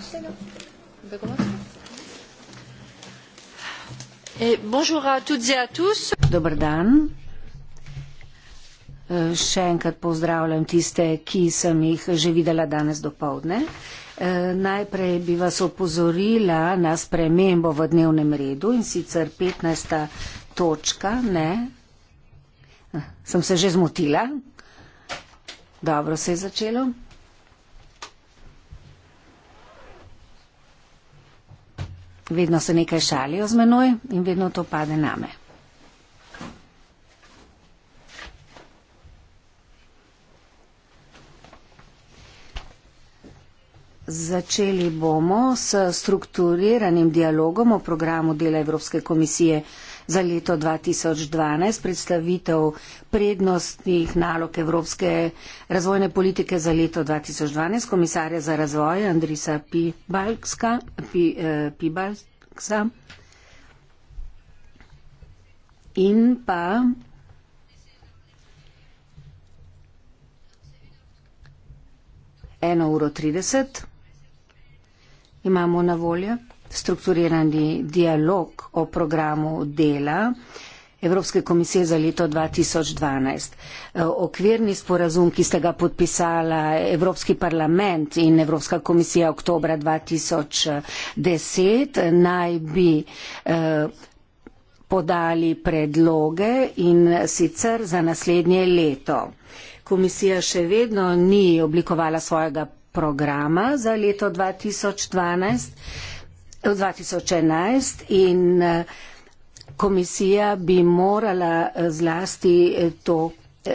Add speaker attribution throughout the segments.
Speaker 1: commencer, On peut commencer
Speaker 2: et Bonjour à toutes et à tous. Dobardan. Eh, še enkrat pozdravljam tiste, ki sem jih že videla danes do povdne. Eh, najprej bi vas opozorila na spremembo v dnevnem redu in sicer 15. točka. Ne? Eh, sem se že zmotila. Dobro se je začelo. Vedno se nekaj šalijo z menoj in vedno to pade name. Začeli bomo s strukturiranim dialogom o programu dela Evropske komisije za leto 2012, predstavitev prednostnih nalog Evropske razvojne politike za leto 2012, komisarja za razvoj Andrisa Pibalska. Pibalska. Eh, In pa eno uro trideset imamo na voljo strukturirani dialog o programu dela Evropske komisije za leto 2012. E, okvirni sporazum, ki ste ga podpisala Evropski parlament in Evropska komisija oktobra 2010, naj bi e, podali predloge in sicer za naslednje leto. Komisija še vedno ni oblikovala svojega programa za leto 2012. 2011 in eh, komisija bi morala eh, zlasti eh, to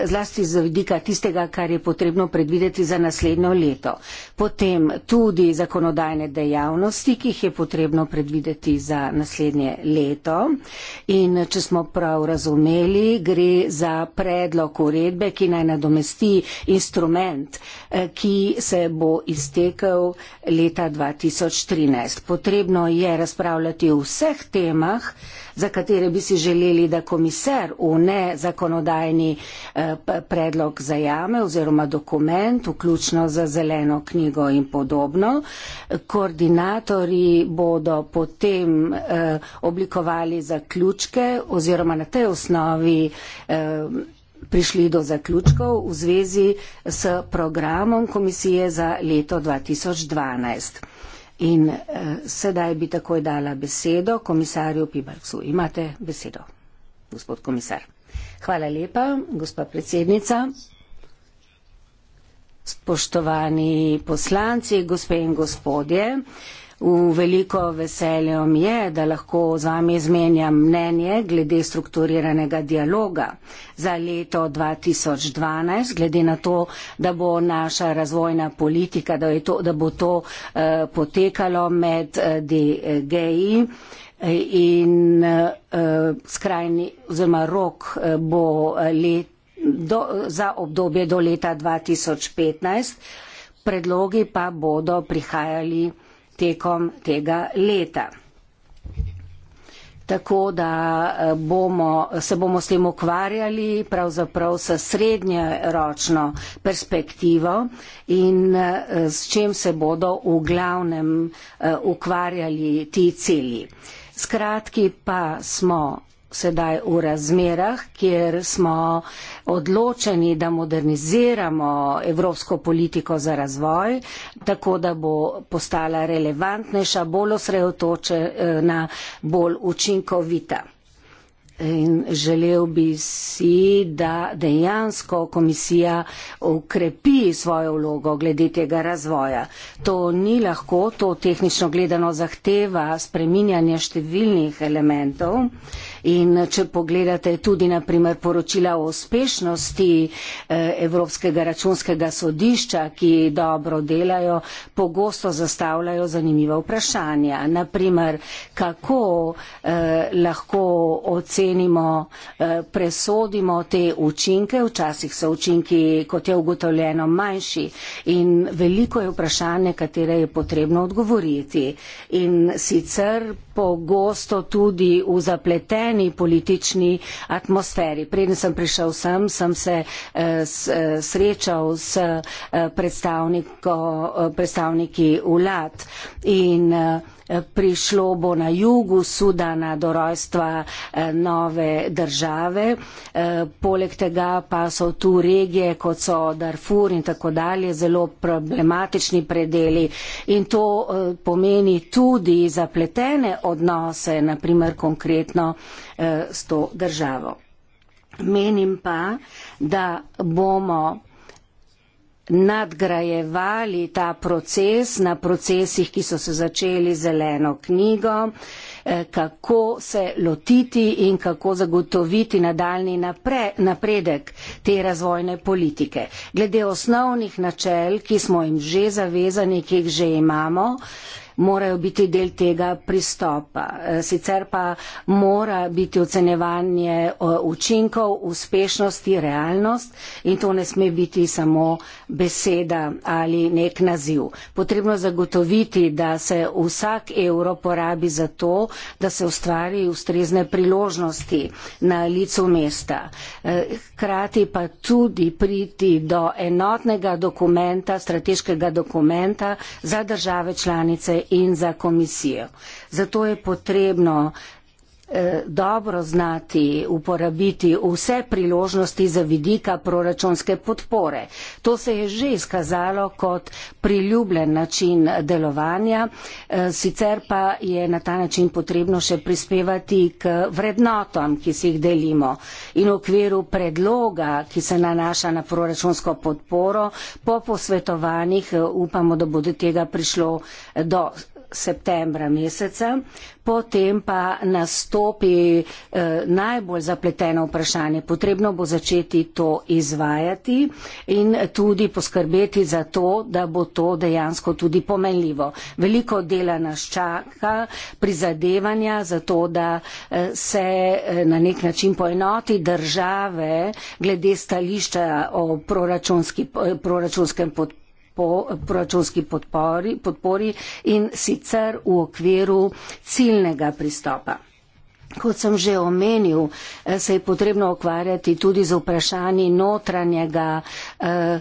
Speaker 2: zlasti z vidika tistega, kar je potrebno predvideti za naslednjo leto. Potem tudi zakonodajne dejavnosti, ki jih je potrebno predvideti za naslednje leto. In če smo prav razumeli, gre za predlog uredbe, ki naj nadomesti instrument, eh, ki se bo iztekel leta 2013. Potrebno je razpravljati o vseh temah, za katere bi si želeli, da komisar v nezakonodajni eh, predlog zajame oziroma dokument, vključno za zeleno knjigo in podobno. Koordinatorji bodo potem eh, oblikovali zaključke oziroma na tej osnovi eh, prišli do zaključkov v zvezi s programom komisije za leto 2012. In eh, sedaj bi takoj dala besedo komisarju Pibarksu. Imate besedo, gospod komisar. Hvala lepa, gospa predsednica. Spoštovani poslanci, gospe in gospodje, v veliko veseljem je, da lahko z vami izmenjam mnenje glede strukturiranega dialoga za leto 2012, glede na to, da bo naša razvojna politika, da, to, da bo to uh, potekalo med uh, eh, DGI. Uh, in uh, skrajni oziroma rok eh, bo eh, let, do, za obdobje do leta 2015, predlogi pa bodo prihajali tekom tega leta. Tako da bomo, se bomo s tem ukvarjali pravzaprav s srednjeročno perspektivo in s čem se bodo v glavnem ukvarjali ti cilji. Skratki pa smo sedaj v razmerah, kjer smo odločeni, da moderniziramo evropsko politiko za razvoj, tako da bo postala relevantnejša, bolj osredotočena, bolj učinkovita in želel bi si, da dejansko komisija ukrepi svojo vlogo glede tega razvoja. To ni lahko, to tehnično gledano zahteva spreminjanje številnih elementov. In če pogledate tudi naprimer poročila o uspešnosti eh, Evropskega računskega sodišča, ki dobro delajo, pogosto zastavljajo zanimiva vprašanja. Naprimer, kako eh, lahko ocenimo, eh, presodimo te učinke, včasih so učinki, kot je ugotovljeno, manjši in veliko je vprašanje, katere je potrebno odgovoriti. In sicer pogosto tudi v zapletenju, zgrešeni politični atmosferi. Preden sem prišel sem, sem se eh, eh, srečal s eh, predstavniki vlad in prišlo bo na jugu Sudana do rojstva eh, nove države. Eh, poleg tega pa so tu regije, kot so Darfur in tako dalje, zelo problematični predeli in to eh, pomeni tudi zapletene odnose, naprimer konkretno s to državo. Menim pa, da bomo nadgrajevali ta proces na procesih, ki so se začeli zeleno knjigo, eh, kako se lotiti in kako zagotoviti nadaljni napredek te razvojne politike. Glede osnovnih načel, ki smo jim že zavezani, ki jih že imamo, morajo biti del tega pristopa. Eh, sicer pa mora biti ocenevanje eh, učinkov, uspešnosti, realnost in to ne sme biti samo beseda ali nek naziv. Potrebno zagotoviti, da se vsak evro porabi za to, da se ustvari ustrezne priložnosti na licu mesta. Eh, hkrati pa tudi priti do enotnega dokumenta, strateškega dokumenta za države članice in za komisijo. Zato je potrebno Eh, dobro znati uporabiti vse priložnosti za vidika proračunske podpore. To se je že izkazalo kot priljubljen način delovanja, eh, sicer pa je na ta način potrebno še prispevati k vrednotam, ki si jih delimo. In v okviru predloga, ki se nanaša na proračunsko podporo, po posvetovanjih eh, upamo, da bo do tega prišlo do septembra meseca, potem pa nastopi eh, najbolj zapleteno vprašanje. Potrebno bo začeti to izvajati in tudi poskrbeti za to, da bo to dejansko tudi pomenljivo. Veliko dela nas čaka, prizadevanja za to, da eh, se eh, na nek način poenoti države glede stališča o proračunski, eh, proračunskem podporu po proračunski podpori, podpori in sicer v okviru ciljnega pristopa. Kot sem že omenil, eh, se je potrebno ukvarjati tudi z vprašanji notranjega, eh,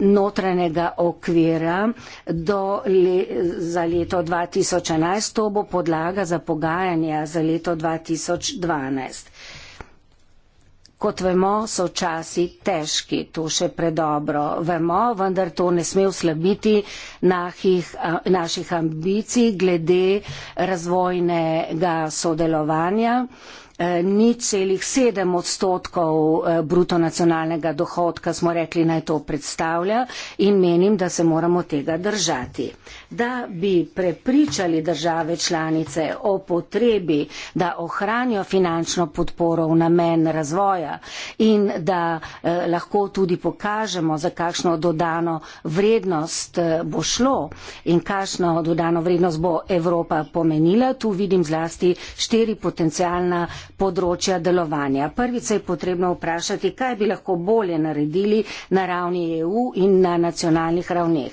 Speaker 2: notranjega okvira do, le, za leto 2011. To bo podlaga za pogajanja za leto 2012 kot vemo, so časi težki, to še predobro vemo, vendar to ne sme uslabiti nahih, a, naših ambicij glede razvojnega sodelovanja. E, Ni celih sedem odstotkov e, bruto nacionalnega dohodka, smo rekli, naj to predstavlja in menim, da se moramo tega držati da bi prepričali države članice o potrebi, da ohranijo finančno podporo v namen razvoja in da eh, lahko tudi pokažemo, za kakšno dodano vrednost eh, bo šlo in kakšno dodano vrednost bo Evropa pomenila. Tu vidim zlasti štiri potencijalna področja delovanja. Prvič se je potrebno vprašati, kaj bi lahko bolje naredili na ravni EU in na nacionalnih ravneh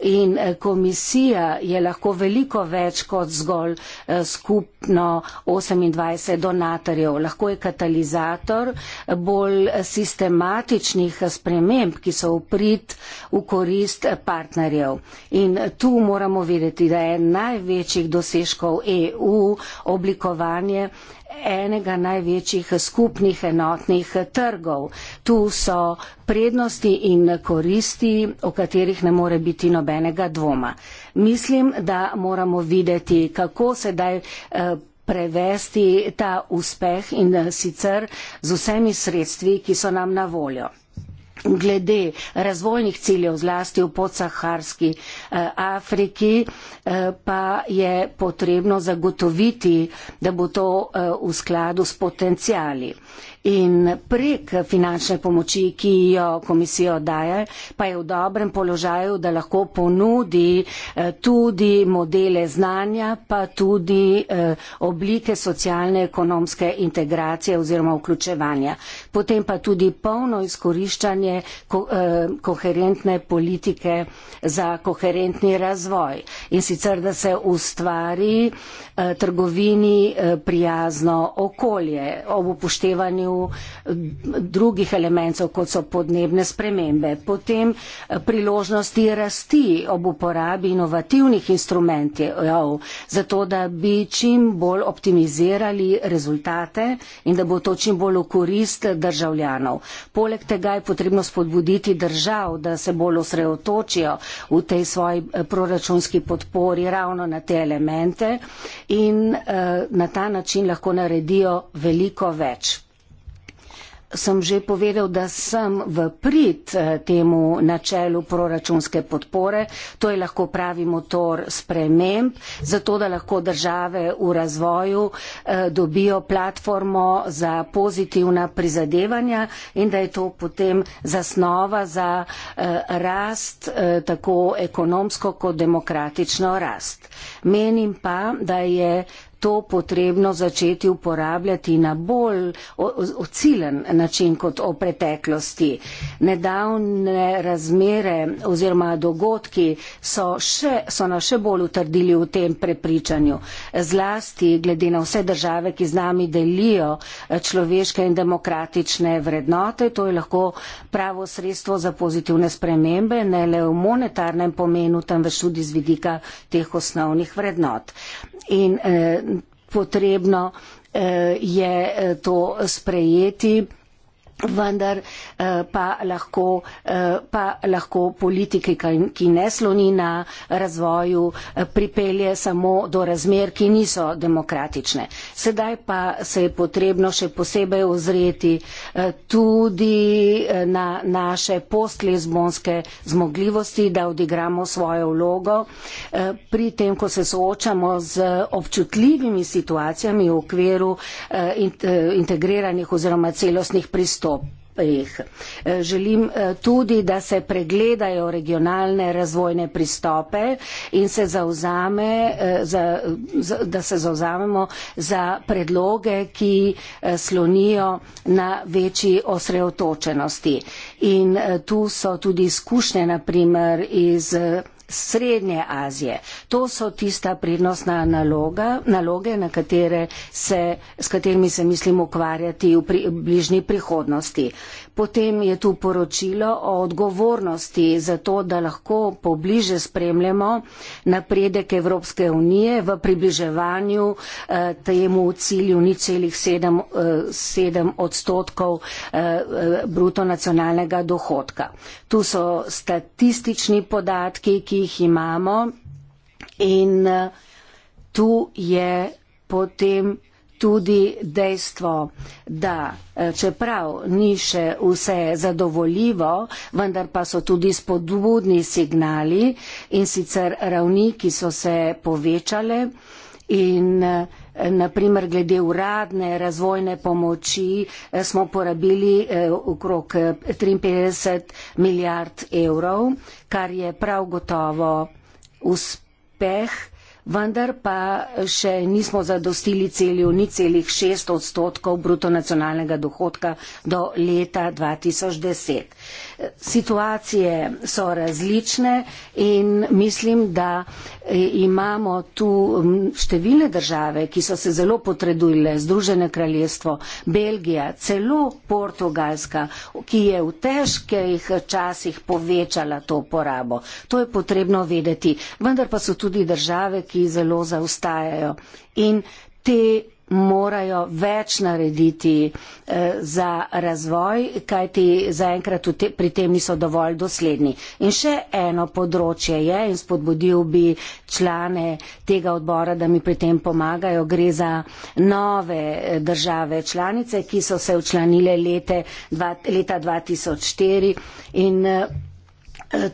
Speaker 2: in eh, komisija je lahko veliko več kot zgolj eh, skupno 28 donatorjev. Lahko je katalizator eh, bolj sistematičnih sprememb, ki so v prid v korist partnerjev. In tu moramo videti, da je največjih dosežkov EU oblikovanje enega največjih skupnih enotnih trgov. Tu so prednosti in koristi, o katerih ne more biti nobenega dvoma. Mislim, da moramo videti, kako se daj eh, prevesti ta uspeh in eh, sicer z vsemi sredstvi, ki so nam na voljo glede razvojnih ciljev, zlasti v podsaharski eh, Afriki, eh, pa je potrebno zagotoviti, da bo to eh, v skladu s potencijali in prek finančne pomoči, ki jo komisijo daje, pa je v dobrem položaju, da lahko ponudi eh, tudi modele znanja, pa tudi eh, oblike socialne ekonomske integracije oziroma vključevanja. Potem pa tudi polno izkoriščanje eh, koherentne politike za koherentni razvoj in sicer, da se ustvari trgovini prijazno okolje ob upoštevanju drugih elementov, kot so podnebne spremembe. Potem eh, priložnosti rasti ob uporabi inovativnih instrumentov, zato da bi čim bolj optimizirali rezultate in da bo to čim bolj v korist državljanov. Poleg tega je potrebno spodbuditi držav, da se bolj osredotočijo v tej svoji eh, proračunski podpori ravno na te elemente in uh, na ta način lahko naredijo veliko več sem že povedal, da sem v prid eh, temu načelu proračunske podpore. To je lahko pravi motor sprememb, zato da lahko države v razvoju eh, dobijo platformo za pozitivna prizadevanja in da je to potem zasnova za eh, rast, tako ekonomsko kot demokratično rast. Menim pa, da je to potrebno začeti uporabljati na bolj ocilen način kot o preteklosti. Nedavne razmere oziroma dogodki so, še, so nas še bolj utrdili v tem prepričanju. Zlasti glede na vse države, ki z nami delijo eh, človeške in demokratične vrednote, to je lahko pravo sredstvo za pozitivne spremembe, ne le v monetarnem pomenu, temveč tudi z vidika teh osnovnih vrednot in eh, potrebno eh, je eh, to sprejeti vendar eh, pa lahko, eh, pa lahko politiki, ki ne sloni na razvoju, eh, pripelje samo do razmer, ki niso demokratične. Sedaj pa se je potrebno še posebej ozreti tudi na naše postlizbonske zmogljivosti, da odigramo svojo vlogo pri tem, ko se soočamo z občutljivimi situacijami v okviru integriranih oziroma celostnih pristopov postopkih. E, želim e, tudi, da se pregledajo regionalne razvojne pristope in se zauzame, e, za, da se zauzamemo za predloge, ki slonijo na večji osreotočenosti. In tu so tudi izkušnje, naprimer, iz Srednje Azije. To so tista prednostna naloga, naloge, na katere se, s katerimi se mislim ukvarjati v pri, bližnji prihodnosti. Potem je tu poročilo o odgovornosti za to, da lahko pobliže spremljamo napredek Evropske unije v približevanju eh, temu cilju ničelih sedem, eh, sedem odstotkov eh, eh brutonacionalnega dohodka. Tu so statistični podatki, ki jih imamo in tu je potem tudi dejstvo, da čeprav ni še vse zadovoljivo, vendar pa so tudi spodbudni signali in sicer ravni, ki so se povečale in naprimer glede uradne razvojne pomoči eh, smo porabili eh, okrog 53 eh, milijard evrov, kar je prav gotovo uspeh, vendar pa še nismo zadostili celju ni celih 6 odstotkov brutonacionalnega dohodka do leta 2010 situacije so različne in mislim, da e, imamo tu številne države, ki so se zelo potredujile, Združene kraljestvo, Belgija, celo Portugalska, ki je v težkih časih povečala to porabo. To je potrebno vedeti. Vendar pa so tudi države, ki zelo zaostajajo. In te morajo več narediti eh, za razvoj, kajti zaenkrat te, pri tem niso dovolj dosledni. In še eno področje je in spodbudil bi člane tega odbora, da mi pri tem pomagajo. Gre za nove eh, države članice, ki so se učlanile leta 2004 in eh,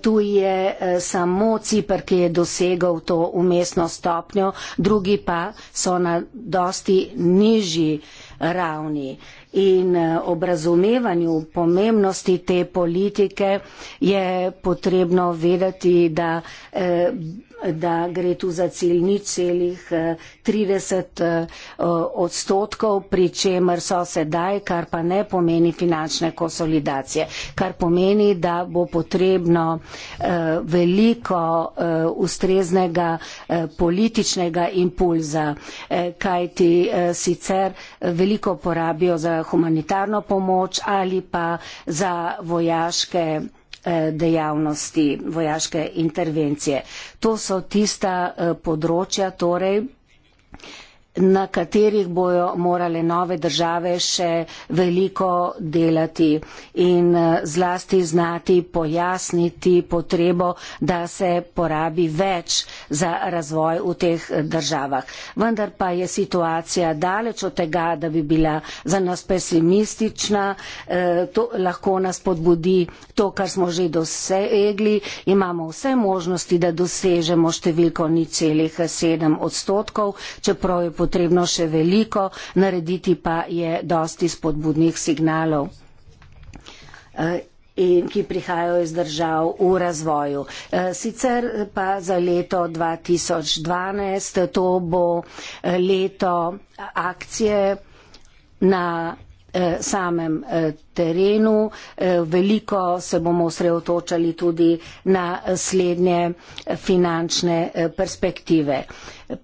Speaker 2: Tu je e, samo Cipr, ki je dosegal to umestno stopnjo, drugi pa so na dosti nižji ravni. In e, obrazumevanju pomembnosti te politike je potrebno vedeti, da e, da gre tu za cilj nič celih 30 eh, eh, odstotkov, pri čemer so sedaj, kar pa ne pomeni finančne konsolidacije, kar pomeni, da bo potrebno eh, veliko ustreznega političnega impulza, kajti sicer veliko porabijo za humanitarno pomoč ali pa za vojaške Eh, dejavnosti vojaške intervencije. To so tista eh, področja, torej, na katerih bojo morale nove države še veliko delati in eh, zlasti znati pojasniti potrebo, da se porabi več za razvoj v teh eh, državah. Vendar pa je situacija daleč od tega, da bi bila za nas pesimistična, eh, to lahko nas podbudi to, kar smo že dosegli, imamo vse možnosti, da dosežemo številko ni celih sedem odstotkov, čeprav je potrebno potrebno še veliko, narediti pa je dosti spodbudnih signalov. Eh, in ki prihajajo iz držav v razvoju. Eh, sicer pa za leto 2012 to bo eh, leto akcije na samem terenu. Eh, veliko se bomo osredotočali tudi na slednje finančne eh, perspektive.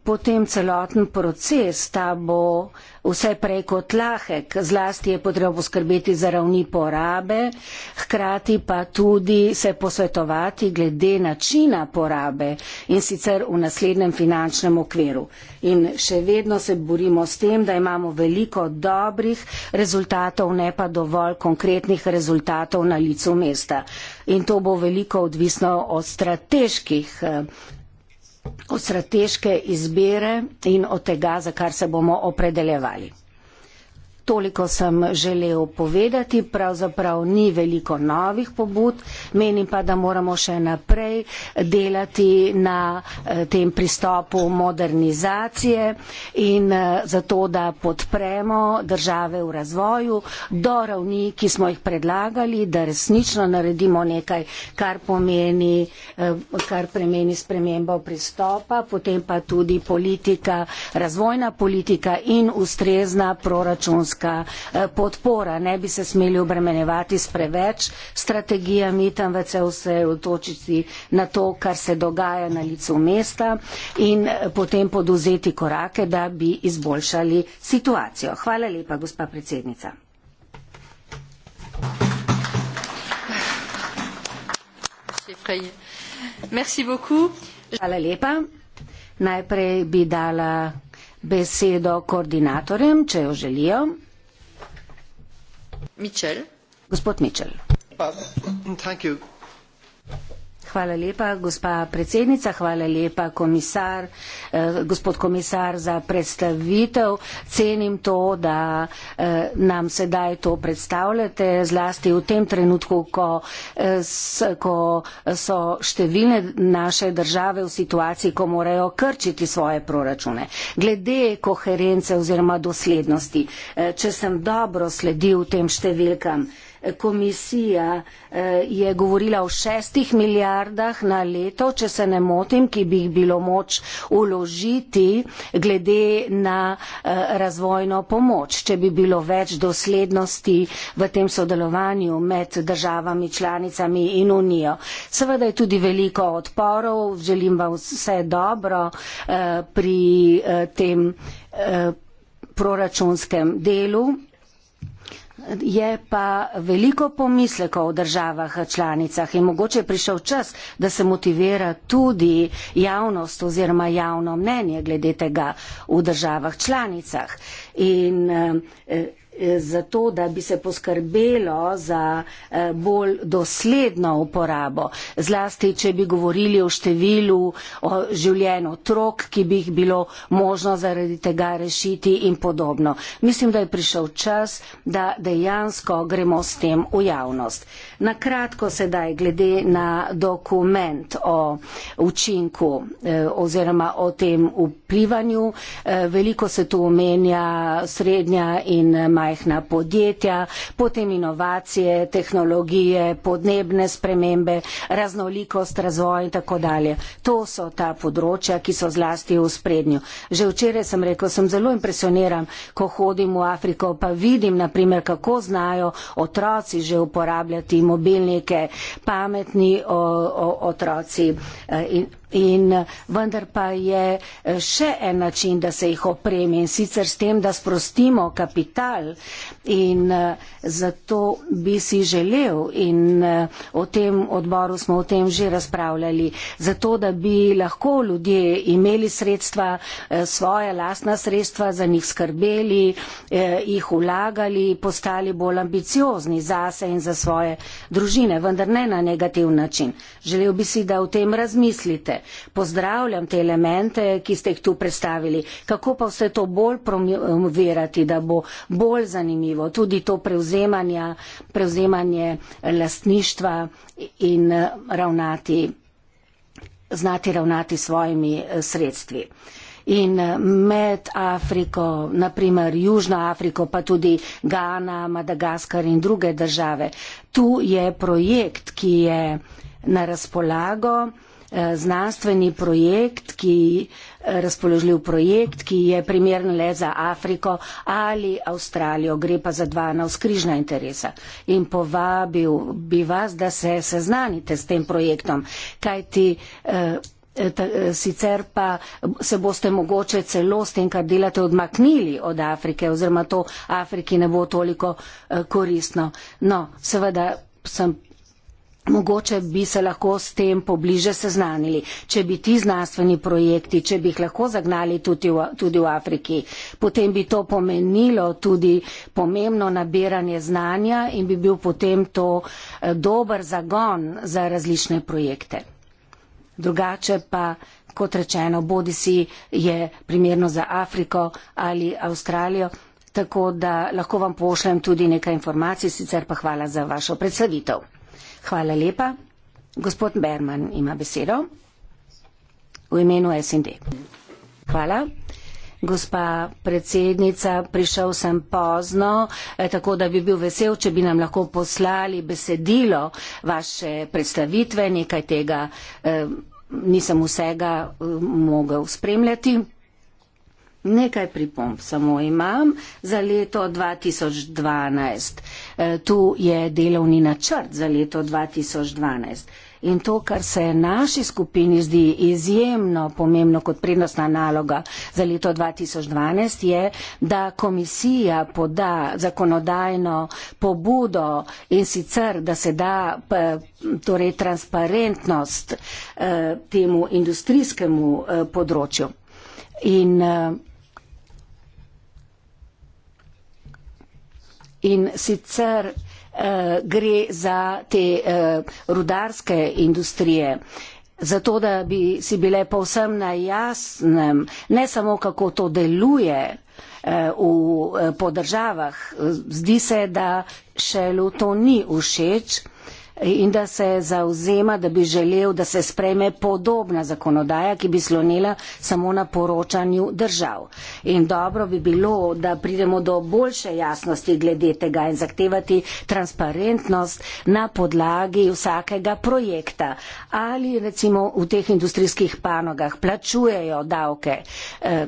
Speaker 2: Potem celoten proces, ta bo vse prej kot lahek, zlasti je potrebno poskrbeti za ravni porabe, hkrati pa tudi se posvetovati glede načina porabe in sicer v naslednjem finančnem okviru. In še vedno se borimo s tem, da imamo veliko dobrih rezultatov, ne pa dovolj konkretnih rezultatov na licu mesta. In to bo veliko odvisno od strateških eh, od strateške izbire in od tega, za kar se bomo opredeljevali. Toliko sem želel povedati, pravzaprav ni veliko novih pobud, menim pa, da moramo še naprej delati na eh, tem pristopu modernizacije in eh, zato, da podpremo države v razvoju do ravni, ki smo jih predlagali, da resnično naredimo nekaj, kar pomeni, eh, kar premeni spremembo pristopa, potem pa tudi politika, razvojna politika in ustrezna proračunska medijska eh, podpora. Ne bi se smeli obremenjevati s preveč strategijami, temveč se vse otočiti na to, kar se dogaja na licu mesta in eh, potem poduzeti korake, da bi izboljšali situacijo. Hvala lepa, gospa predsednica. Hvala lepa. Najprej bi dala besedo koordinatorjem, če jo želijo thank you. Hvala lepa, gospa predsednica, hvala lepa, komisar, eh, gospod komisar, za predstavitev. Cenim to, da eh, nam sedaj to predstavljate, zlasti v tem trenutku, ko, eh, s, ko so številne naše države v situaciji, ko morajo krčiti svoje proračune. Glede koherence oziroma doslednosti, eh, če sem dobro sledil tem številkam, eh, komisija eh, je govorila o šestih milijardah na leto, če se ne motim, ki bi jih bilo moč uložiti glede na eh, razvojno pomoč, če bi bilo več doslednosti v tem sodelovanju med državami, članicami in unijo. Seveda je tudi veliko odporov, želim vam vse dobro eh, pri tem proračunskem delu. Je pa veliko pomislekov v državah članicah in mogoče je prišel čas, da se motivira tudi javnost oziroma javno mnenje glede tega v državah članicah. In eh, Eh, za to, da bi se poskrbelo za eh, bolj dosledno uporabo. Zlasti, če bi govorili o številu življenj otrok, ki bi jih bilo možno zaradi tega rešiti in podobno. Mislim, da je prišel čas, da dejansko gremo s tem v javnost. Na kratko sedaj glede na dokument o učinku eh, oziroma o tem vplivanju. Veliko se tu omenja srednja in majhna majhna podjetja, potem inovacije, tehnologije, podnebne spremembe, raznolikost, razvoj in tako dalje. To so ta področja, ki so zlasti v sprednju. Že včeraj sem rekel, sem zelo impresioniran, ko hodim v Afriko, pa vidim, naprimer, kako znajo otroci že uporabljati mobilnike, pametni o, o, otroci. Eh, in, In eh, vendar pa je eh, še en način, da se jih opremi in sicer s tem, da sprostimo kapital in eh, zato bi si želel in o tem odboru smo o tem že razpravljali, zato da bi lahko ljudje imeli sredstva, svoje lastna sredstva, za njih skrbeli, jih vlagali, postali bolj ambiciozni zase in za svoje družine, vendar ne na negativ način. Želel bi si, da o tem razmislite. Pozdravljam te elemente, ki ste jih tu predstavili. Kako pa vse to bolj promovirati, da bo bolj zanimivo tudi to prevzemanje eh, lastništva in eh, ravnati, znati ravnati svojimi eh, sredstvi. In med Afriko, naprimer Južno Afriko, pa tudi Gana, Madagaskar in druge države. Tu je projekt, ki je na razpolago. Eh, znanstveni projekt, ki, eh, razpoložljiv projekt, ki je primern le za Afriko ali Avstralijo. Gre pa za dva navskrižna interesa. In povabil bi vas, da se seznanite s tem projektom, kajti eh, sicer pa se boste mogoče celo s tem, kar delate, odmaknili od Afrike oziroma to Afriki ne bo toliko koristno. No, seveda sem Mogoče bi se lahko s tem pobliže seznanili, če bi ti znanstveni projekti, če bi jih lahko zagnali tudi v, tudi v Afriki, potem bi to pomenilo tudi pomembno nabiranje znanja in bi bil potem to eh, dober zagon za različne projekte. Drugače pa, kot rečeno, bodi si je primerno za Afriko ali Avstralijo, tako da lahko vam pošljem tudi nekaj informacij, sicer pa hvala za vašo predstavitev. Hvala lepa. Gospod Berman ima besedo. V imenu SND. Hvala. Gospa predsednica, prišel sem pozno, eh, tako da bi bil vesel, če bi nam lahko poslali besedilo vaše predstavitve, nekaj tega eh, nisem vsega eh, mogel spremljati. Nekaj pripomb samo imam za leto 2012. E, eh, tu je delovni načrt za leto 2012. In to, kar se naši skupini zdi izjemno pomembno kot prednostna naloga za leto 2012, je, da komisija poda zakonodajno pobudo in sicer, da se da p, eh, torej, transparentnost eh, temu industrijskemu eh, področju. In, eh, in sicer eh, gre za te eh, rudarske industrije. Zato, da bi si bile povsem na jasnem, ne samo kako to deluje eh, v, eh, po državah, zdi se, da Šelu to ni všeč in da se zauzema, da bi želel, da se spreme podobna zakonodaja, ki bi slonila samo na poročanju držav. In dobro bi bilo, da pridemo do boljše jasnosti glede tega in zahtevati transparentnost na podlagi vsakega projekta. Ali recimo v teh industrijskih panogah plačujejo davke. Eh,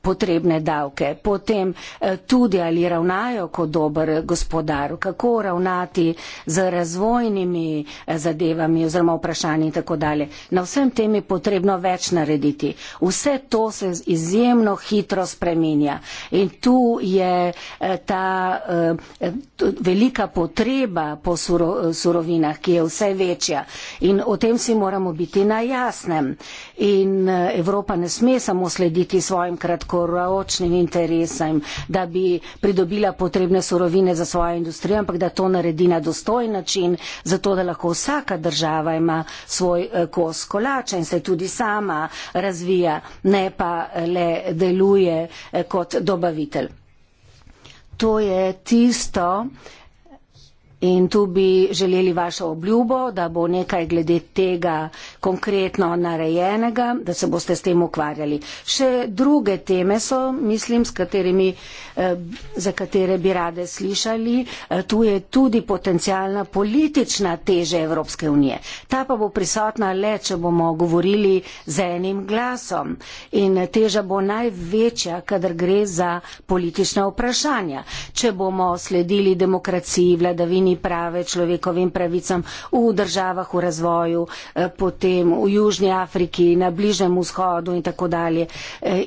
Speaker 2: potrebne davke, potem eh, tudi ali ravnajo kot dober gospodar, kako ravnati z razvojnimi eh, zadevami oziroma vprašanji in tako dalje. Na vsem tem je potrebno več narediti. Vse to se izjemno hitro spreminja in tu je eh, ta velika potreba po surovinah, ki je vse večja in o tem si moramo biti na jasnem. In Evropa ne sme samo slediti svojim kratkoročnim kratkoročnim interesom, da bi pridobila potrebne surovine za svojo industrijo, ampak da to naredi na dostojen način, zato da lahko vsaka država ima svoj eh, kos kolača in se tudi sama razvija, ne pa eh, le deluje eh, kot dobavitelj. To je tisto, In tu bi želeli vašo obljubo, da bo nekaj glede tega konkretno narejenega, da se boste s tem ukvarjali. Še druge teme so, mislim, s katerimi uh, Eh, za katere bi rade slišali, eh, tu je tudi potencijalna politična teža Evropske unije. Ta pa bo prisotna le, če bomo govorili z enim glasom in teža bo največja, kadar gre za politična vprašanja. Če bomo sledili demokraciji, vladavini prave, človekovim pravicam v državah v razvoju, eh, potem v Južni Afriki, na Bližnem vzhodu in tako dalje.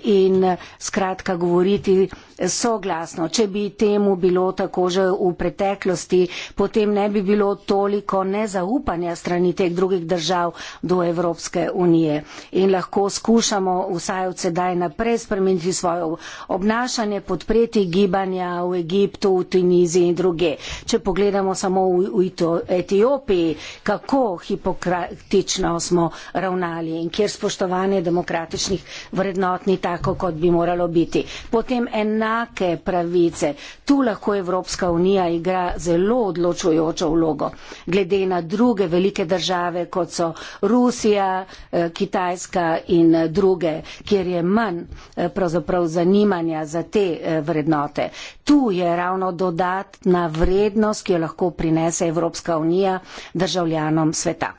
Speaker 2: In skratka govoriti so soglasno. Če bi temu bilo tako že v preteklosti, potem ne bi bilo toliko nezaupanja strani teh drugih držav do Evropske unije. In lahko skušamo vsaj od sedaj naprej spremeniti svojo obnašanje, podpreti gibanja v Egiptu, v Tuniziji in druge. Če pogledamo samo v, v Etiopiji, kako hipokratično smo ravnali in kjer spoštovanje demokratičnih vrednot ni tako, kot bi moralo biti. Potem enake pravice. Tu lahko Evropska unija igra zelo odločujočo vlogo. Glede na druge velike države, kot so Rusija, eh, Kitajska in eh, druge, kjer je manj eh, pravzaprav zanimanja za te vrednote. Tu je ravno dodatna vrednost, ki jo lahko prinese Evropska unija državljanom sveta.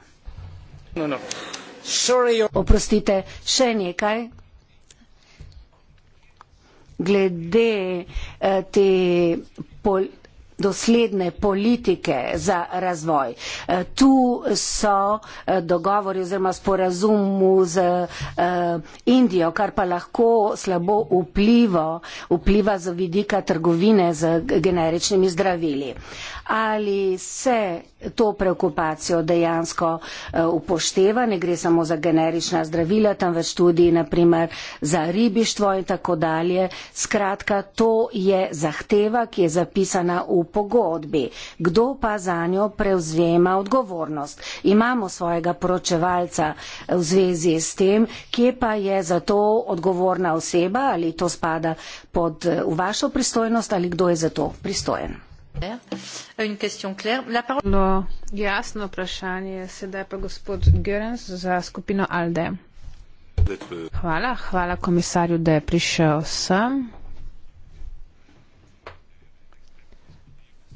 Speaker 2: No, no. Oprostite, še nekaj? glede eh, te pol dosledne politike za razvoj. Eh, tu so eh, dogovori oziroma sporazumu z eh, Indijo, kar pa lahko slabo vplivo, vpliva z vidika trgovine z generičnimi zdravili ali se to preokupacijo dejansko eh, upošteva, ne gre samo za generična zdravila, temveč tudi naprimer za ribištvo in tako dalje. Skratka, to je zahteva, ki je zapisana v pogodbi. Kdo pa za njo prevzema odgovornost? Imamo svojega poročevalca eh, v zvezi s tem, kje pa je za to odgovorna oseba ali to spada pod, eh, v vašo pristojnost ali kdo je za to pristojen.
Speaker 3: Jasno vprašanje, sedaj pa gospod Görens za skupino ALDE. Hvala, hvala komisarju, da je prišel sem.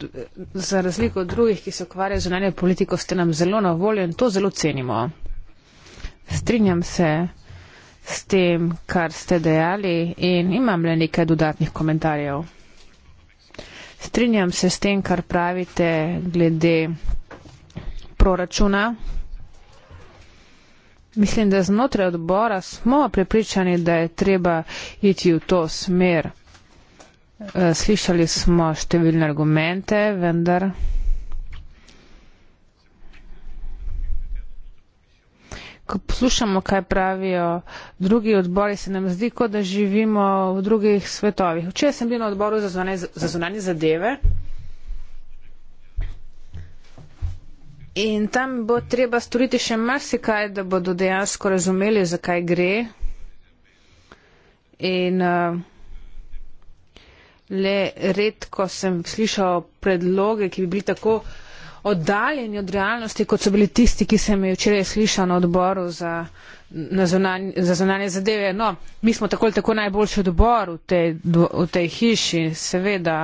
Speaker 3: Eh, za razliko od drugih, ki se ukvarjajo z zunanjo politiko, ste nam zelo na voljo in to zelo cenimo. Strinjam se s tem, kar ste dejali in imam le nekaj dodatnih komentarjev. Strinjam se s tem, kar pravite glede proračuna. Mislim, da znotraj odbora smo prepričani, da je treba iti v to smer. Eh, slišali smo številne argumente, vendar. ko poslušamo, kaj pravijo drugi odbori, se nam zdi, kot da živimo v drugih svetovih. Včeraj sem bil na odboru za zunanje, za zunanje zadeve in tam bo treba storiti še marsikaj, da bodo dejansko razumeli, zakaj gre. In uh, le redko sem slišal predloge, ki bi bili tako oddaljeni od realnosti, kot so bili tisti, ki sem jih včeraj slišal na odboru za, na zunanje, za zunanje zadeve. No, mi smo tako ali tako najboljši odbor v tej, v tej hiši, seveda,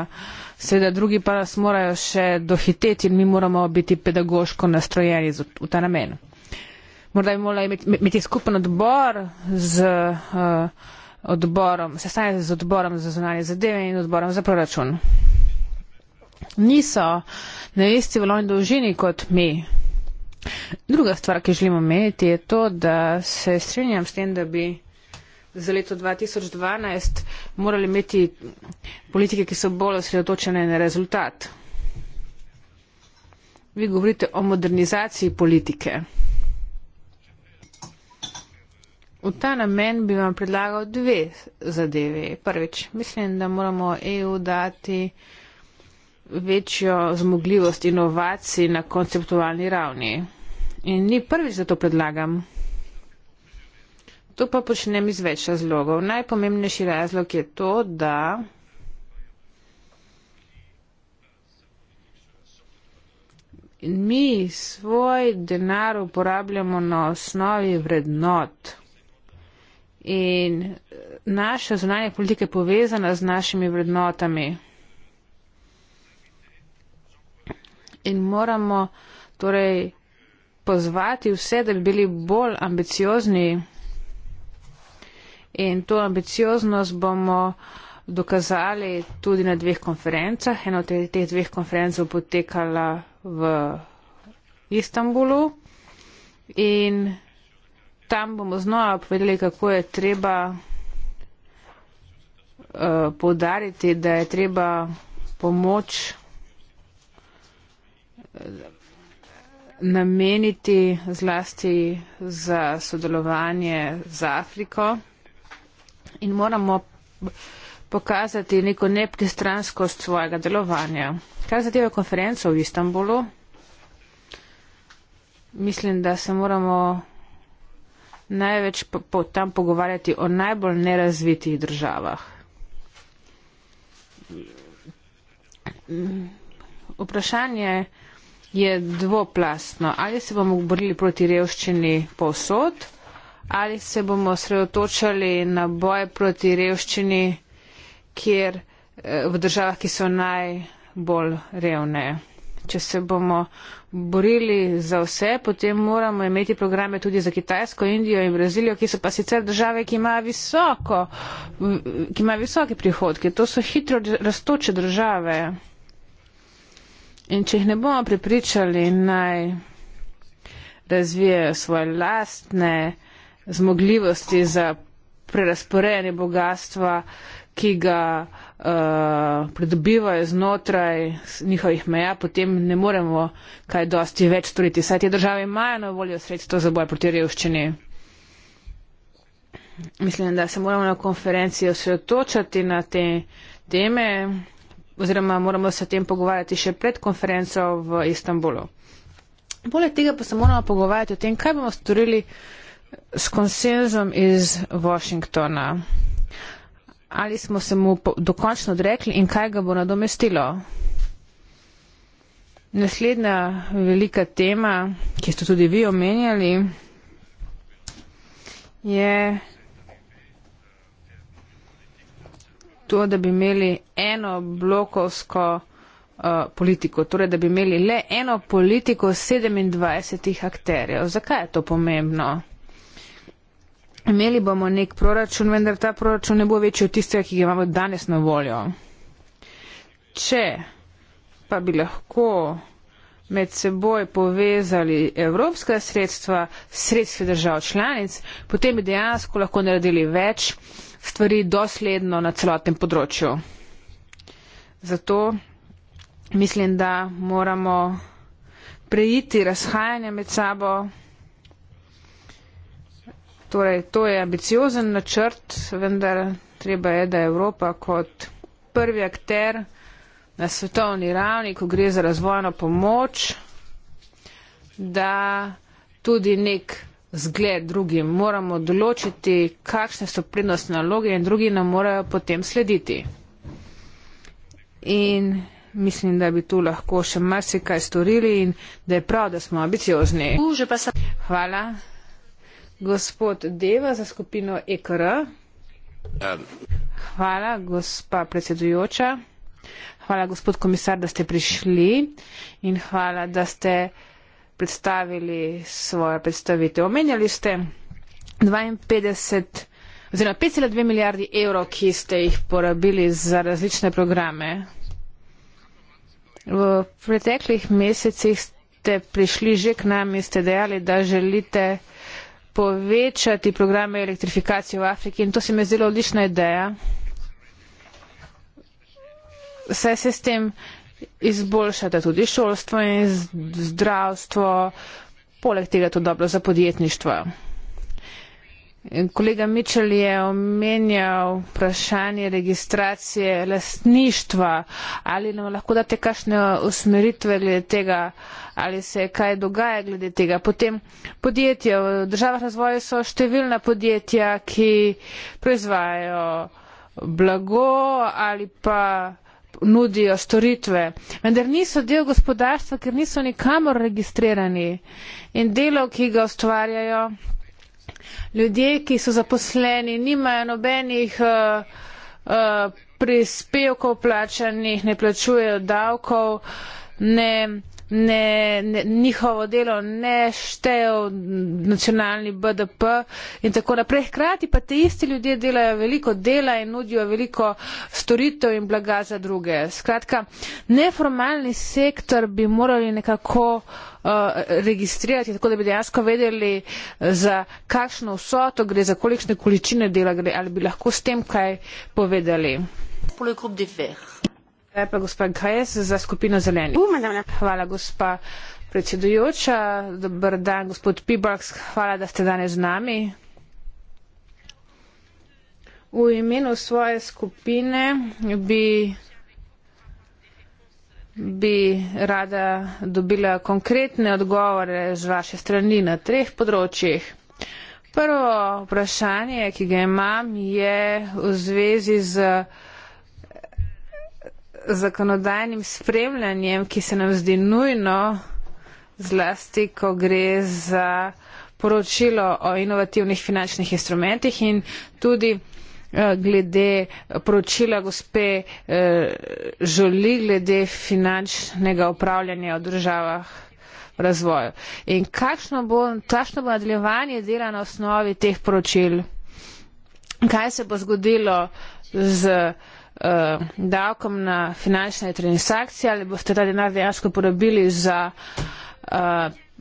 Speaker 3: seveda drugi pa nas morajo še dohiteti in mi moramo biti pedagoško nastrojeni v ta namen. Morda bi morali imeti skupen odbor z. Uh, odborom, sestanete z odborom za zunanje zadeve in odborom za proračun niso na isti valovni dolžini kot mi. Druga stvar, ki želimo imeti, je to, da se strinjam s tem, da bi za leto 2012 morali imeti politike, ki so bolj osredotočene na rezultat. Vi govorite o modernizaciji politike. V ta namen bi vam predlagal dve zadeve. Prvič, mislim, da moramo EU dati večjo zmogljivost inovacij na konceptualni ravni. In ni prvič, da to predlagam. To pa počnem iz več razlogov. Najpomembnejši razlog je to, da mi svoj denar uporabljamo na osnovi vrednot. In naša zunanja politika je povezana z našimi vrednotami. in moramo torej pozvati vse, da bi bili bolj ambiciozni. In to ambicioznost bomo dokazali tudi na dveh konferencah. Eno od teh dveh konferenc bo potekala v Istanbulu in tam bomo znova povedali, kako je treba uh, eh, podariti, da je treba pomoč nameniti zlasti za sodelovanje z Afriko in moramo pokazati neko nepristranskost svojega delovanja. Kar zadeva konferenco v Istanbulu, mislim, da se moramo največ po, po, tam pogovarjati o najbolj nerazvitih državah. Vprašanje je, je dvoplastno. Ali se bomo borili proti revščini povsod, ali se bomo sredotočali na boj proti revščini, kjer eh, v državah, ki so najbolj revne. Če se bomo borili za vse, potem moramo imeti programe tudi za Kitajsko, Indijo in Brazilijo, ki so pa sicer države, ki imajo, visoko, ki imajo visoke prihodke. To so hitro rastoče države. In če jih ne bomo prepričali, naj razvijajo svoje lastne zmogljivosti za prerasporejanje bogatstva, ki ga uh, pridobivajo znotraj njihovih meja, potem ne moremo kaj dosti več storiti. Saj te države imajo na voljo sredstvo za boj proti revščini. Mislim, da se moramo na konferenciji osredotočati na te teme oziroma moramo se o tem pogovarjati še pred konferenco v Istanbulu. Poleg tega pa se moramo pogovarjati o tem, kaj bomo storili s konsenzom iz Washingtona. Ali smo se mu dokončno odrekli in kaj ga bo nadomestilo. Naslednja velika tema, ki ste tudi vi omenjali, je to, da bi imeli eno blokovsko uh, politiko, torej da bi imeli le eno politiko 27 akterjev. Zakaj je to pomembno? Imeli bomo nek proračun, vendar ta proračun ne bo večji od tistega, ki ga imamo danes na voljo. Če pa bi lahko med seboj povezali evropska sredstva, sredstva držav članic, potem bi dejansko lahko naredili več stvari dosledno na celotnem področju. Zato mislim, da moramo preiti razhajanje med sabo. Torej, to je ambiciozen načrt, vendar treba je, da Evropa kot prvi akter na svetovni ravni, ko gre za razvojno pomoč, da tudi nek zgled drugim, moramo določiti, kakšne so prednostne naloge in drugi nam morajo potem slediti. In mislim, da bi tu lahko še marsikaj storili in da je prav, da smo ambiciozni. Hvala. Gospod Deva za skupino EKR. Ja. Hvala, gospa predsedujoča. Hvala, gospod komisar, da ste prišli in hvala, da ste predstavili svojo predstavitev. Omenjali ste 52 oziroma 5,2 milijardi evrov, ki ste jih porabili za različne programe. V preteklih mesecih ste prišli že k nam in ste dejali, da želite povečati programe elektrifikacije v Afriki in to se mi je zelo odlična ideja. Saj se s tem izboljšate tudi šolstvo in zdravstvo, poleg tega to dobro za podjetništvo. Kolega Mičel je omenjal vprašanje registracije lastništva. Ali nam lahko date kakšne usmeritve glede tega, ali se kaj dogaja glede tega? Potem podjetja v državah razvoju so številna podjetja, ki proizvajajo blago ali pa nudijo storitve, vendar niso del gospodarstva, ker niso nikamor registrirani in delo, ki ga ustvarjajo, ljudje, ki so zaposleni, nimajo nobenih uh, uh, prispevkov plačanih, ne plačujejo davkov, ne ne, ne, njihovo delo ne šteje v nacionalni BDP in tako naprej. Hkrati pa te isti ljudje delajo veliko dela in nudijo veliko storitev in blaga za druge. Skratka, neformalni sektor bi morali nekako uh, registrirati, tako da bi dejansko vedeli, uh, za kakšno vsoto gre, za kolikšne količine dela gre, ali bi lahko s tem kaj povedali. Hvala, gospa predsedujoča. Dobar dan, gospod Pibarks. Hvala, da ste danes z nami. V imenu svoje skupine bi, bi rada dobila konkretne odgovore z vaše strani na treh področjih. Prvo vprašanje, ki ga imam, je v zvezi z zakonodajnim spremljanjem, ki se nam zdi nujno, zlasti, ko gre za poročilo o inovativnih finančnih instrumentih in tudi eh, glede poročila gospe Žoli eh, glede finančnega upravljanja v državah v razvoju. In kakšno bo, kakšno bo nadaljevanje dela na osnovi teh poročil? Kaj se bo zgodilo z uh, davkom na finančne transakcije ali boste ta denar dejansko porabili za uh,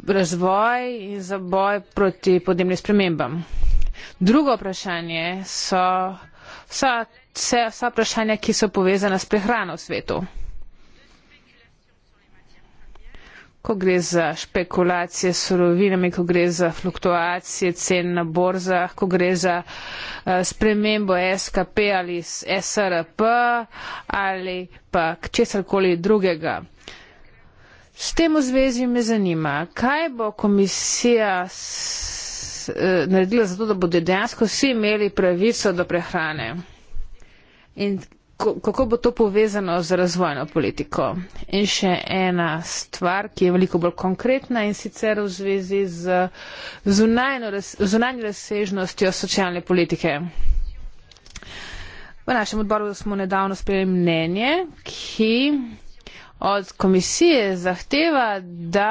Speaker 3: razvoj in za boj proti podnebnim spremembam. Drugo vprašanje so vsa, vsa vprašanja, ki so povezana s prehrano v svetu. ko gre za špekulacije s surovinami, ko gre za fluktuacije cen na borzah, ko gre za eh, spremembo SKP ali SRP ali pa česarkoli drugega. S tem v zvezi me zanima, kaj bo komisija eh, naredila za to, da bodo dejansko vsi imeli pravico do prehrane. In kako bo to povezano z razvojno politiko. In še ena stvar, ki je veliko bolj konkretna in sicer v zvezi z zunanjo razsežnostjo socialne politike. V našem odboru smo nedavno sprejeli mnenje, ki od komisije zahteva, da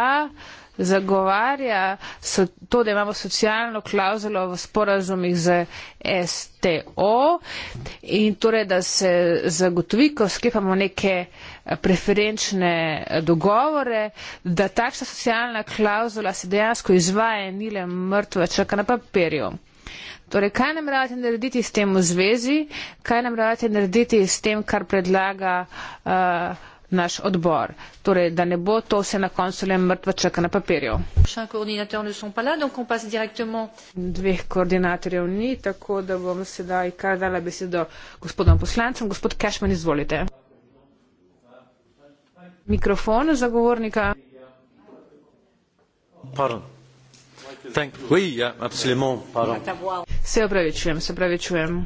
Speaker 3: zagovarja so to, da imamo socialno klauzulo v sporazumih z STO in torej, da se zagotovi, ko sklepamo neke eh, preferenčne eh, dogovore, da takšna socialna klauzula se dejansko izvaja in ni le mrtva črka na papirju. Torej, kaj nam radite narediti s tem v zvezi, kaj nam radite narediti s tem, kar predlaga. Uh, naš odbor. Torej, da ne bo to vse na koncu le mrtva črka na papirju. Dveh koordinatorjev ni, tako da bom sedaj kar dala besedo gospodom poslancem. Gospod Kešman, izvolite. Mikrofon za govornika. Oui, yeah, se opravičujem, se opravičujem.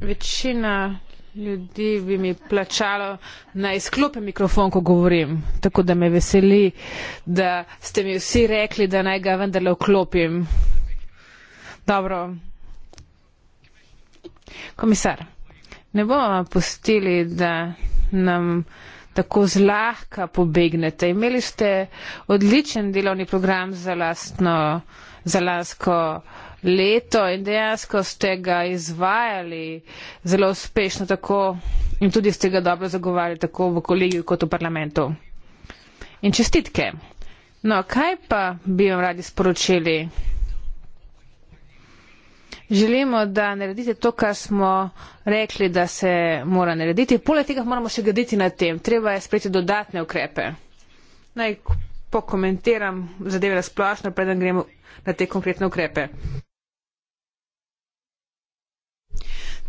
Speaker 3: Večina ljudi bi mi plačalo na izklope mikrofon, ko govorim. Tako da me veseli, da ste mi vsi rekli, da naj ga vendarle vklopim. Dobro. Komisar, ne bomo vam pustili, da nam tako zlahka pobegnete. Imeli ste odličen delovni program za, lastno, za lansko leto in dejansko ste ga izvajali zelo uspešno tako in tudi ste ga dobro zagovarjali tako v kolegiju kot v parlamentu. In čestitke. No, kaj pa bi vam radi sporočili? Želimo, da naredite to, kar smo rekli, da se mora narediti. Poleg tega moramo še graditi na tem. Treba je sprejeti dodatne ukrepe. Naj pokomentiram zadeve razplošno, preden gremo na te konkretne ukrepe.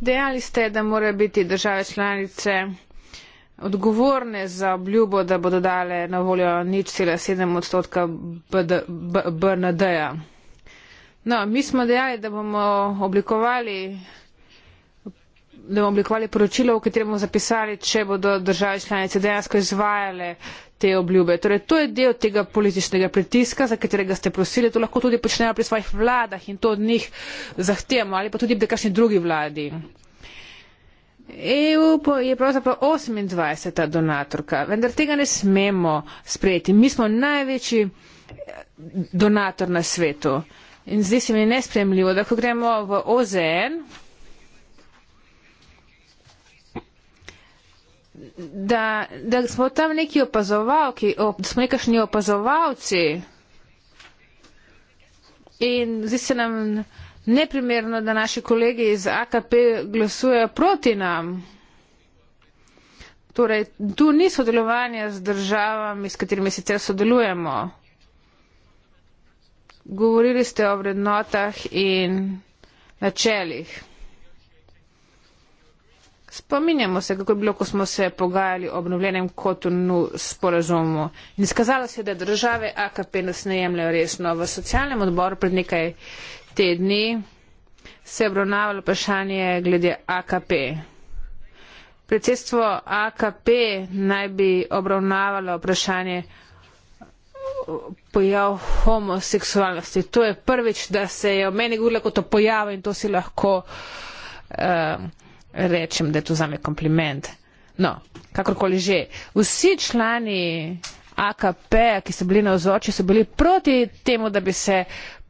Speaker 3: Dejali ste, da morajo biti države članice odgovorne za obljubo, da bodo dale na voljo nič cela sedem odstotka BND-ja. No, mi smo dejali, da bomo oblikovali da bomo oblikovali poročilo, v katerem bomo zapisali, če bodo države članice dejansko izvajale uh, te obljube. Torej, to je del tega političnega pritiska, za katerega ste prosili. To lahko tudi počnejo pri svojih vladah in to od njih zahtevamo ali pa tudi pri kakšni drugi vladi. EU je pravzaprav 28. donatorka, vendar tega ne smemo sprejeti. Mi smo največji eh, donator na svetu. In zdi se mi nespremljivo, da ko gremo v OZN, da, da smo tam neki opazovalki, op, da smo nekašni opazovalci in zdi se nam neprimerno, da naši kolegi iz AKP glasujejo proti nam. Torej, tu ni sodelovanja z državami, s katerimi sicer sodelujemo. Govorili ste o vrednotah in načelih. Spominjamo se, kako je bilo, ko smo se pogajali o obnovljenem kotonu sporazumu. In skazalo se je, da države AKP nas ne jemljajo resno. V socialnem odboru pred nekaj tedni se je obravnavalo vprašanje glede AKP. Predsedstvo AKP naj bi obravnavalo vprašanje pojav homoseksualnosti. To je prvič, da se je o meni govorila kot o pojavu in to si lahko. Uh, rečem, da je to zame kompliment. No, kakorkoli že. Vsi člani AKP, ki so bili na ozoči, so bili proti temu, da bi se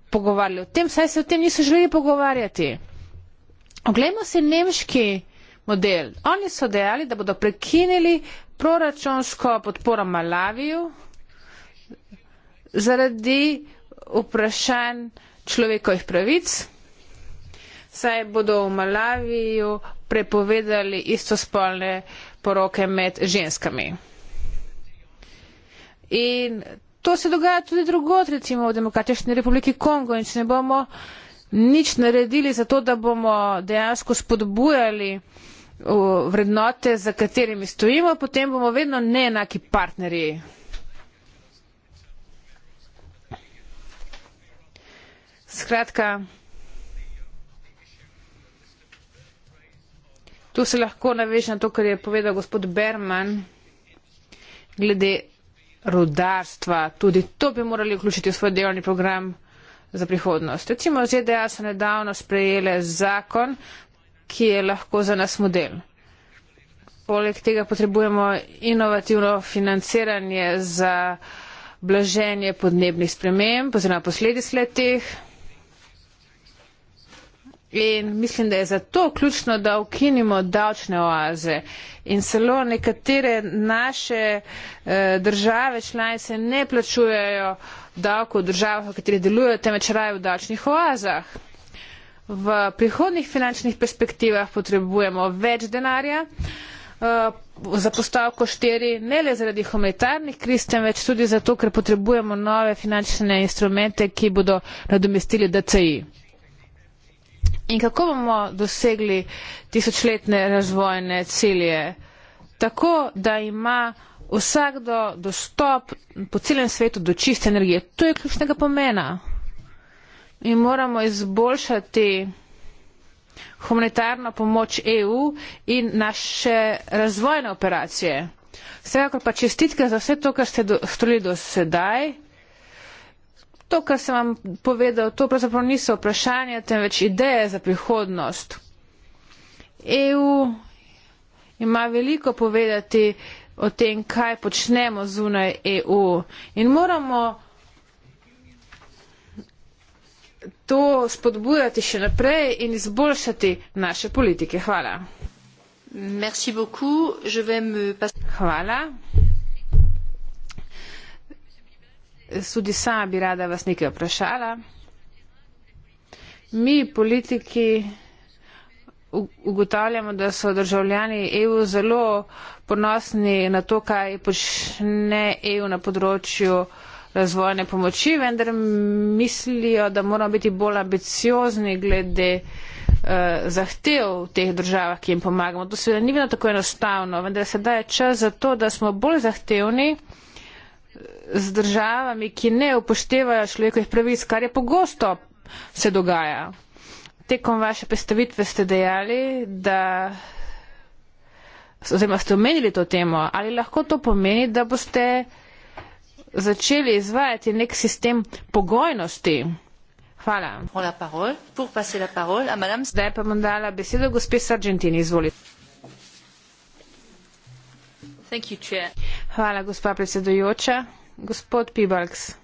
Speaker 3: pogovarjali o tem, saj se o tem niso želeli pogovarjati. Oglejmo si nemški model. Oni so dejali, da bodo prekinili proračunsko podporo Malaviju zaradi vprašanj človekovih pravic saj bodo v Malaviju prepovedali istospolne poroke med ženskami. In to se dogaja tudi drugot, recimo v Demokratični republiki Kongo, in če ne bomo nič naredili za to, da bomo dejansko spodbujali vrednote, za katerimi stojimo, potem bomo vedno neenaki partnerji. Skratka, Tu se lahko navežem na to, kar je povedal gospod Berman glede rudarstva. Tudi to bi morali vključiti v svoj delovni program za prihodnost. Recimo, ZDA so nedavno sprejele zakon, ki je lahko za nas model. Poleg tega potrebujemo inovativno financiranje za blaženje podnebnih sprememb oziroma posledic letih. In mislim, da je zato ključno, da ukinimo davčne oaze. In celo nekatere naše eh, države članice ne plačujejo davko v državah, v katerih delujejo, temveč raje v davčnih oazah. V prihodnih finančnih perspektivah potrebujemo več denarja eh, za postavko štiri, ne le zaradi humanitarnih kriz, temveč tudi zato, ker potrebujemo nove finančne instrumente, ki bodo nadomestili DCI. In kako bomo dosegli tisočletne razvojne cilje? Tako, da ima vsakdo dostop po celem svetu do čiste energije. To je ključnega pomena. Mi moramo izboljšati humanitarno pomoč EU in naše razvojne operacije. Vsekakor pa čestitke za vse to, kar ste storili do sedaj. To, kar sem vam povedal, to pravzaprav niso vprašanja, temveč ideje za prihodnost. EU ima veliko povedati o tem, kaj počnemo zunaj EU in moramo to spodbujati še naprej in izboljšati naše politike. Hvala. Hvala. tudi sama bi rada vas nekaj vprašala. Mi, politiki, ugotavljamo, da so državljani EU zelo ponosni na to, kaj počne EU na področju razvojne pomoči, vendar mislijo, da moramo biti bolj ambiciozni glede eh, zahtev v teh državah, ki jim pomagamo. To seveda ni vedno tako enostavno, vendar sedaj je čas za to, da smo bolj zahtevni z državami, ki ne upoštevajo človekovih pravic, kar je pogosto se dogaja. Tekom vaše predstavitve ste dejali, da oziroma ste omenili to temo, ali lahko to pomeni, da boste začeli izvajati nek sistem pogojnosti. Hvala. Zdaj pa bom dala besedo gospe Sargentini. Izvolite. Thank you, Hvala, gospa predsedujoča. Gospod Pibalks,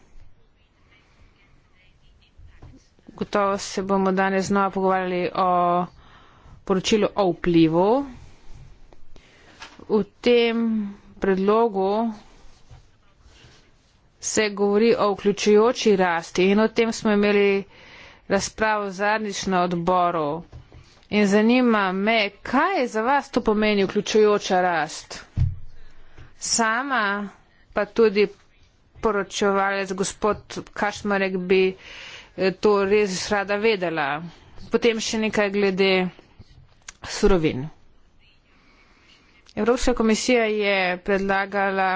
Speaker 3: gotovo se bomo danes znova pogovarjali o poročilu o vplivu. V tem predlogu se govori o vključujoči rasti in o tem smo imeli razpravo zadnjič na odboru. In zanima me, kaj je za vas to pomeni vključujoča rast? Sama pa tudi poročevalec gospod Kašmarek bi eh, to res rada vedela. Potem še nekaj glede surovin. Evropska komisija je predlagala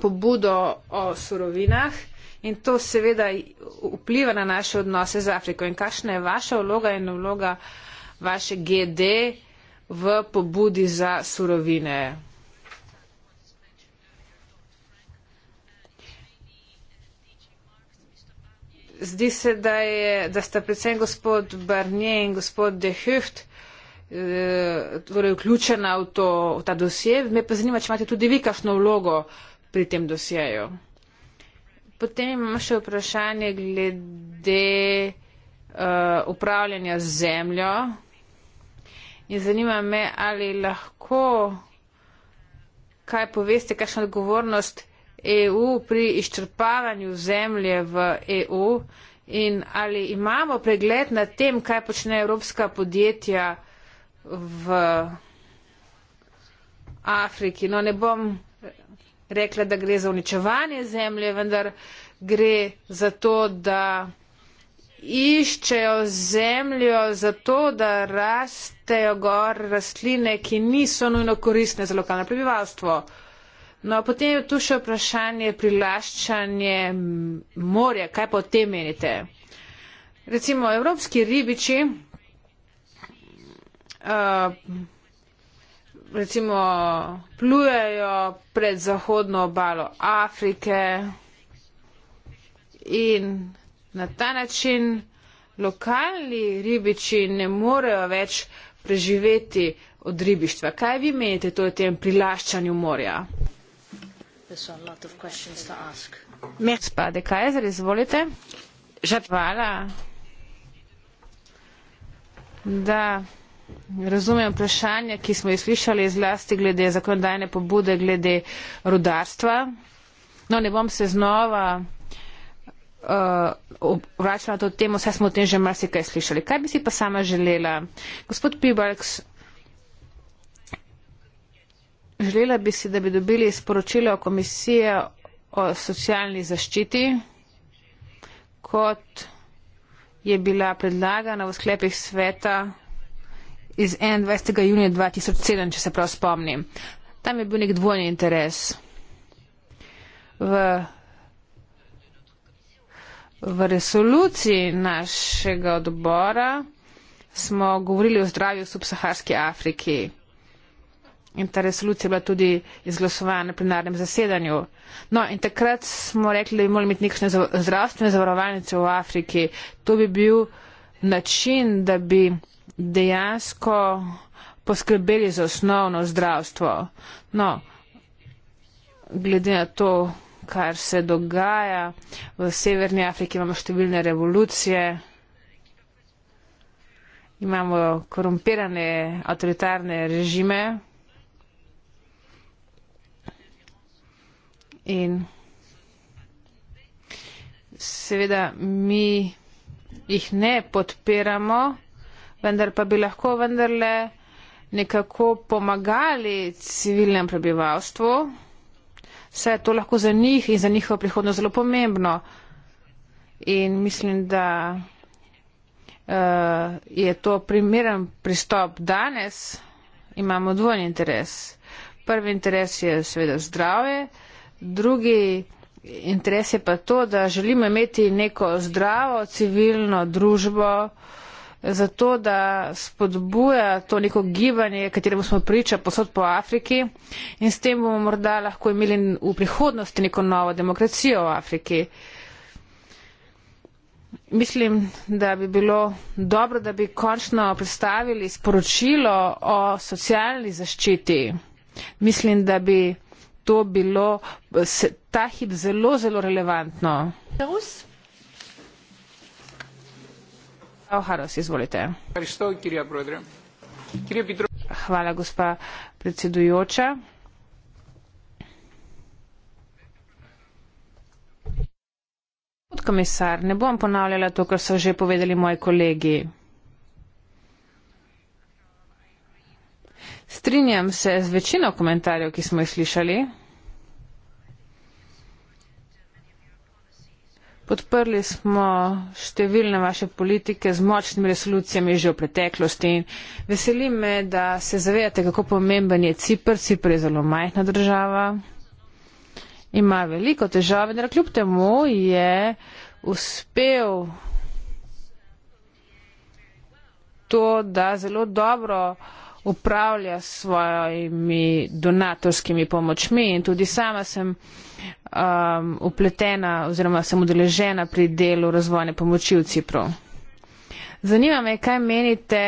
Speaker 3: pobudo o surovinah in to seveda vpliva na naše odnose z Afriko. In kakšna je vaša vloga in vloga vaše GD v pobudi za surovine? zdi se, da, je, da sta predvsem gospod Barnier in gospod De Hüft eh, torej vključena v, to, v ta dosje. Me pa zanima, če imate tudi vi kakšno vlogo pri tem dosjeju. Potem imamo še vprašanje glede uh, upravljanja z zemljo. In zanima me, ali lahko kaj poveste, kakšna odgovornost EU, pri izčrpavanju zemlje v EU in ali imamo pregled nad tem, kaj počne evropska podjetja v Afriki. No, ne bom rekla, da gre za uničevanje zemlje, vendar gre za to, da iščejo zemljo za to, da rastejo gor rastline, ki niso nujno koristne za lokalno prebivalstvo. No, potem je tu še vprašanje prilaščanje morja. Kaj pa o tem menite? Recimo, evropski ribiči, uh, recimo, plujejo pred zahodno obalo Afrike in na ta način lokalni ribiči ne morejo več preživeti od ribištva. Kaj vi menite o tem prilaščanju morja?
Speaker 4: There's a lot of questions to ask.
Speaker 3: Gospa De Kajzer, izvolite. Hvala, da razumem vprašanje, ki smo jih slišali zlasti glede zakonodajne pobude, glede rudarstva. No, ne bom se znova uh, vračala na to temo, saj smo o tem že marsikaj slišali. Kaj bi si pa sama želela? Gospod Pibalks, Želela bi si, da bi dobili sporočilo komisije o socialni zaščiti, kot je bila predlagana v sklepih sveta iz 21. junija 2007, če se prav spomnim. Tam je bil nek dvojni interes. V, v resoluciji našega odbora smo govorili o zdravju v subsaharski Afriki in ta resolucija je bila tudi izglasovana na plenarnem zasedanju. No, in takrat smo rekli, da bi morali imeti nekšne zdravstvene zavarovalnice v Afriki. To bi bil način, da bi dejansko poskrbeli za osnovno zdravstvo. No, glede na to, kar se dogaja v Severni Afriki, imamo številne revolucije, imamo korumpirane avtoritarne režime. in seveda mi jih ne podpiramo, vendar pa bi lahko vendarle nekako pomagali civilnem prebivalstvu, saj je to lahko za njih in za njihovo prihodnost zelo pomembno. In mislim, da uh, je to primeren pristop danes. Imamo dvojni interes. Prvi interes je seveda zdravje, uh, Drugi interes je pa to, da želimo imeti neko zdravo civilno družbo, zato da spodbuja to neko gibanje, kateremu smo priča posod po Afriki in s tem bomo morda lahko imeli v prihodnosti neko novo demokracijo v Afriki. Mislim, da bi bilo dobro, da bi končno predstavili sporočilo o socialni zaščiti. Mislim, da bi to bilo se, ta hip zelo, zelo relevantno. Belarus? Oharos, izvolite. Hvala, gospa predsedujoča. Podkomisar, ne bom ponavljala to, kar so že povedali moji kolegi. Strinjam se z večino komentarjev, ki smo jih slišali. Podprli smo številne vaše politike z močnimi resolucijami že v preteklosti. Veseli me, da se zavedate, kako pomemben je Cipr. Cipr je zelo majhna država. Ima veliko težav, vendar kljub temu je uspel to, da zelo dobro upravlja s svojimi donatorskimi pomočmi in tudi sama sem um, upletena oziroma sem udeležena pri delu razvojne pomoči v Cipru. Zanima me, kaj menite,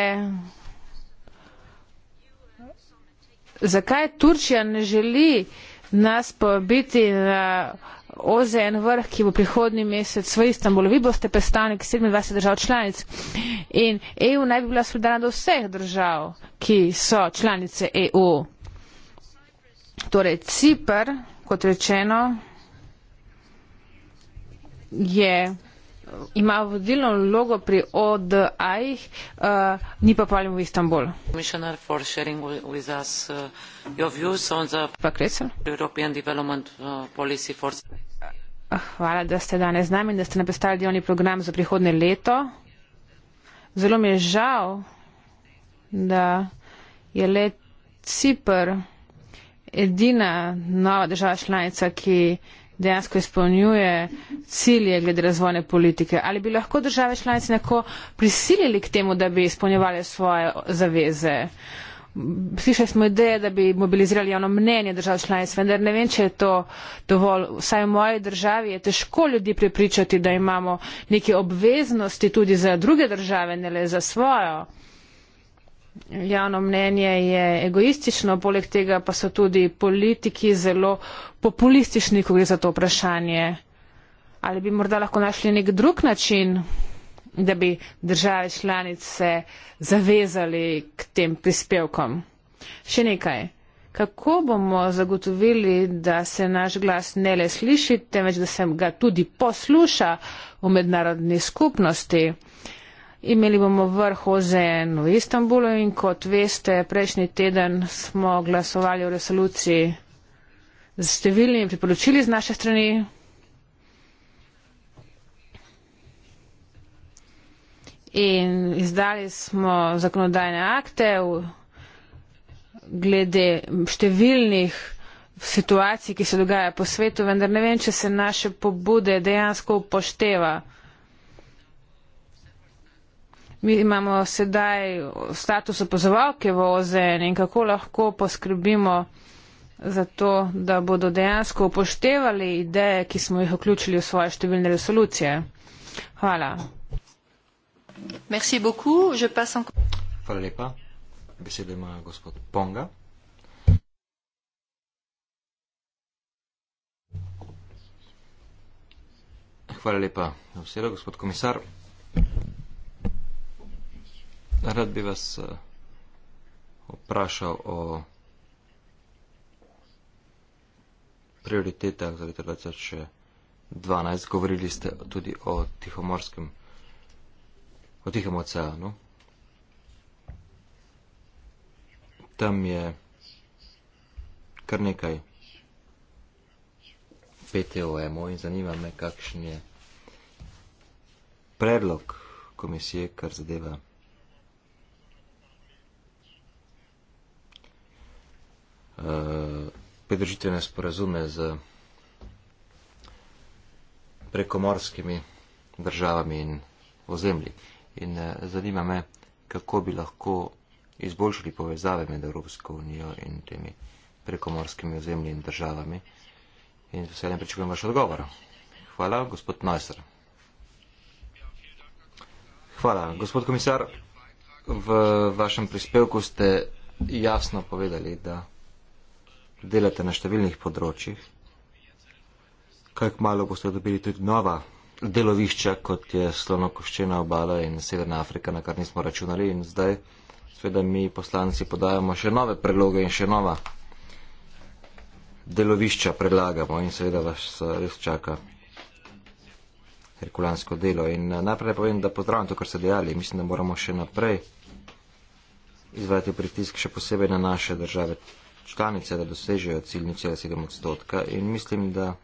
Speaker 3: zakaj Turčija ne želi uh, nas pobiti na OZN vrh, ki bo prihodnji mesec v Istanbulu. Vi boste predstavnik 27 držav članic in EU naj bi bila solidarna do vseh držav, ki so članice EU. Torej, Cipr, kot rečeno, je ima vodilno vlogo pri ODA-jih, uh, eh, ni pa paljen v Istanbulu.
Speaker 1: Eh,
Speaker 3: eh, Hvala, da ste danes z nami in da ste nam predstavili delovni program za prihodne leto. Zelo mi je žal, da je le Cipr edina nova država članica, ki dejansko izpolnjuje cilje glede razvojne politike. Ali bi lahko države članice neko prisilili k temu, da bi izpolnjevali svoje zaveze? Slišali smo ideje, da bi mobilizirali javno mnenje držav članic, vendar ne vem, če je to dovolj. Vsaj v moji državi je težko ljudi prepričati, da imamo neke obveznosti tudi za druge države, ne le za svojo. Javno mnenje je egoistično, poleg tega pa so tudi politiki zelo populistični, ko gre za to vprašanje. Ali bi morda lahko našli nek drug način, da bi države članice zavezali k tem prispevkom? Še nekaj. Kako bomo zagotovili, da se naš glas ne le sliši, temveč da se ga tudi posluša v mednarodni skupnosti? Imeli bomo vrh OZN v Istanbulu in kot veste, prejšnji teden smo glasovali o resoluciji z številnimi priporočili z naše strani. In izdali smo zakonodajne akte v, glede številnih situacij, ki se dogajajo po svetu, vendar ne vem, če se naše pobude dejansko upošteva. Mi imamo sedaj status opozovalke v OZN in kako lahko poskrbimo za to, da bodo dejansko upoštevali ideje, ki smo jih vključili v svoje številne resolucije. Hvala.
Speaker 1: Merci beaucoup. Je passe en...
Speaker 4: Hvala lepa. Besedo ima gospod Ponga. Hvala lepa. Na vse, gospod komisar. Rad bi vas eh, vprašal o prioritetah za leto 2012. Govorili ste tudi o Tihomorskem, o Tihem oceanu. Tam je kar nekaj PTOM-ov in zanima me, kakšen je predlog komisije, kar zadeva. Eh, pridržitvene sporazume z prekomorskimi državami in ozemlji. In eh, zanima me, kako bi lahko izboljšali povezave med Evropsko unijo in temi prekomorskimi ozemlji in državami. In vse ne pričakujem vaš odgovor. Hvala, gospod Neusser. Hvala, gospod komisar. V vašem prispevku ste jasno povedali, da delate na številnih področjih, kajk malo boste dobili tudi nova delovišča, kot je Slonokoščena obala in Severna Afrika, na kar nismo računali in zdaj sveda mi poslanci podajamo še nove predloge in še nova delovišča predlagamo in seveda vas res čaka herkulansko delo. In eh, najprej povem, da pozdravljam to, kar ste dejali. Mislim, da moramo še naprej izvajati pritisk še posebej na naše države članice, da dosežejo cilj 0,7 odstotka in mislim, da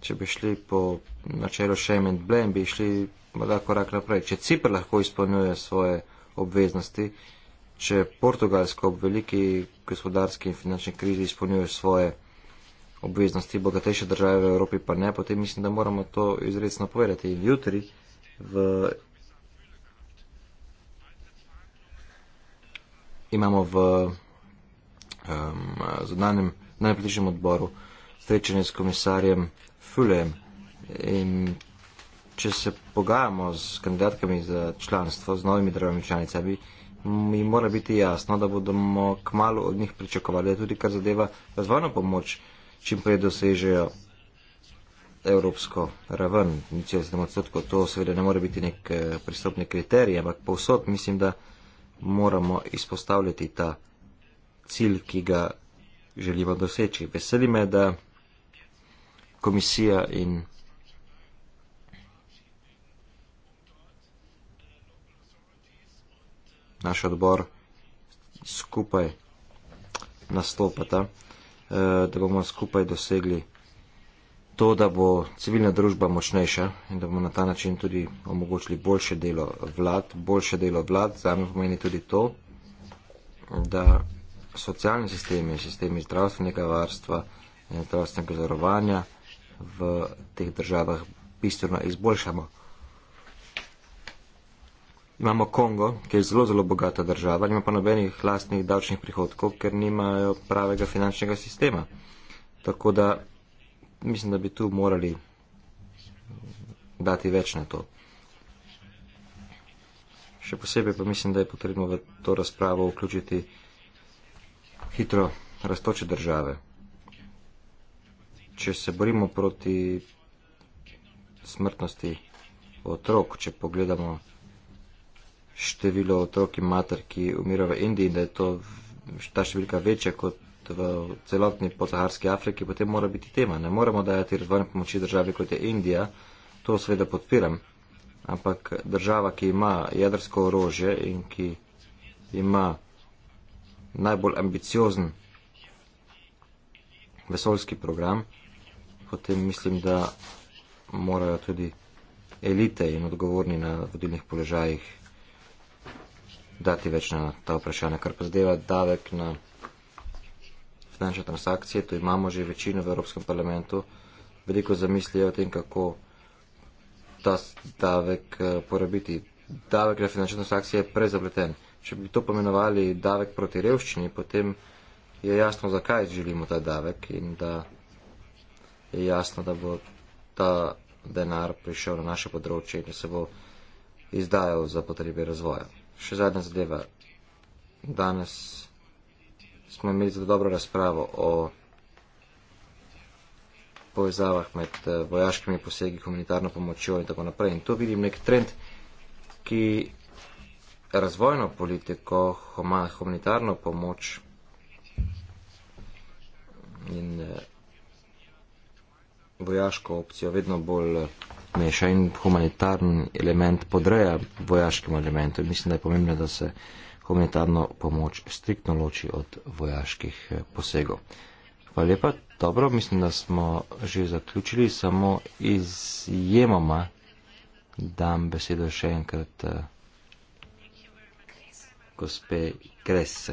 Speaker 4: če bi šli po načelu shame and blame, bi šli morda korak naprej. Če Cipr lahko izpolnjuje svoje obveznosti, če Portugalsko ob veliki gospodarski in finančni krizi izpolnjuje svoje obveznosti, bogatejše države v Evropi pa ne, potem mislim, da moramo to izredno povedati. In jutri v imamo v um, zunanjem najbližjem odboru, srečanje s komisarjem Fulem. In če se pogajamo s kandidatkami za članstvo, z novimi državami članicami, mi mora biti jasno, da bomo k malu od njih pričakovali, da tudi kar zadeva razvojno pomoč, čim prej dosežejo evropsko raven, nič se ne odstotko, to seveda ne more biti nek eh, pristopni kriterij, ampak povsod mislim, da moramo izpostavljati ta cilj, ki ga želimo doseči. Veseli me, da komisija in naš odbor skupaj nastopata, eh, da bomo skupaj dosegli to, da bo civilna družba močnejša in da bomo na ta način tudi omogočili boljše delo vlad. Boljše delo vlad zame pomeni tudi to, da socialni sistemi, sistemi zdravstvenega varstva in zdravstvenega zarovanja v teh državah bistveno izboljšamo. Imamo Kongo, ki je zelo, zelo bogata država, nima pa nobenih lastnih davčnih prihodkov, ker nimajo pravega finančnega sistema. Tako da mislim, da bi tu morali dati več na to. Še posebej pa mislim, da je potrebno v to razpravo vključiti hitro rastoče države. Če se borimo proti smrtnosti otrok, če pogledamo število otrok in mater, ki umirajo v Indiji, da je to ta številka večja kot v celotni podsaharski Afriki, potem mora biti tema. Ne moremo dajati razvojne pomoči državi, kot je Indija. To seveda podpiram. Ampak država, ki ima jedrsko orožje in ki ima najbolj ambiciozen vesoljski program, potem mislim, da morajo tudi elite in odgovorni na vodilnih položajih dati več na ta vprašanja, kar pa zadeva davek na finančne transakcije. To imamo že večino v Evropskem parlamentu. Veliko zamislijo o tem, kako ta davek eh, porabiti. Davek na finančne transakcije je prezapleten če bi to pomenovali davek proti revščini, potem je jasno, zakaj želimo ta davek in da je jasno, da bo ta denar prišel na naše področje in da se bo izdajal za potrebe razvoja. Še zadnja zadeva. Danes smo imeli zelo dobro razpravo o povezavah med eh, vojaškimi posegi, humanitarno pomočjo in tako naprej. In to vidim nek trend, ki razvojno politiko, humanitarno pomoč in eh, vojaško opcijo vedno bolj eh, meša in humanitarni element podreja vojaškim elementom. Mislim, da je pomembno, da se humanitarno pomoč striktno loči od vojaških eh, posegov. Hvala lepa. Dobro, mislim, da smo že zaključili. Samo izjemoma dam besedo še enkrat. Uh, gospe Gres.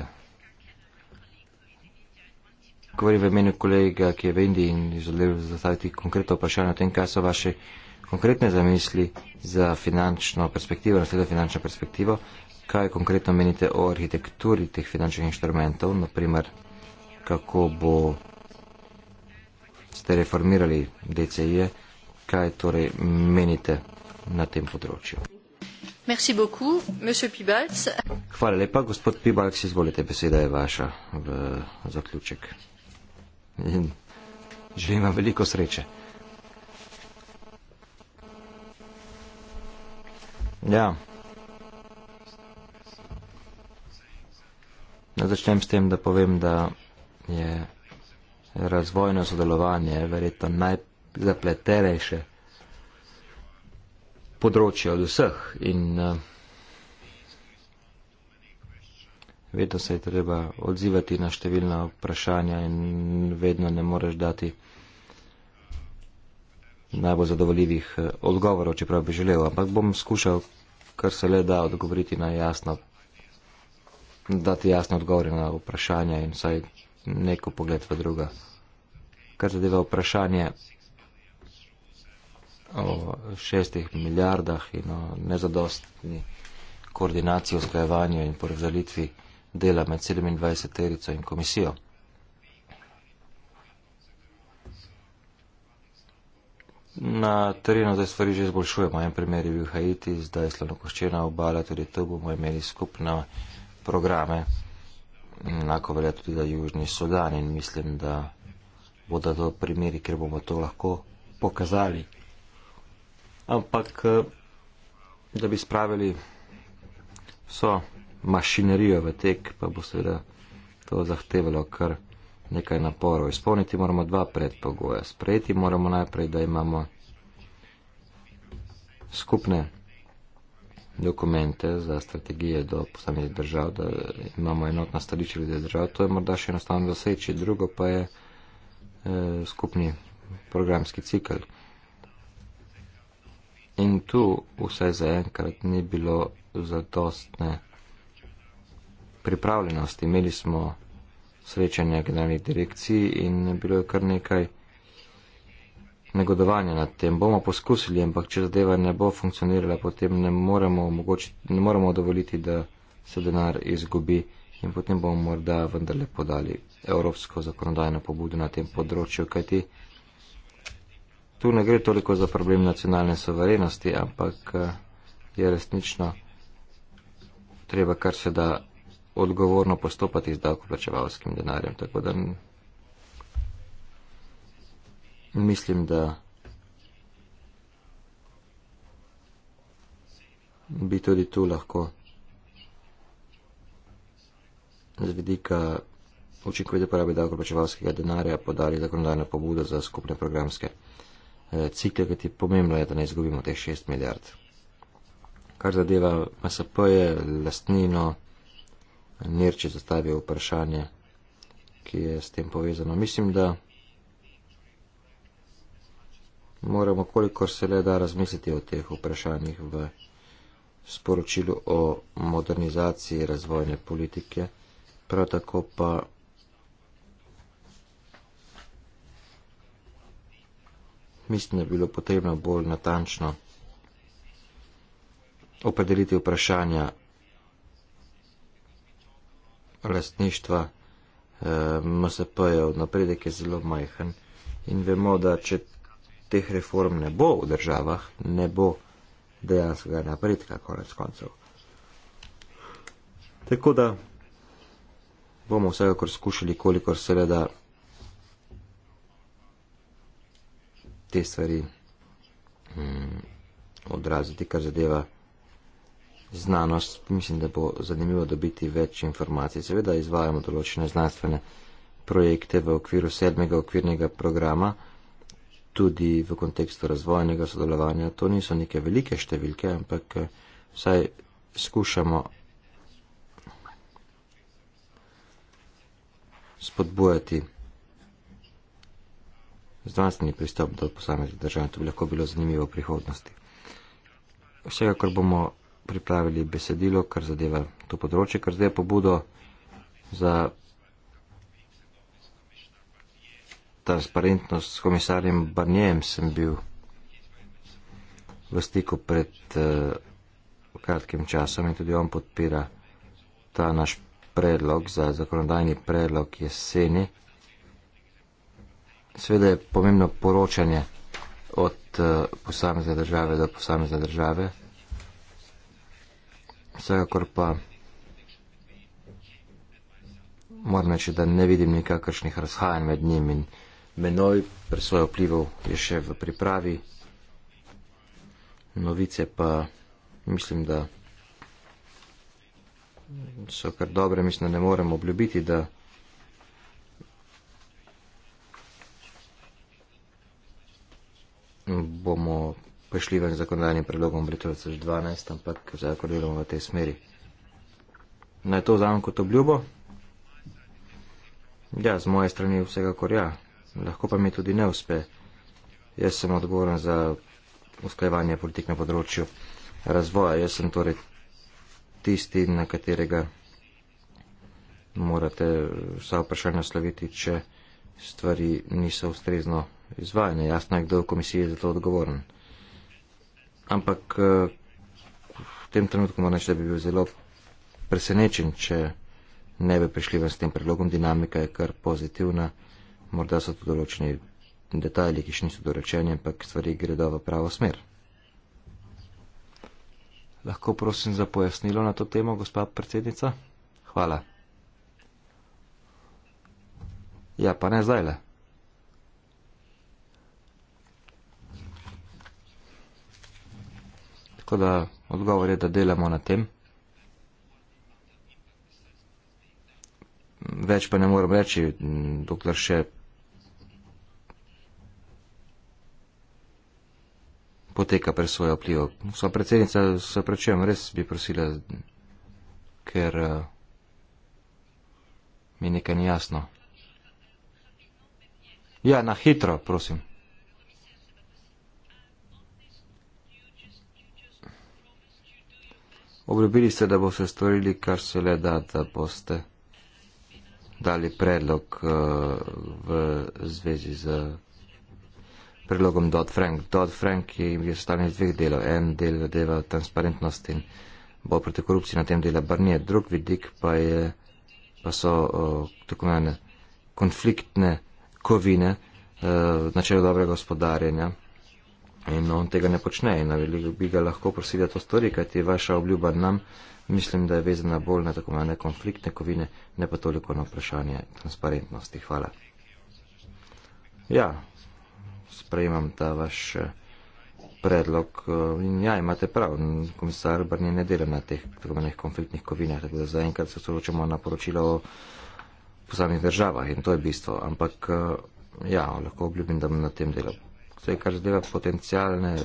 Speaker 4: Govorim v imenu kolega, ki je v Indiji in želel zastaviti konkretno vprašanje o tem, kaj so vaše konkretne zamisli za finančno perspektivo, naslednjo finančno perspektivo, kaj konkretno menite o arhitekturi teh finančnih inštrumentov, naprimer, kako bo ste reformirali DCI, e? kaj torej menite na tem področju.
Speaker 1: Merci beaucoup, monsieur Pibalc.
Speaker 4: Hvala lepa, gospod Pibalc, izvolite, beseda je vaša v zaključek. In želim vam veliko sreče. Ja. Na začnem s tem, da povem, da je razvojno sodelovanje verjetno najzapleterejše področje od vseh in uh, vedno se je treba odzivati na številna vprašanja in vedno ne moreš dati najbolj zadovoljivih eh, odgovorov, čeprav bi želel, ampak bom skušal kar se le da odgovoriti na jasno, dati jasno odgovore na vprašanja in vsaj neko pogled v druga. Kar zadeva vprašanje, o šestih milijardah in o nezadostni koordinaciji, usklajevanju in porazdelitvi dela med 27 terico in komisijo. Na terenu zdaj stvari že izboljšujemo. En primer je bil Haiti, zdaj je slonokoščena obala, tudi tu bomo imeli skupne programe. Enako velja tudi za Južni Sudan in mislim, da bodo to primeri, kjer bomo to lahko pokazali ampak eh, da bi spravili vso mašinerijo v tek, pa bo seveda to zahtevalo kar nekaj naporov. Izpolniti moramo dva predpogoja. Sprejeti moramo najprej, da imamo skupne dokumente za strategije do posameznih držav, da imamo enotna stališča glede držav. To je morda še enostavno doseči. Drugo pa je eh, skupni programski cikl. In tu vsaj zaenkrat ni bilo zadostne pripravljenosti. Imeli smo srečanje generalnih direkcij in bilo je kar nekaj negodovanja nad tem. Bomo poskusili, ampak če zadeva ne bo funkcionirala, potem ne moremo, omogočiti, ne moremo dovoliti, da se denar izgubi in potem bomo morda vendarle podali evropsko zakonodajno pobudo na tem področju, kajti tu ne gre toliko za problem nacionalne soverenosti, ampak eh, je resnično treba kar se da odgovorno postopati z davkoplačevalskim denarjem. Tako da mislim, da bi tudi tu lahko z vidika učinkovite porabe davkoplačevalskega denarja podali zakonodajno pobudo za skupne programske. Eh, cikle, kajti pomembno je, da ne izgubimo teh 6 milijard. Kar zadeva MSP, je lastnino, Nirči zastavil vprašanje, ki je s tem povezano. Mislim, da moramo, kolikor se le da, razmisliti o teh vprašanjih v sporočilu o modernizaciji razvojne politike, prav tako pa. mislim, da bi bilo potrebno bolj natančno opredeliti vprašanja lastništva eh, MSP-jev. Napredek je zelo majhen in vemo, da če teh reform ne bo v državah, ne bo dejanskega napredka konec koncev. Tako da bomo vsekakor skušali, kolikor se le da te stvari um, odraziti, kar zadeva znanost. Mislim, da bo zanimivo dobiti več informacij. Seveda izvajamo določene znanstvene projekte v okviru sedmega okvirnega programa, tudi v kontekstu razvojnega sodelovanja. To niso neke velike številke, ampak eh, vsaj skušamo spodbujati znanstveni pristop do posameznih držav. To bi lahko bilo zanimivo v prihodnosti. Vsekakor bomo pripravili besedilo, kar zadeva to področje, kar zdaj je pobudo za transparentnost s komisarjem Barnjem sem bil v stiku pred uh, kratkim časom in tudi on podpira ta naš predlog za zakonodajni predlog jeseni seveda je pomembno poročanje od eh, posamezne države do posamezne države. Vsekakor pa moram reči, da ne vidim nikakršnih razhajanj med njim in menoj presoj vplivov je še v pripravi. Novice pa mislim, da so kar dobre, mislim, da ne morem obljubiti, da. bomo prišli ven zakonodajnim predlogom v letu 2012, ampak zakon delamo v tej smeri. Naj to vzamem kot obljubo? Ja, z moje strani vsekakor ja. Lahko pa mi tudi ne uspe. Jaz sem odgovoren za usklajevanje politik na področju razvoja. Jaz sem torej tisti, na katerega morate vsa vprašanja sloviti, če stvari niso ustrezno izvajanje, jasno je, kdo v komisiji je za to odgovoren. Ampak eh, v tem trenutku moram reči, da bi bil zelo presenečen, če ne bi prišli ven s tem predlogom. Dinamika je kar pozitivna, morda so tu določeni detajli, ki še niso dorečeni, ampak stvari gredo v pravo smer. Lahko prosim za pojasnilo na to temo, gospa predsednica? Hvala. Ja, pa ne zdaj le. Tako da odgovor je, da delamo na tem. Več pa ne morem reči, dokler še poteka presoja vplivov. Sva predsednica, se prečujem, res bi prosila, ker uh, mi nekaj ni jasno. Ja, na hitro, prosim. Obljubili ste, da boste storili, kar se le da, da boste dali predlog uh, v zvezi z predlogom Dodd-Frank. Dodd-Frank je, je sestavljen iz dveh delov. En del zadeva transparentnost in boj proti korupciji na tem delu Barnier. Drug vidik pa, je, pa so uh, tako imenovane konfliktne kovine, uh, načelo dobrega gospodarjenja. In on tega ne počne in ali bi ga lahko prosili, da to stori, kajti vaša obljuba nam, mislim, da je vezana bolj na tako imenovane konfliktne kovine, ne pa toliko na vprašanje transparentnosti. Hvala. Ja, sprejemam ta vaš eh, predlog eh, in ja, imate prav, komisar Brnje ne dela na teh tako imenovanih konfliktnih kovinah, tako da zaenkrat se soočamo na poročilo o posameznih državah in to je bistvo, ampak eh, ja, lahko obljubim, da bom na tem delal vse, kar zadeva potencijalne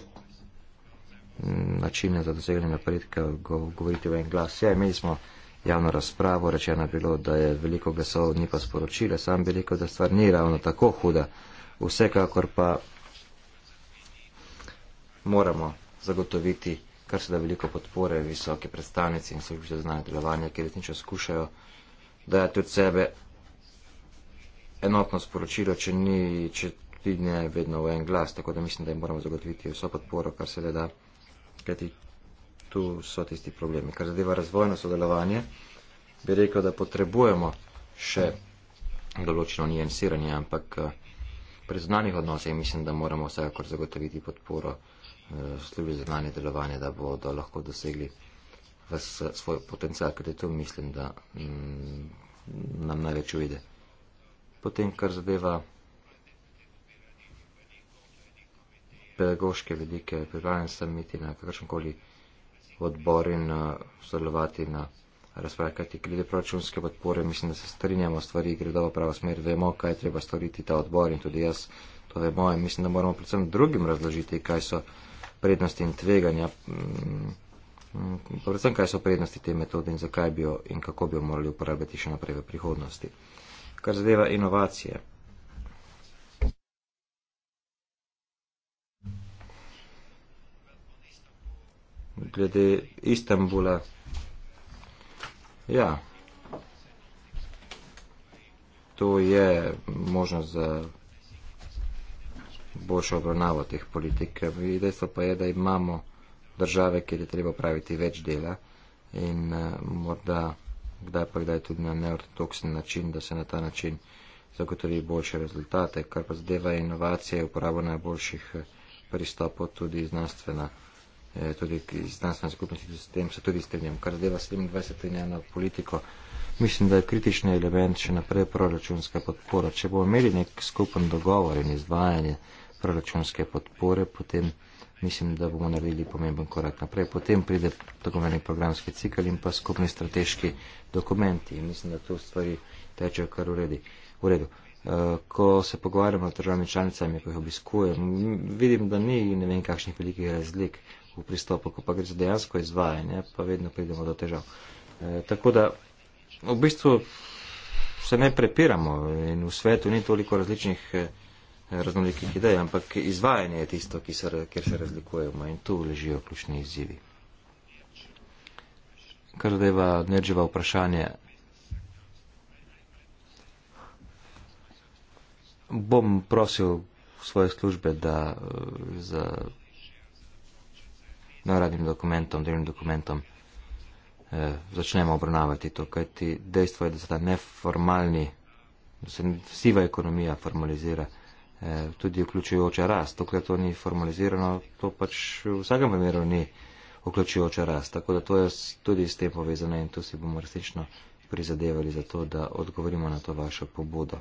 Speaker 4: mm, načine za doseganje napredka, go, govoriti v en glas. Ja, imeli smo javno razpravo, rečeno je bilo, da je veliko glasov, ni pa sporočila, sam bi rekel, da stvar ni ravno tako huda. Vsekakor pa moramo zagotoviti, kar se da veliko podpore, visoke predstavnici in službe znanja delovanja, ki resnično skušajo dajati od sebe enotno sporočilo, če ni, če dvigne vedno v en glas, tako da mislim, da jim moramo zagotoviti vso podporo, kar se le da, kajti tu so tisti problemi. Kar zadeva razvojno sodelovanje, bi rekel, da potrebujemo še določeno nijansiranje, ampak eh, pri znanih odnosih mislim, da moramo vsekakor zagotoviti podporo eh, službi za znanje delovanje, da bodo lahko dosegli eh, svoj potencial, kajti tu mislim, da mm, nam največ ujde. Potem, kar zadeva pedagoške vedike, pripravljen sem iti na kakršenkoli odbor in eh, sodelovati na razpravi, kajti glede proračunske podpore mislim, da se strinjamo, stvari gredo v pravo smer, vemo, kaj treba storiti ta odbor in tudi jaz to vemo in mislim, da moramo predvsem drugim razložiti, kaj so prednosti in tveganja, mm, mm, predvsem kaj so prednosti te metode in zakaj bi jo in kako bi jo morali uporabiti še naprej v prihodnosti. Kar zadeva inovacije. glede Istanbula. Ja, to je možnost za boljšo obravnavo teh politik. Dejstvo pa je, da imamo države, kjer je treba praviti več dela in uh, morda kdaj pa kdaj tudi na neortodoksen način, da se na ta način zagotovi boljše rezultate, kar pa zadeva inovacije, uporabo najboljših eh, pristopov tudi znanstvena. Eh, tudi znanstvene skupnosti s tem se tudi strinjam. Kar zdaj 27. njeno politiko, mislim, da je kritični element še naprej proračunska podpora. Če bomo imeli nek skupen dogovor in izvajanje proračunske podpore, potem mislim, da bomo naredili pomemben korak naprej. Potem pride dogovorni programski cikl in pa skupni strateški dokumenti. In mislim, da tu stvari tečejo kar uredi. v redu. Eh, ko se pogovarjamo z državami članicami, ko jih obiskujem, vidim, da ni ne vem kakšnih velikih razlik v pristopu, ko pa gre za dejansko izvajanje, pa vedno pridemo do težav. E, tako da v bistvu se ne prepiramo in v svetu ni toliko različnih e, raznolikih idej, ampak izvajanje je tisto, se, kjer se razlikujemo in tu ležijo ključni izzivi. Kar zadeva nerdživa vprašanje, bom prosil svoje službe, da e, za. E, neuradnim dokumentom, delnim dokumentom eh, začnemo obravnavati to, kajti dejstvo je, da se ta neformalni, da se siva ekonomija formalizira, eh, tudi vključujoča rast. Dokler to ni formalizirano, to pač v vsakem primeru ni vključujoča rast. Tako da to je tudi s tem povezano in tu si bomo resnično prizadevali za to, da odgovorimo na to vašo pobudo.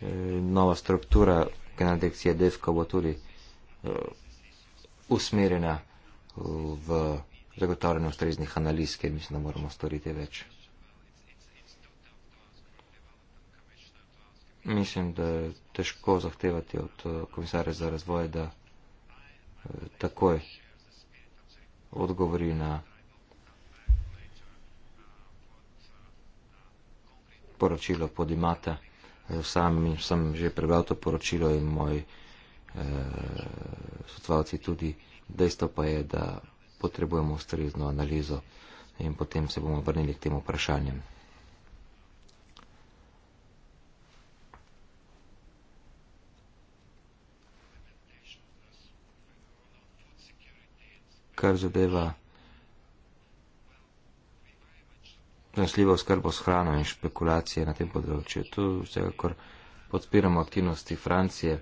Speaker 4: Eh, nova struktura kanadekcije DEFKA bo tudi eh, usmerjena v zagotovljanje ustreznih analiz, ki mislim, da moramo storiti več. Mislim, da je težko zahtevati od eh, komisarja za razvoj, da eh, takoj odgovori na poročilo podimata. Eh, sam sem že prebral to poročilo in moj eh, sodelavci tudi. Dejstvo pa je, da potrebujemo ustrezno analizo in potem se bomo vrnili k tem vprašanjem. Kar zadeva prenosljivo skrbo s hrano in špekulacije na tem področju. Tu vsekakor podpiramo aktivnosti Francije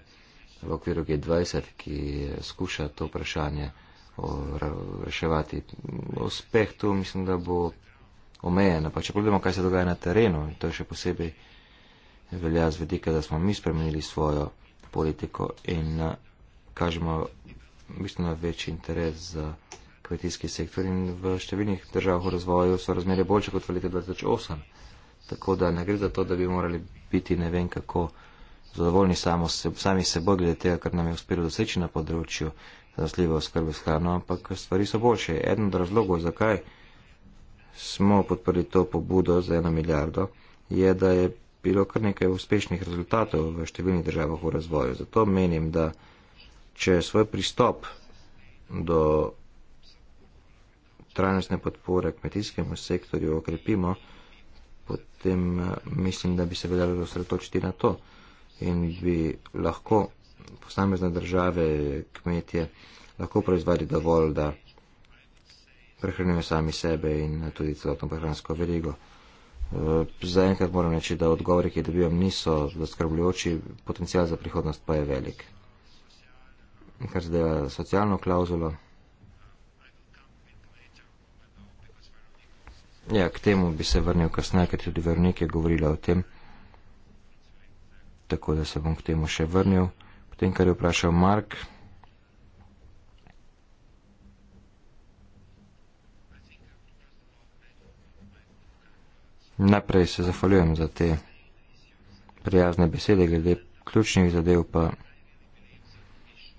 Speaker 4: v okviru G20, ki skuša to vprašanje reševati. Uspeh tu mislim, da bo omejen. Pa če pogledamo, kaj se dogaja na terenu, to še posebej velja z vedika, da smo mi spremenili svojo politiko in kažemo bistveno večji interes za kmetijski sektor in v številnih državah v razvoju so razmere boljše kot v letu 2008. Tako da ne gre za to, da bi morali biti ne vem kako zadovoljni samo se, sami seboj glede tega, kar nam je uspelo doseči na področju zasljive oskrbe s hrano, ampak stvari so boljše. Eden od razlogov, zakaj smo podprli to pobudo za eno milijardo, je, da je bilo kar nekaj uspešnih rezultatov v številnih državah v razvoju. Zato menim, da če svoj pristop do trajnostne podpore kmetijskemu sektorju okrepimo, potem eh, mislim, da bi se veljalo osredotočiti na to in bi lahko posamezne države, kmetje, lahko proizvali dovolj, da prehranijo sami sebe in tudi celotno prehransko verigo. Eh, zaenkrat moram reči, da odgovori, ki dobivam, niso zaskrbljujoči, potencial za prihodnost pa je velik. Kar zadeva socialno klauzulo. Ja, k temu bi se vrnil kasneje, ker tudi vrnik je govorila o tem tako da se bom k temu še vrnil. Potem, kar je vprašal Mark. Naprej se zahvaljujem za te prijazne besede, glede ključnih zadev pa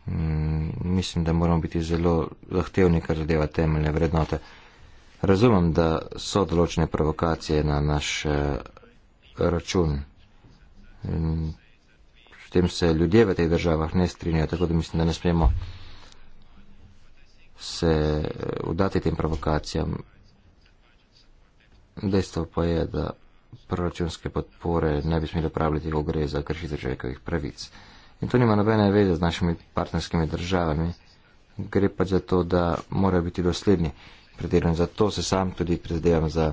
Speaker 4: mm, mislim, da moramo biti zelo zahtevni, kar zadeva temeljne vrednote. Razumem, da so določene provokacije na naš uh, račun tem se ljudje v teh državah ne strinjajo, tako da mislim, da ne smemo se eh, vdati tem provokacijam. Dejstvo pa je, da proračunske podpore ne bi smeli upravljati, ko gre za kršitev človekovih pravic. In to nima nobene veze z našimi partnerskimi državami. Gre pa za to, da morajo biti dosledni pri delu in zato se sam tudi prizadevam za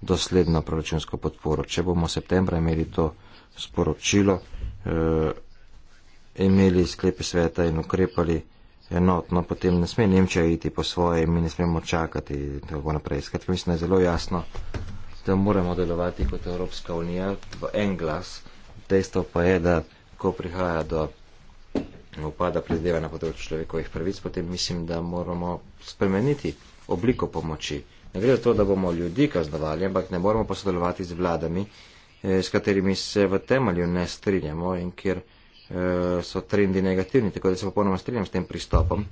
Speaker 4: dosledno proračunsko podporo. Če bomo septembra imeli to sporočilo, uh, imeli sklepe sveta in ukrepali enotno, potem ne sme Nemčija iti po svoje in mi ne smemo čakati in tako naprej. Skratka, mislim, da je zelo jasno, da moramo delovati kot Evropska unija v en glas. Dejstvo pa je, da ko prihaja do upada predeva na področju človekovih pravic, potem mislim, da moramo spremeniti obliko pomoči. Ne gre za to, da bomo ljudi kaznovali, ampak ne moramo posodelovati z vladami, Eh, s katerimi se v temelju ne strinjamo in kjer eh, so trendi negativni, tako da se popolnoma strinjam s tem pristopom.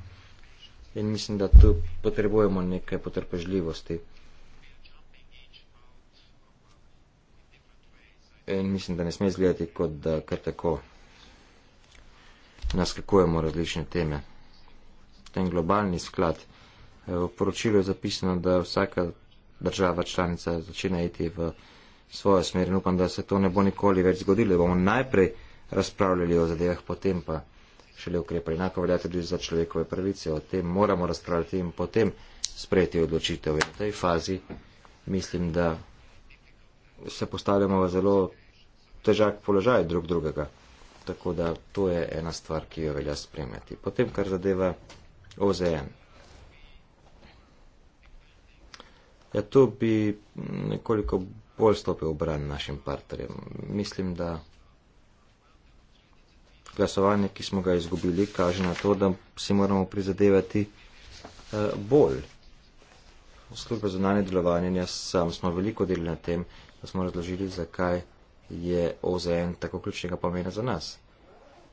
Speaker 4: In mislim, da tu potrebujemo nekaj potrpežljivosti. In mislim, da ne sme izgledati, kot da kar tako naskakujemo različne teme. Ten globalni sklad. Eh, v poročilu je zapisano, da vsaka država članica začne iti v svojo smer in upam, da se to ne bo nikoli več zgodilo, da bomo najprej razpravljali o zadevah, potem pa šele ukrepali. Enako velja tudi za človekove pravice, o tem moramo razpravljati in potem sprejeti odločitev. In v tej fazi mislim, da se postavljamo v zelo težak položaj drug drugega. Tako da to je ena stvar, ki jo velja spremljati. Potem, kar zadeva OZN. Ja, tu bi nekoliko Поль стопил брань нашим партерам. Мислим, да... Glasovanje, ki smo ga izgubili, kaže na to, da si moramo prizadevati eh, bolj. Služba za nanje delovanje, jaz sam smo veliko delili na tem, da smo razložili, zakaj je OZN tako ključnega pomena za nas.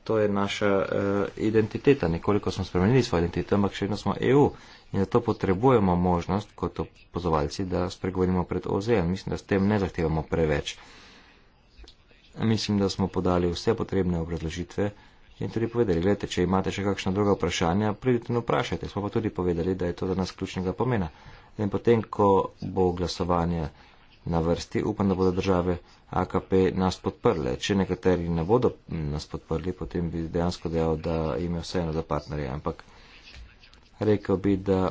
Speaker 4: To je naša eh, identiteta. Nekoliko smo spremenili svojo identiteto, ampak še vedno smo EU. In zato potrebujemo možnost, kot opozovalci, da spregovorimo pred OZN. E. Mislim, da s tem ne zahtevamo preveč. Mislim, da smo podali vse potrebne obrazložitve in tudi povedali, gledajte, če imate še kakšna druga vprašanja, pridite in vprašajte. Smo pa tudi povedali, da je to za nas ključnega pomena. In potem, ko bo glasovanje na vrsti, upam, da bodo države AKP nas podprle. Če nekateri ne bodo nas podprli, potem bi dejansko dejal, da ime vseeno za partnerje. Ampak rekel bi, da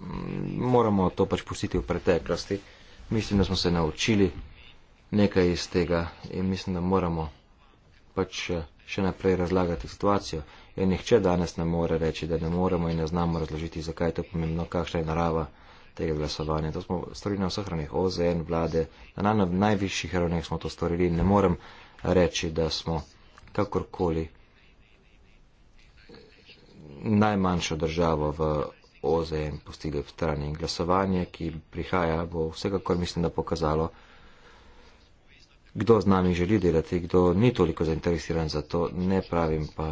Speaker 4: mm, moramo to pač pustiti v preteklosti. Mislim, da smo se naučili nekaj iz tega in mislim, da moramo pač eh, še naprej razlagati situacijo. In ja, nihče danes ne more reči, da ne moremo in ne znamo razložiti, zakaj je to pomembno, kakšna je narava tega glasovanja. To smo storili na vseh ravneh, OZN, vlade, na najvišjih ravneh smo to storili in ne morem reči, da smo kakorkoli najmanjšo državo v OZN postili v strani. In glasovanje, ki prihaja, bo vsekakor mislim, da pokazalo, kdo z nami želi delati, kdo ni toliko zainteresiran za to. Ne pravim pa,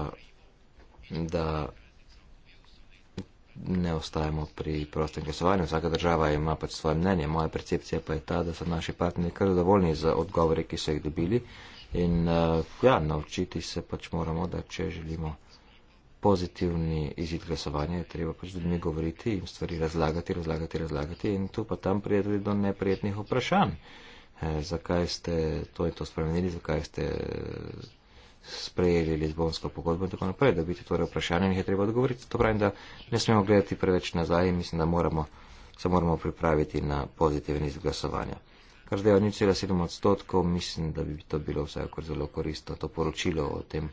Speaker 4: da ne ostajamo pri prostem glasovanju. Vsaka država ima pač svoje mnenje. Moja percepcija pa je ta, da so naši partneri kar zadovoljni z odgovore, ki so jih dobili. In eh, ja, naučiti se pač moramo, da če želimo pozitivni izid glasovanja, je treba pač z ljudmi govoriti in stvari razlagati, razlagati, razlagati in tu pa tam pride tudi do neprijetnih vprašanj. E, zakaj ste to in to spremenili, zakaj ste eh, sprejeli Lizbonsko pogodbo in tako naprej, da biti torej vprašanje in jih je treba odgovoriti. To pravim, da ne smemo gledati preveč nazaj in mislim, da moramo, se moramo pripraviti na pozitivni izid glasovanja. Kar zdaj od 0,7 odstotkov, mislim, da bi to bilo vsaj zelo koristno, to poročilo o tem,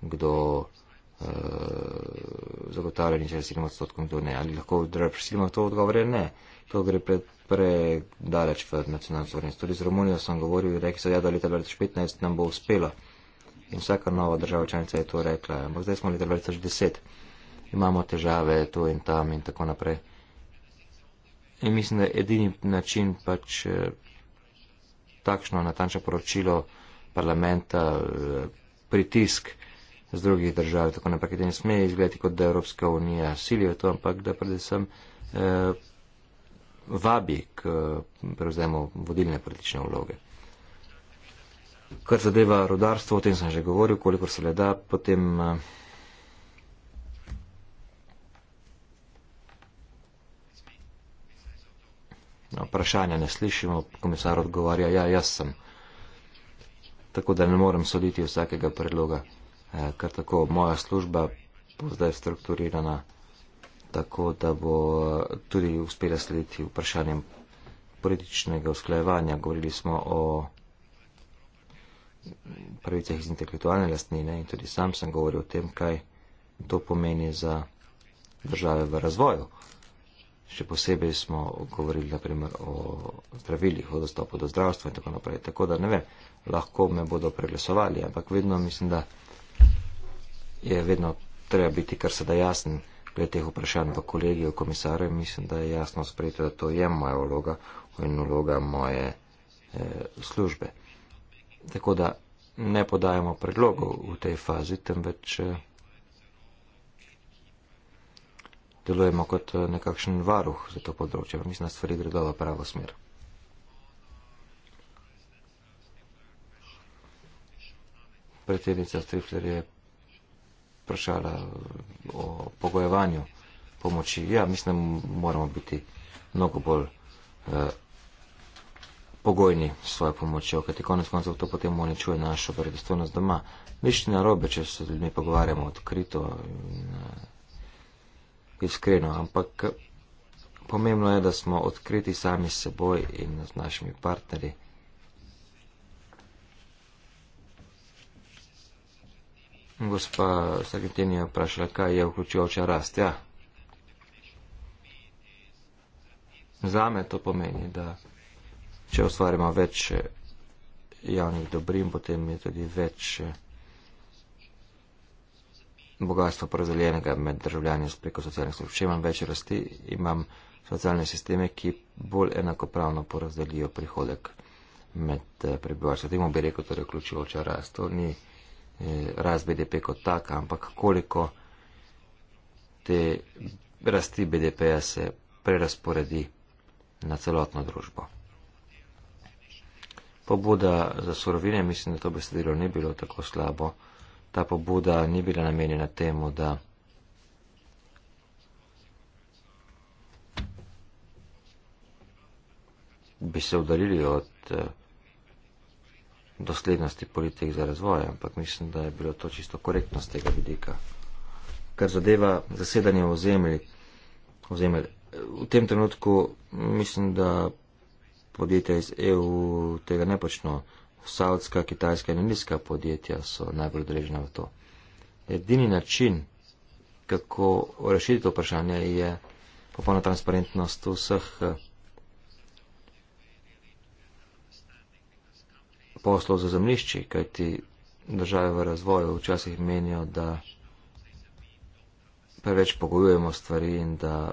Speaker 4: kdo uh, zagotavljanje 67 odstotkov in to ne. Ali lahko drugi prisilimo to odgovore? Ne. To gre pred predaleč v nacionalno suverenost. Tudi z Romunijo sem govoril in rekel, da ja, do leta 2015 nam bo uspelo. In vsaka nova država članica je to rekla. Ampak zdaj smo leta 2010. Imamo težave tu in tam in tako naprej. In mislim, da je edini način pač eh, takšno natančno poročilo parlamenta, eh, pritisk, z drugih držav, tako naprej, da ne sme izgledati, kot da Evropska unija sili v to, ampak da predvsem eh, vabi k eh, prevzemu vodilne politične vloge. Kar zadeva rodarstvo, o tem sem že govoril, koliko se le da, potem eh, no, vprašanja ne slišimo, komisar odgovarja, ja, jaz sem, tako da ne morem soditi vsakega predloga. Eh, kar tako moja služba bo zdaj strukturirana, tako da bo eh, tudi uspela slediti vprašanjem političnega usklajevanja. Govorili smo o pravicah iz intelektualne lastnine in tudi sam sem govoril o tem, kaj to pomeni za države v razvoju. Še posebej smo govorili naprimer o zdravilih, o dostopu do zdravstva in tako naprej. Tako da ne vem, lahko me bodo preglasovali, ampak vedno mislim, da je vedno treba biti kar se da jasen glede teh vprašanj v kolegiju komisarja. Mislim, da je jasno sprejeto, da to je moja vloga in vloga moje e, službe. Tako da ne podajamo predlogov v tej fazi, temveč e, delujemo kot eh, nekakšen varuh za to področje. Mislim, da stvari gredo v pravo smer. Predsednica Strifler je vprašala o pogojevanju pomoči. Ja, mislim, moramo biti mnogo bolj eh, pogojni s svojo pomočjo, kajti konec koncev to potem onečuje našo verodostojnost doma. Nič ni narobe, če se z ljudmi pogovarjamo odkrito in eh, iskreno, ampak eh, pomembno je, da smo odkriti sami s seboj in z našimi partnerji. Gospa Sagitin je vprašala, kaj je vključujoča rast. Ja. Zame to pomeni, da če ustvarimo več eh, javnih dobrin, potem je tudi več eh, bogatstva porazdeljenega med državljani preko socialnih služb. Če imam več rasti, imam socialne sisteme, ki bolj enakopravno porazdelijo prihodek med eh, prebivalstvom. Temu bi rekel, torej vključujoča rast. To ni eh, rast BDP kot taka, ampak koliko te rasti BDP-ja se prerasporedi na celotno družbo. Pobuda za surovine, mislim, da to besedilo ni bilo tako slabo. Ta pobuda ni bila namenjena temu, da bi se udalili od eh, doslednosti politik za razvoj, ampak mislim, da je bilo to čisto korektno z tega vidika. Kar zadeva zasedanje v zemlji, v zemlji, v tem trenutku mislim, da podjetja iz EU tega ne počno. Saudska, kitajska in indijska podjetja so najbolj odrežena v to. Edini način, kako rešiti to vprašanje, je popolna transparentnost vseh poslov za zemlišči, kajti države v razvoju včasih menijo, da preveč pogojujemo stvari in da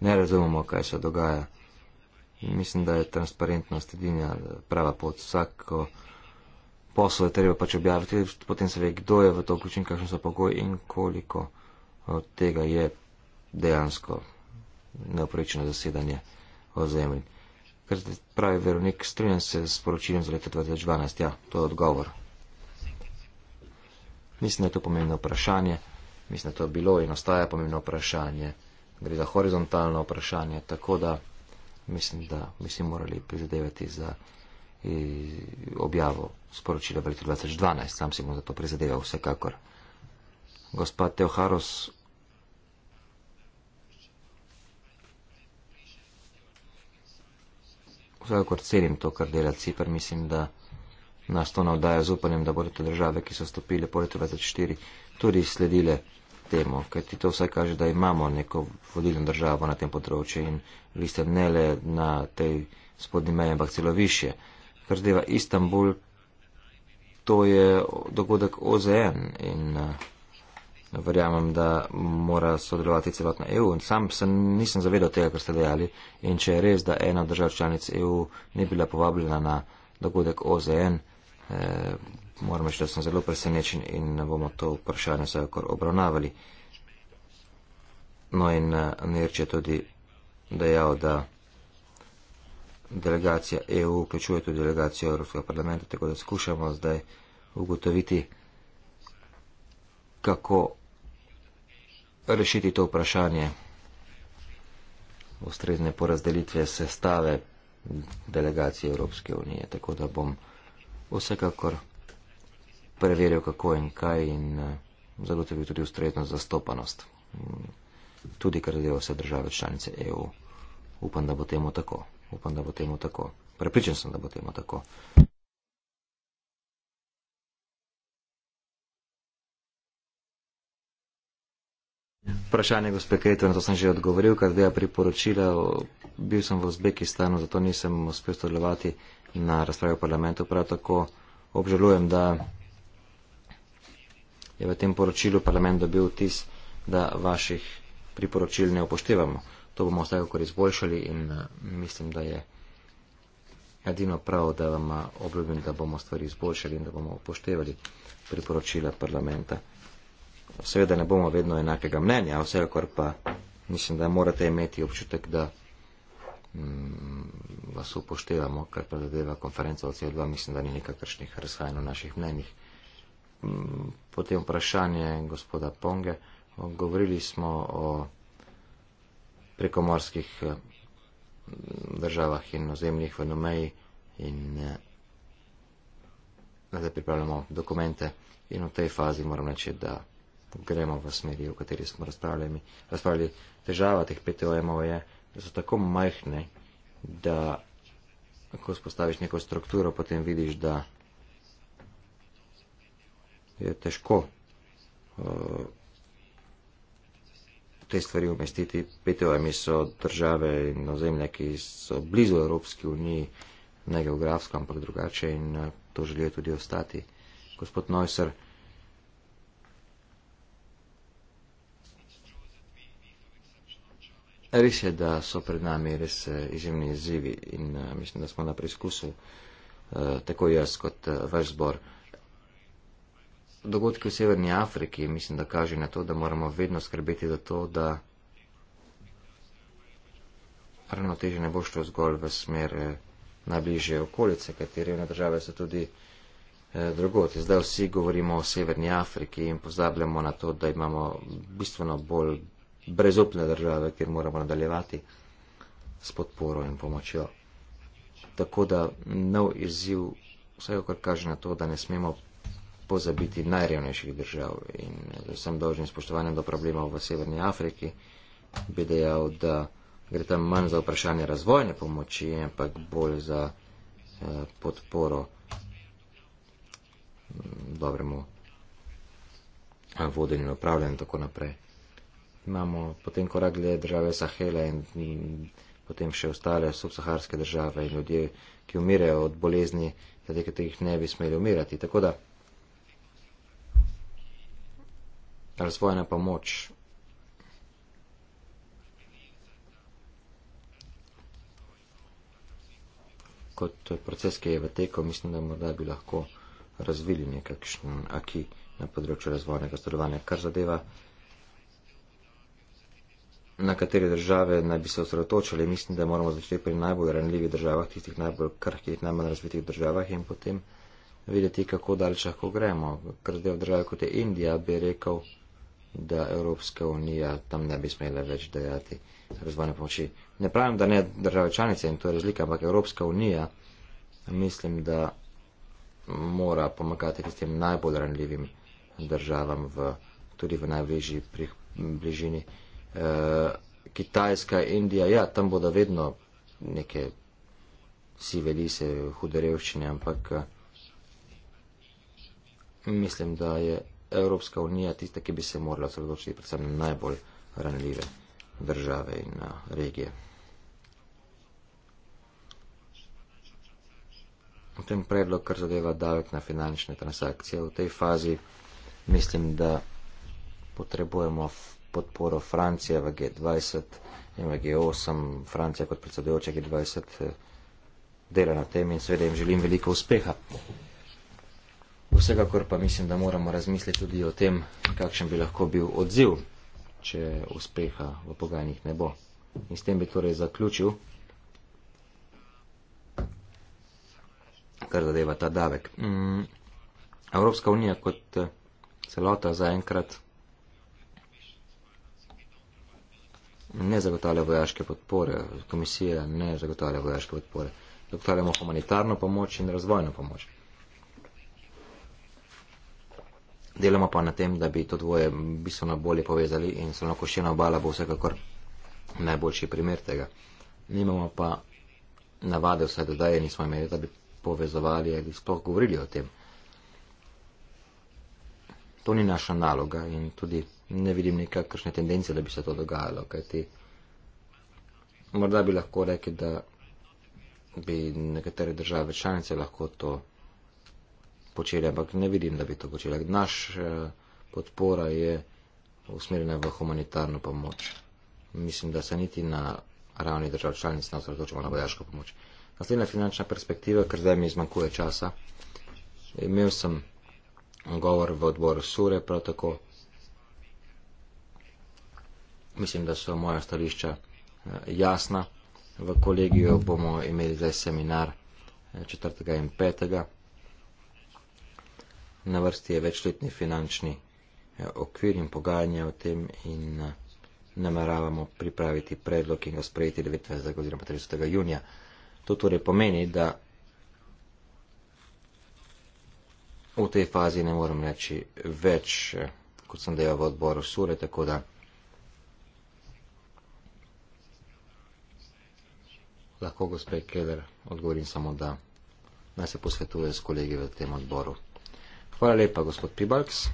Speaker 4: ne razumemo, kaj se dogaja. Mislim, da je transparentnost edina prava pot. Vsako poslo je treba pač objaviti, potem se ve, kdo je v to vključen, kakšni so pogoji in koliko od tega je dejansko neoprečeno zasedanje o zemlji. Ker pravi verovnik, strinjam se s poročilom za leto 2012. Ja, to je odgovor. Mislim, da je to pomembno vprašanje. Mislim, da to je to bilo in ostaja pomembno vprašanje. Gre za horizontalno vprašanje, tako da mislim, da bi si morali prizadevati za eh, objavo sporočila v letu 2012. Sam si bom za to prizadeval vsekakor. Gospa Teoharos, vsekakor cenim to, kar dela Cipr. Mislim, da nas to navdaja z upanjem, da bodo te države, ki so stopile po letu 2004, tudi sledile temu, kajti to vsaj kaže, da imamo neko vodilno državo na tem področju in vi ste ne le na tej spodnji meji, ampak celo više. Kar zdeva Istanbul, to je dogodek OZN in. Uh, verjamem, da mora sodelovati celotna EU. In sam se nisem zavedal tega, kar ste dejali. In če je res, da ena od držav članic EU ni bila povabljena na dogodek OZN, eh, moram reči, da sem zelo presenečen in ne bomo to vprašanje vsaj kar obravnavali. No in eh, Nerč je tudi dejal, da delegacija EU vključuje tudi delegacijo Evropskega parlamenta, tako da skušamo zdaj ugotoviti, kako rešiti to vprašanje ustrezne porazdelitve sestave delegacije Evropske unije. Tako da bom vsekakor preveril, kako in kaj in eh, zagotovil tudi ustrezno zastopanost. Mm, tudi kar zadeva vse države članice EU. Upam, da bo temu tako. Upam, da bo temu tako. Prepričan sem, da bo temu tako. vprašanje, gospod Kejto, na to sem že odgovoril, kar dela priporočila. Bil sem v Uzbekistanu, zato nisem uspel sodelovati na razpravi v parlamentu. Prav tako obžalujem, da je v tem poročilu parlament dobil tis, da vaših priporočil ne upoštevamo. To bomo vsaj kako izboljšali in eh, mislim, da je edino prav, da vam obljubim, da bomo stvari izboljšali in da bomo upoštevali priporočila parlamenta seveda ne bomo vedno enakega mnenja, vsekakor pa mislim, da morate imeti občutek, da mm, vas upoštevamo, kar pa zadeva konferenco o CO2, mislim, da ni nekakršnih razhajanj v naših mnenjih. Mm, potem vprašanje gospoda Ponge. Govorili smo o prekomorskih eh, državah in ozemljih v Nomeji in eh, da pripravljamo dokumente in v tej fazi moram reči, da gremo v smeri, o kateri smo razpravljali. razpravljali. Težava teh PTOM-ov je, da so tako majhne, da ko spostaviš neko strukturo, potem vidiš, da je težko uh, te stvari umestiti. PTOM-i so države in ozemlje, ki so blizu Evropski uniji, ne geografsko, ampak drugače in uh, to želijo tudi ostati. Gospod Neusser, uh, Res je, da so pred nami res eh, izjemni izzivi in uh, mislim, da smo na preizkusu, uh, tako jaz kot uh, vaš zbor. Dogodki v Severni Afriki mislim, da kaže na to, da moramo vedno skrbeti za to, da ravnoteže ne bo šlo zgolj v smer eh, najbližje okolice, katere na države so tudi eh, drugot. Zdaj vsi govorimo o Severni Afriki in pozabljamo na to, da imamo bistveno bolj brezupne države, kjer moramo nadaljevati s podporo in pomočjo. Tako da nov izziv vsaj okar kaže na to, da ne smemo pozabiti najrevnejših držav in sem dolžen spoštovanjem do problemov v Severni Afriki, bi dejal, da gre tam manj za vprašanje razvojne pomoči, ampak bolj za eh, podporo dobremu eh, vodenju in upravljanju in tako naprej imamo potem korak glede države Sahela in, in potem še ostale subsaharske države in ljudje, ki umirajo od bolezni, zaradi katerih ne bi smeli umirati. Tako da razvojna pomoč kot proces, ki je v teku, mislim, da morda bi lahko razvili nekakšen aki na področju razvojnega sodelovanja, kar zadeva na katere države naj bi se osredotočili. Mislim, da moramo začeti pri najbolj ranljivih državah, tistih najbolj krhkih, najmanj razvitih državah in potem videti, kako daleč lahko gremo. Ker zdaj v države kot je Indija, bi rekel, da Evropska unija tam ne bi smela več dajati razvojne pomoči. Ne pravim, da ne države članice in to je razlika, ampak Evropska unija, mislim, da mora pomagati tistim najbolj ranljivim državam v, tudi v najbližji prih, bližini eh, Kitajska, Indija, ja, tam bodo vedno neke sive lise, hude revščine, ampak eh, mislim, da je Evropska unija tista, ki bi se morala osredotočiti predvsem na najbolj ranljive države in na eh, regije. V tem predlog, kar zadeva davek na finančne transakcije, v tej fazi mislim, da potrebujemo podporo Francije v G20 in v G8. Francija kot predsedujoča G20 eh, dela na tem in seveda jim želim veliko uspeha. Vsekakor pa mislim, da moramo razmisliti tudi o tem, kakšen bi lahko bil odziv, če uspeha v pogajanjih ne bo. In s tem bi torej zaključil, kar zadeva ta davek. Mm, Evropska unija kot eh, celota zaenkrat ne zagotavlja vojaške podpore, komisija ne zagotavlja vojaške podpore. Zagotavljamo humanitarno pomoč in razvojno pomoč. Delamo pa na tem, da bi to dvoje bistveno bolje povezali in samo koščena obala bo vsekakor najboljši primer tega. Nimamo pa navade vsaj do daje, nismo imeli, da bi povezovali ali sploh govorili o tem. To ni naša naloga in tudi ne vidim nekakršne tendence, da bi se to dogajalo, kajti morda bi lahko rekel, da bi nekatere države članice lahko to počeli, ampak ne vidim, da bi to počeli. Naš eh, podpora je usmerjena v humanitarno pomoč. Mislim, da se niti na ravni držav članic ne osredotočimo na vojaško pomoč. Naslednja finančna perspektiva, ker zdaj mi izmanjkuje časa. Imel sem govor v odboru Sure, prav tako mislim, da so moja stališča eh, jasna. V kolegiju bomo imeli zdaj seminar 4. Eh, in 5. Na vrsti je večletni finančni eh, okvir in pogajanje o tem in nameravamo pripraviti predlog in ga sprejeti 19. oziroma 30. junija. To torej pomeni, da v tej fazi ne morem reči več, kot sem dejal v odboru Sure, tako da. Lahko, gospe Keller, odgovorim samo da. Naj se posvetuje s kolegi v tem odboru. Hvala lepa, gospod Pibalks. Uh,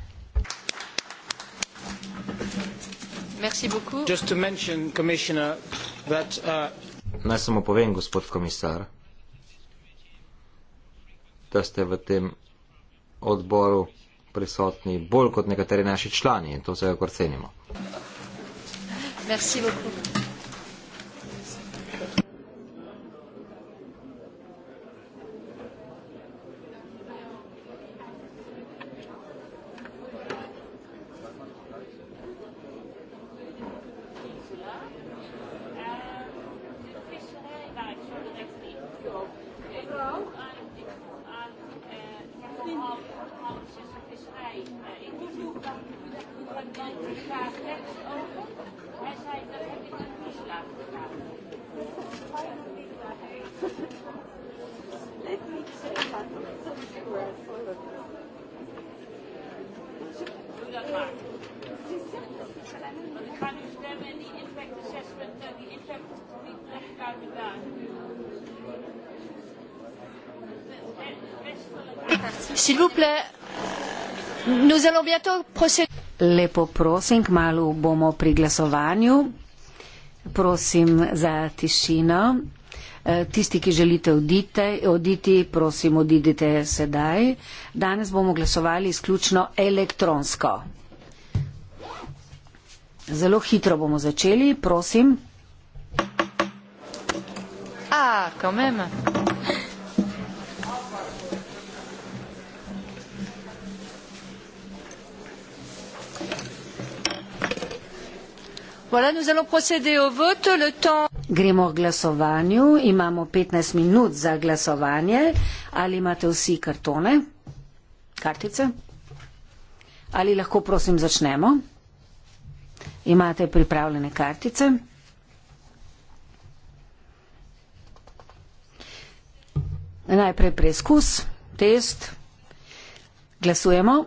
Speaker 4: naj samo povem, gospod komisar, da ste v tem odboru prisotni bolj kot nekateri naši člani in to vsekakor cenimo.
Speaker 1: Merci beaucoup.
Speaker 2: Lepo prosim, kmalo bomo pri glasovanju. Prosim za tišino. E, tisti, ki želite odite, oditi, prosim, odidite sedaj. Danes bomo glasovali izključno elektronsko. Zelo hitro bomo začeli, prosim.
Speaker 1: Ah, come on. Voilà, nous allons procéder au vote. Le temps...
Speaker 2: Gremo k glasovanju. Imamo 15 minut za glasovanje. Ali imate vsi kartone? Kartice? Ali lahko prosim začnemo? Imate pripravljene kartice? Najprej preizkus, test. Glasujemo.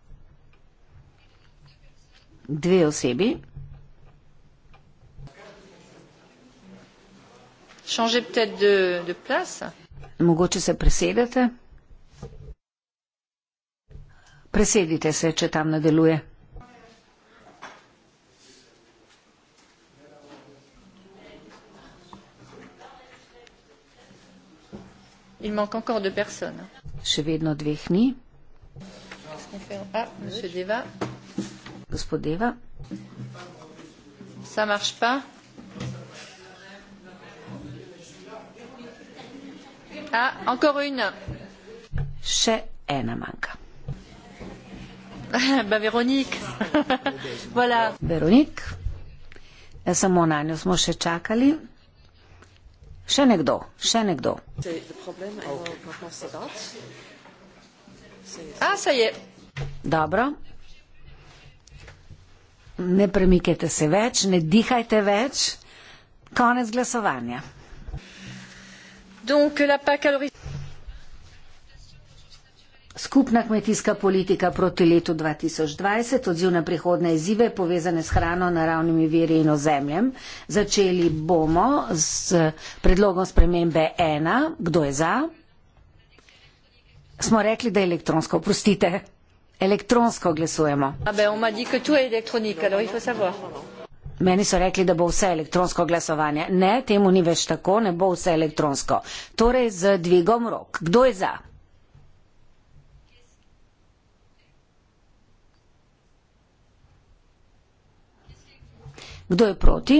Speaker 2: dve osebi. Mogoče se presedete. Presedite se, če tam ne deluje.
Speaker 1: Il manque encore deux personnes.
Speaker 2: Je vais dans deux Qu'est-ce
Speaker 1: qu'on fait Ah, monsieur Deva
Speaker 2: gospodeva.
Speaker 1: Ça marche pas? Ah, encore une.
Speaker 2: Še ena manjka.
Speaker 1: Ba Veronik. voilà.
Speaker 2: Veronik. Samo na njo smo še čakali. Še nekdo, še nekdo.
Speaker 1: Okay. A, saj je.
Speaker 2: Dobro, ne premikajte se več, ne dihajte več. Konec glasovanja. Donc, Skupna kmetijska politika proti letu 2020, odziv na prihodne izzive povezane s hrano, naravnimi viri in ozemljem. Začeli bomo s predlogom spremembe 1. Kdo je za? Smo rekli, da je elektronsko, prostite elektronsko glasujemo. Ah Meni so rekli, da bo vse elektronsko glasovanje. Ne, temu ni več tako, ne bo vse elektronsko. Torej, z dvigom rok. Kdo je za? Kdo je proti?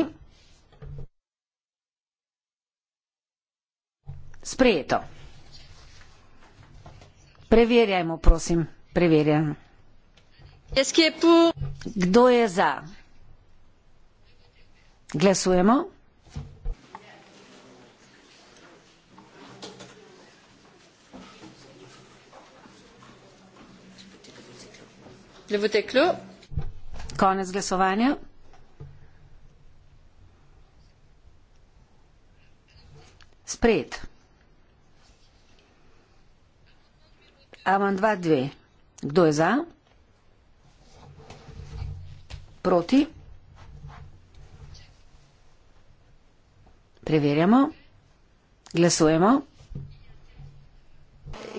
Speaker 2: Sprejeto. Preverjajmo, prosim. Preverjam. Kdo je za? Glasujemo. Konec glasovanja. Sprejet. Amandma dve. Kdo je za? Proti? Preverjamo. Glasujemo.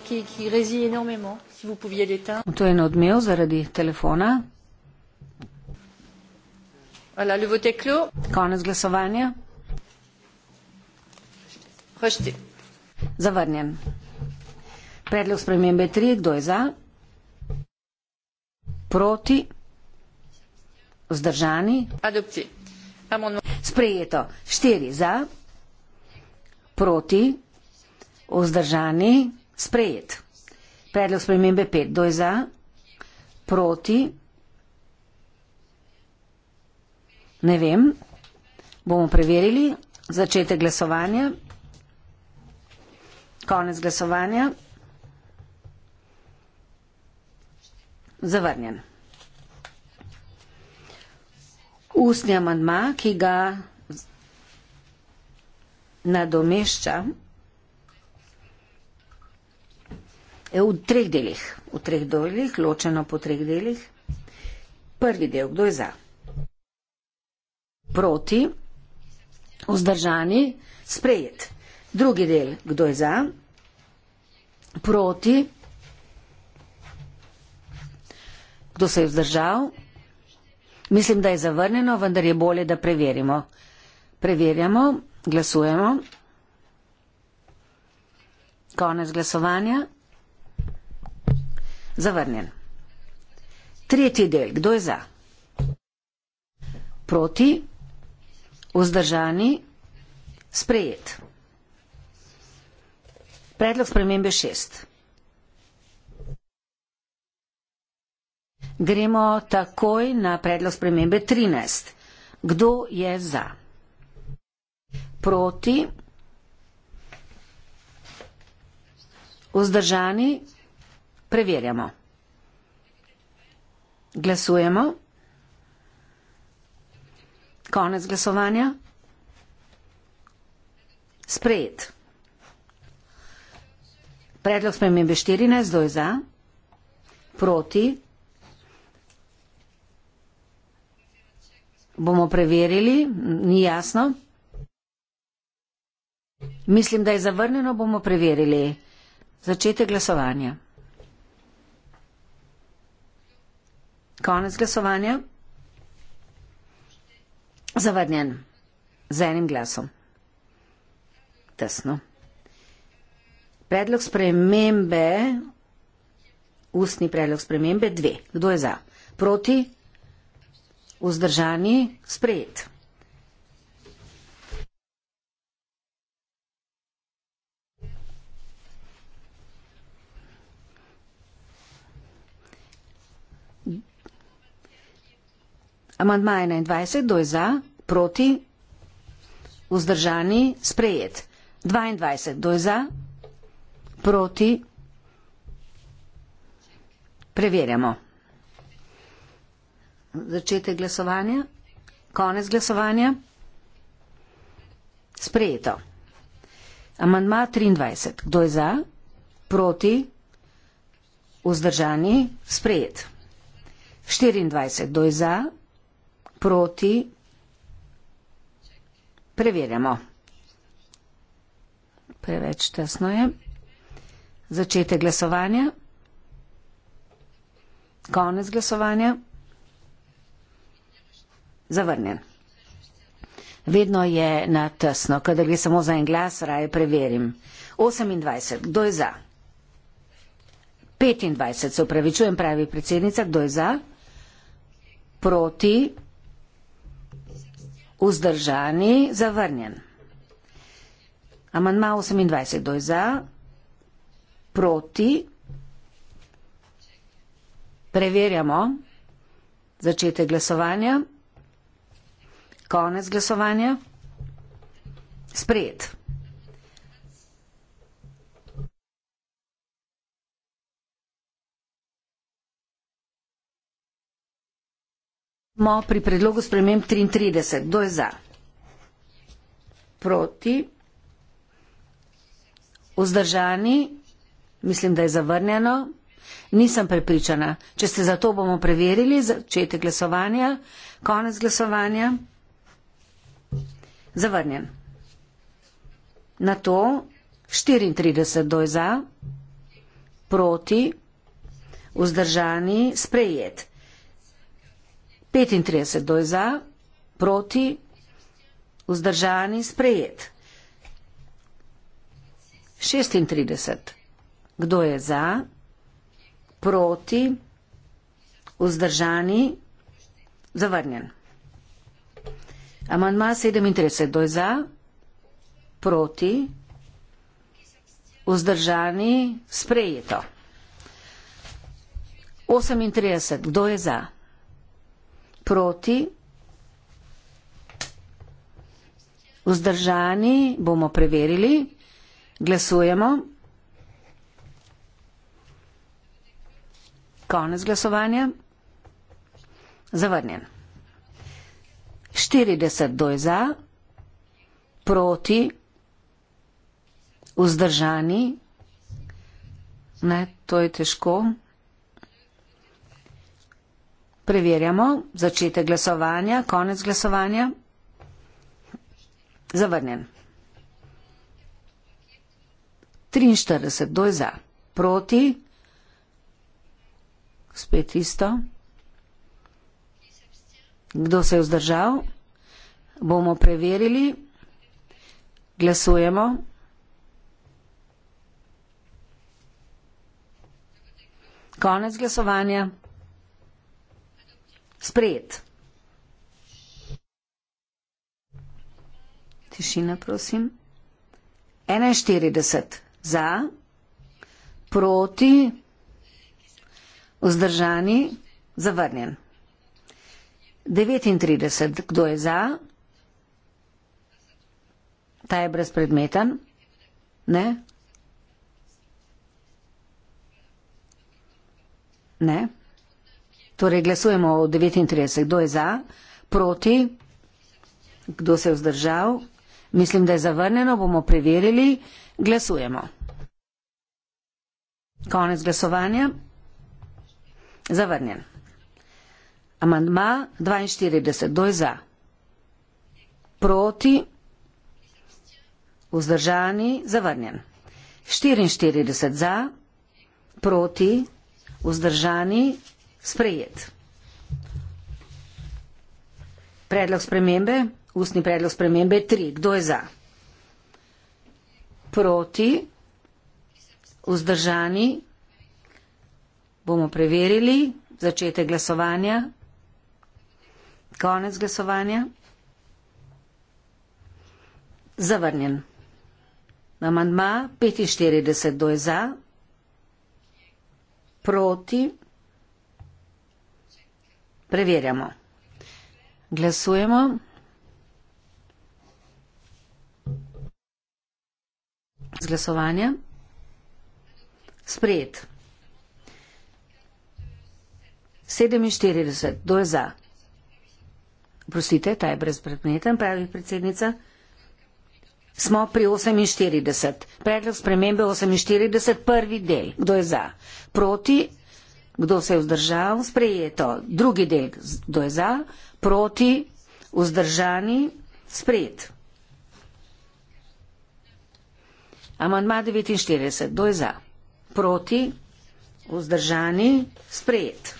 Speaker 1: Ki, ki rezi enormemo, si vu povije leta.
Speaker 2: To je en odmev zaradi telefona. Voilà, le vote est clos. Konec glasovanja. Rejeté. Zavrnjen. Predlog spremembe 3. Kdo je za? proti vzdržani sprejeto štiri za proti vzdržani sprejet predlog spremembe pet doj za proti ne vem bomo preverili začetek glasovanja konec glasovanja zavrnjen. Ustni amandma, ki ga nadomešča, je v treh delih. V treh delih, ločeno po treh delih. Prvi del, kdo je za? Proti, vzdržani, sprejet. Drugi del, kdo je za? Proti, vzdržani, sprejet. Kdo se je vzdržal? Mislim, da je zavrnjeno, vendar je bolje, da preverimo. Preverjamo, glasujemo. Konec glasovanja. Zavrnjen. Tretji del. Kdo je za? Proti. Vzdržani. Sprejet. Predlog spremembe šest. Gremo takoj na predlog spremembe 13. Kdo je za? Proti? Vzdržani? Preverjamo. Glasujemo. Konec glasovanja. Sprejet. Predlog spremembe 14. Kdo je za? Proti? bomo preverili, ni jasno. Mislim, da je zavrnjeno, bomo preverili. Začete glasovanje. Konec glasovanja. Zavrnjen. Z enim glasom. Tesno. Predlog spremembe, ustni predlog spremembe, dve. Kdo je za? Proti? Vzdržani, sprejet. Amandma 21, doj za, proti, vzdržani, sprejet. 22, doj za, proti, preverjamo začetek glasovanja. Konec glasovanja. Sprejeto. Amandma 23. Kdo je za? Proti? Vzdržani? Sprejet. 24. Kdo je za? Proti? Preverjamo. Preveč tesno je. Začetek glasovanja. Konec glasovanja zavrnjen. Vedno je na tesno, kadar gre samo za en glas, raje preverim. 28. Kdo je za? 25. Se upravičujem, pravi predsednica. Kdo je za? Proti. Vzdržani. Zavrnjen. Amandma 28. Kdo je za? Proti. Preverjamo začetek glasovanja. Konec glasovanja. Sprejet. Mo pri predlogu sprememb 33. Kdo je za? Proti? Vzdržani? Mislim, da je zavrnjeno. Nisem prepričana. Če ste za to, bomo preverili začetek glasovanja. Konec glasovanja. Zavrnjen. Na to 34 doj za, proti, vzdržani, sprejet. 35 doj za, proti, vzdržani, sprejet. 36. Kdo je za, proti, vzdržani, zavrnjen. Amandma 37, kdo je za? Proti? Vzdržani? Sprejeto. 38, kdo je za? Proti? Vzdržani bomo preverili. Glasujemo. Konec glasovanja. Zavrnjen. 40 do je za, proti, vzdržani, ne, to je težko. Preverjamo začetek glasovanja, konec glasovanja. Zavrnjen. 43 do je za, proti, spet isto. Kdo se je vzdržal? Bomo preverili. Glasujemo. Konec glasovanja. Sprejet. Tišina, prosim. 41 za, proti, vzdržani, zavrnjen. 39. Kdo je za? Ta je brezpredmeten. Ne? Ne? Torej glasujemo o 39. Kdo je za? Proti? Kdo se je vzdržal? Mislim, da je zavrnjeno. Bomo preverili. Glasujemo. Konec glasovanja. Zavrnjen. Amandma 42, doj za. Proti, vzdržani, zavrnjen. 44 za, proti, vzdržani, sprejet. Predlog spremembe, ustni predlog spremembe 3, kdo je za? Proti, vzdržani, bomo preverili začetek glasovanja. Konec glasovanja. Zavrnjen. Amandma 45 do je za, proti, preverjamo. Glasujemo. Zglasovanje. Sprejet. 47 do je za, Prostite, ta je brezpredmeten, pravi predsednica. Smo pri 48. Predlog spremembe 48, prvi del. Kdo je za? Proti? Kdo se je vzdržal? Sprejeto. Drugi del. Kdo je za? Proti? Vzdržani? Sprejet. Amandma 49. Kdo je za? Proti? Vzdržani? Sprejet.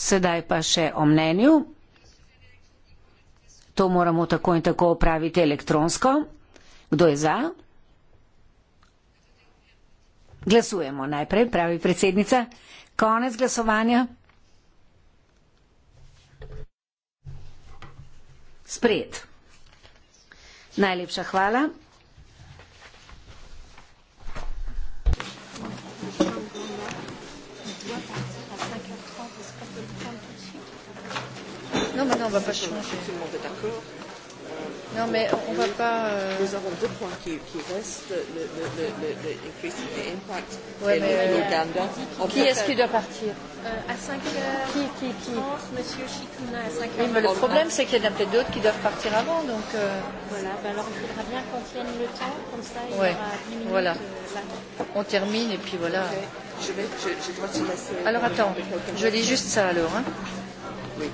Speaker 2: Sedaj pa še o mnenju. To moramo tako in tako opraviti elektronsko. Kdo je za? Glasujemo najprej, pravi predsednica. Konec glasovanja. Sprejet. Najlepša hvala.
Speaker 1: Non, mais non, on va pas changer. Tout le monde est d'accord. Euh, non, mais on ne va euh, pas. Euh... Nous avons deux points qui, qui restent le, le, le, le, le increase in the impact ouais, et mais, le euh, Uganda. On qui est-ce qui doit partir euh, À 5 heures. Qui, qui, qui Monsieur Chikuna à 5 heures. Oui, mais le problème, c'est qu'il y en a peut-être d'autres qui doivent partir avant. Donc, euh... Voilà, ben alors il faudra bien qu'on
Speaker 2: tienne le temps, comme ça, il ouais. y aura 10 minutes. Voilà. Euh,
Speaker 1: on termine et puis voilà. Okay. Je vais, je, je
Speaker 3: dois te laisser.
Speaker 2: Alors attends, je lis juste ça alors. Hein. Oui.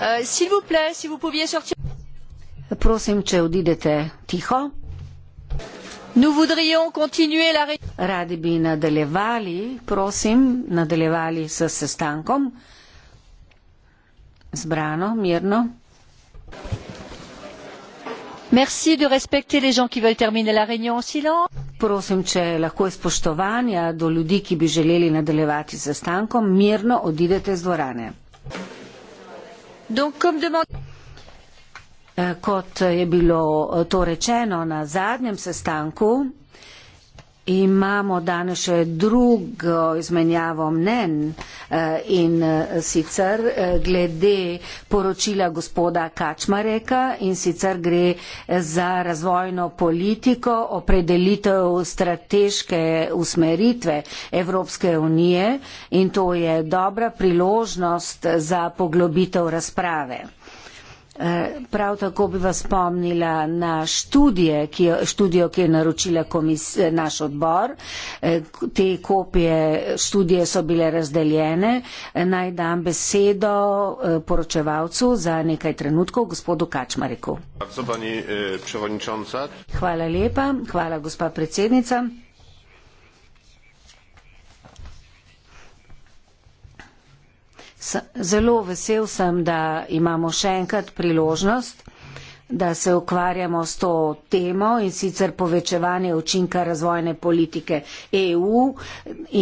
Speaker 1: Euh, s'il vous plaît, si vous pouviez sortir.
Speaker 2: Prosim, če odidete tiho. Nous voudrions continuer la réunion. Radi bi nadaljevali, prosim, nadaljevali s sestankom. Zbrano, mirno. Merci de respecter les gens qui veulent terminer la réunion en silence. Prosim, če lahko je spoštovanja do ljudi, ki bi želeli nadaljevati sestankom, mirno odidete z dvorane. Thank you. Eh, kot je bilo eh, to rečeno na zadnjem sestanku, Imamo danes še drugo izmenjavo mnen eh, in eh, sicer eh, glede poročila gospoda Kačmareka in sicer gre za razvojno politiko, opredelitev strateške usmeritve Evropske unije in to je dobra priložnost za poglobitev razprave. Eh, prav tako bi vas spomnila na študije, ki je, študijo, ki je naročila komis, eh, naš odbor. Eh, te kopije študije so bile razdeljene. Naj dam besedo poročevalcu za nekaj trenutkov, gospodu Kačmariku. Hvala lepa, hvala gospa predsednica. Zelo vesel sem, da imamo še enkrat priložnost, da se ukvarjamo s to temo in sicer povečevanje učinka razvojne politike EU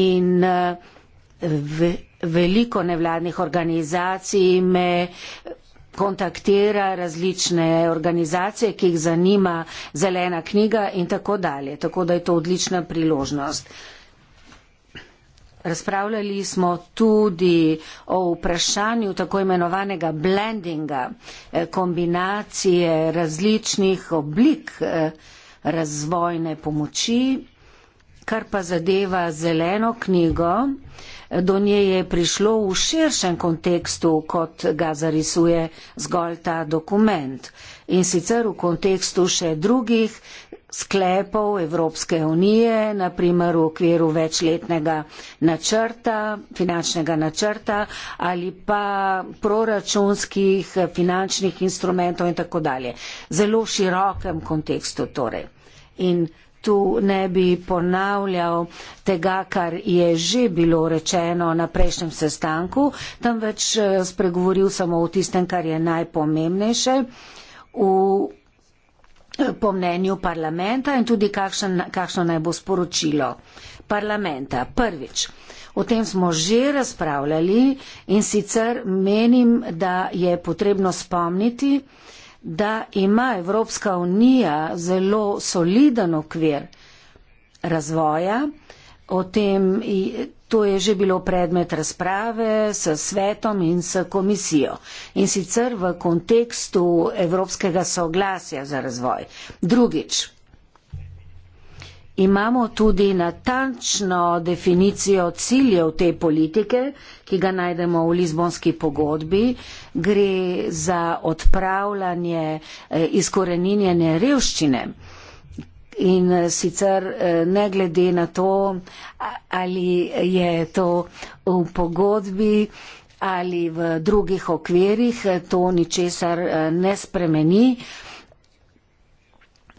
Speaker 2: in eh, veliko nevladnih organizacij me kontaktira različne organizacije, ki jih zanima zelena knjiga in tako dalje. Tako da je to odlična priložnost. Razpravljali smo tudi o vprašanju tako imenovanega blendinga, eh, kombinacije različnih oblik eh, razvojne pomoči, kar pa zadeva zeleno knjigo. Eh, do nje je prišlo v širšem kontekstu, kot ga zarisuje zgolj ta dokument in sicer v kontekstu še drugih sklepov Evropske unije, naprimer v okviru večletnega načrta, finančnega načrta ali pa proračunskih finančnih instrumentov in tako dalje. Zelo širokem kontekstu torej. In tu ne bi ponavljal tega, kar je že bilo rečeno na prejšnjem sestanku, temveč eh, spregovoril samo o tistem, kar je najpomembnejše. V po mnenju parlamenta in tudi kakšen, kakšno naj bo sporočilo parlamenta. Prvič, o tem smo že razpravljali in sicer menim, da je potrebno spomniti, da ima Evropska unija zelo soliden okvir razvoja. O tem To je že bilo predmet razprave s svetom in s komisijo in sicer v kontekstu evropskega soglasja za razvoj. Drugič, imamo tudi natančno definicijo ciljev te politike, ki ga najdemo v Lizbonski pogodbi. Gre za odpravljanje, eh, izkoreninjanje revščine. In eh, sicer eh, ne glede na to, ali je to v pogodbi ali v drugih okvirih, eh, to ničesar ne spremeni.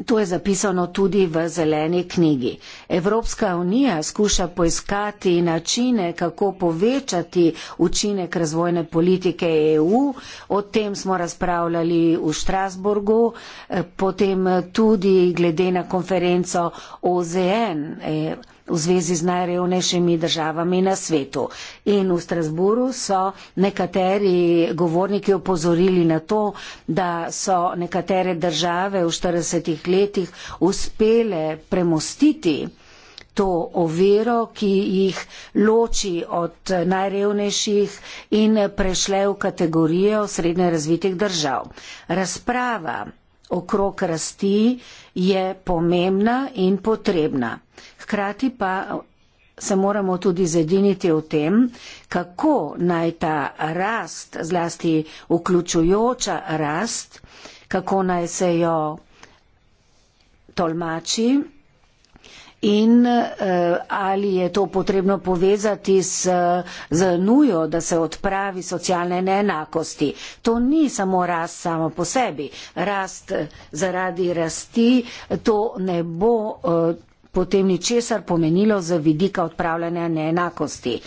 Speaker 2: To je zapisano tudi v zeleni knjigi. Evropska unija skuša poiskati načine, kako povečati učinek razvojne politike EU. O tem smo razpravljali v Štrasburgu, eh, potem tudi glede na konferenco OZN. Eh, v zvezi z najrevnejšimi državami na svetu. In v Strasburu so nekateri govorniki opozorili na to, da so nekatere države v 40 letih uspele premostiti to oviro, ki jih loči od najrevnejših in prešle v kategorijo srednje razvitih držav. Razprava okrog rasti je pomembna in potrebna. Hkrati pa se moramo tudi zediniti o tem, kako naj ta rast, zlasti vključujoča rast, kako naj se jo tolmači in eh, ali je to potrebno povezati z, z nujo, da se odpravi socialne neenakosti. To ni samo rast samo po sebi. Rast eh, zaradi rasti to ne bo eh, potem ni česar pomenilo z vidika odpravljanja neenakosti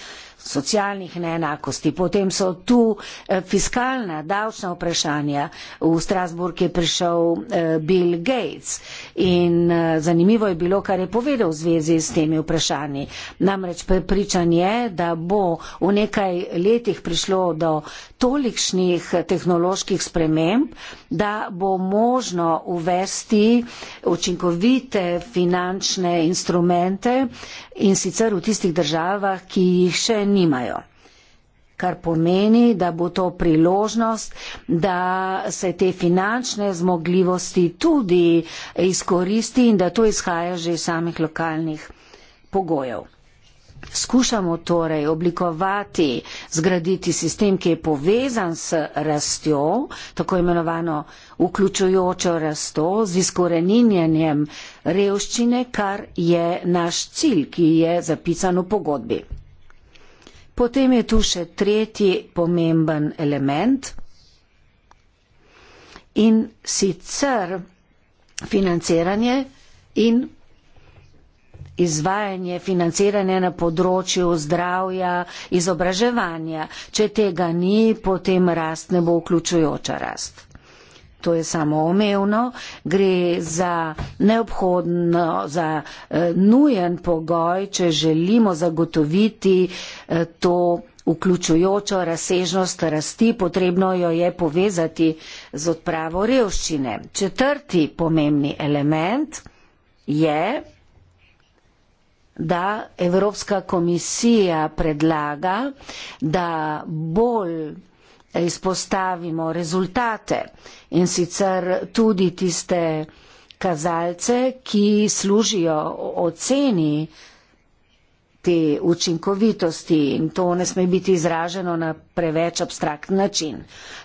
Speaker 2: socialnih neenakosti, potem so tu eh, fiskalna, davčna vprašanja. V Strasburg je prišel eh, Bill Gates in eh, zanimivo je bilo, kar je povedal v zvezi s temi vprašanji. Namreč prepričan je, da bo v nekaj letih prišlo do tolikšnih tehnoloških sprememb, da bo možno uvesti učinkovite finančne instrumente in sicer v tistih državah, ki jih še ne nimajo. Kar pomeni, da bo to priložnost, da se te finančne zmogljivosti tudi izkoristi in da to izhaja že iz samih lokalnih pogojev. Skušamo torej oblikovati, zgraditi sistem, ki je povezan s rastjo, tako imenovano vključujočo rasto, z izkoreninjanjem revščine, kar je naš cilj, ki je zapisan v pogodbi. Potem je tu še tretji pomemben element in sicer financiranje in izvajanje financiranja na področju zdravja, izobraževanja. Če tega ni, potem rast ne bo vključujoča rast to je samo omevno, gre za neobhodno, za eh, nujen pogoj, če želimo zagotoviti eh, to vključujočo razsežnost rasti, potrebno jo je povezati z odpravo revščine. Četrti pomembni element je, da Evropska komisija predlaga, da bolj izpostavimo rezultate in sicer tudi tiste kazalce, ki služijo oceni te učinkovitosti in to ne sme biti izraženo na preveč abstrakt način.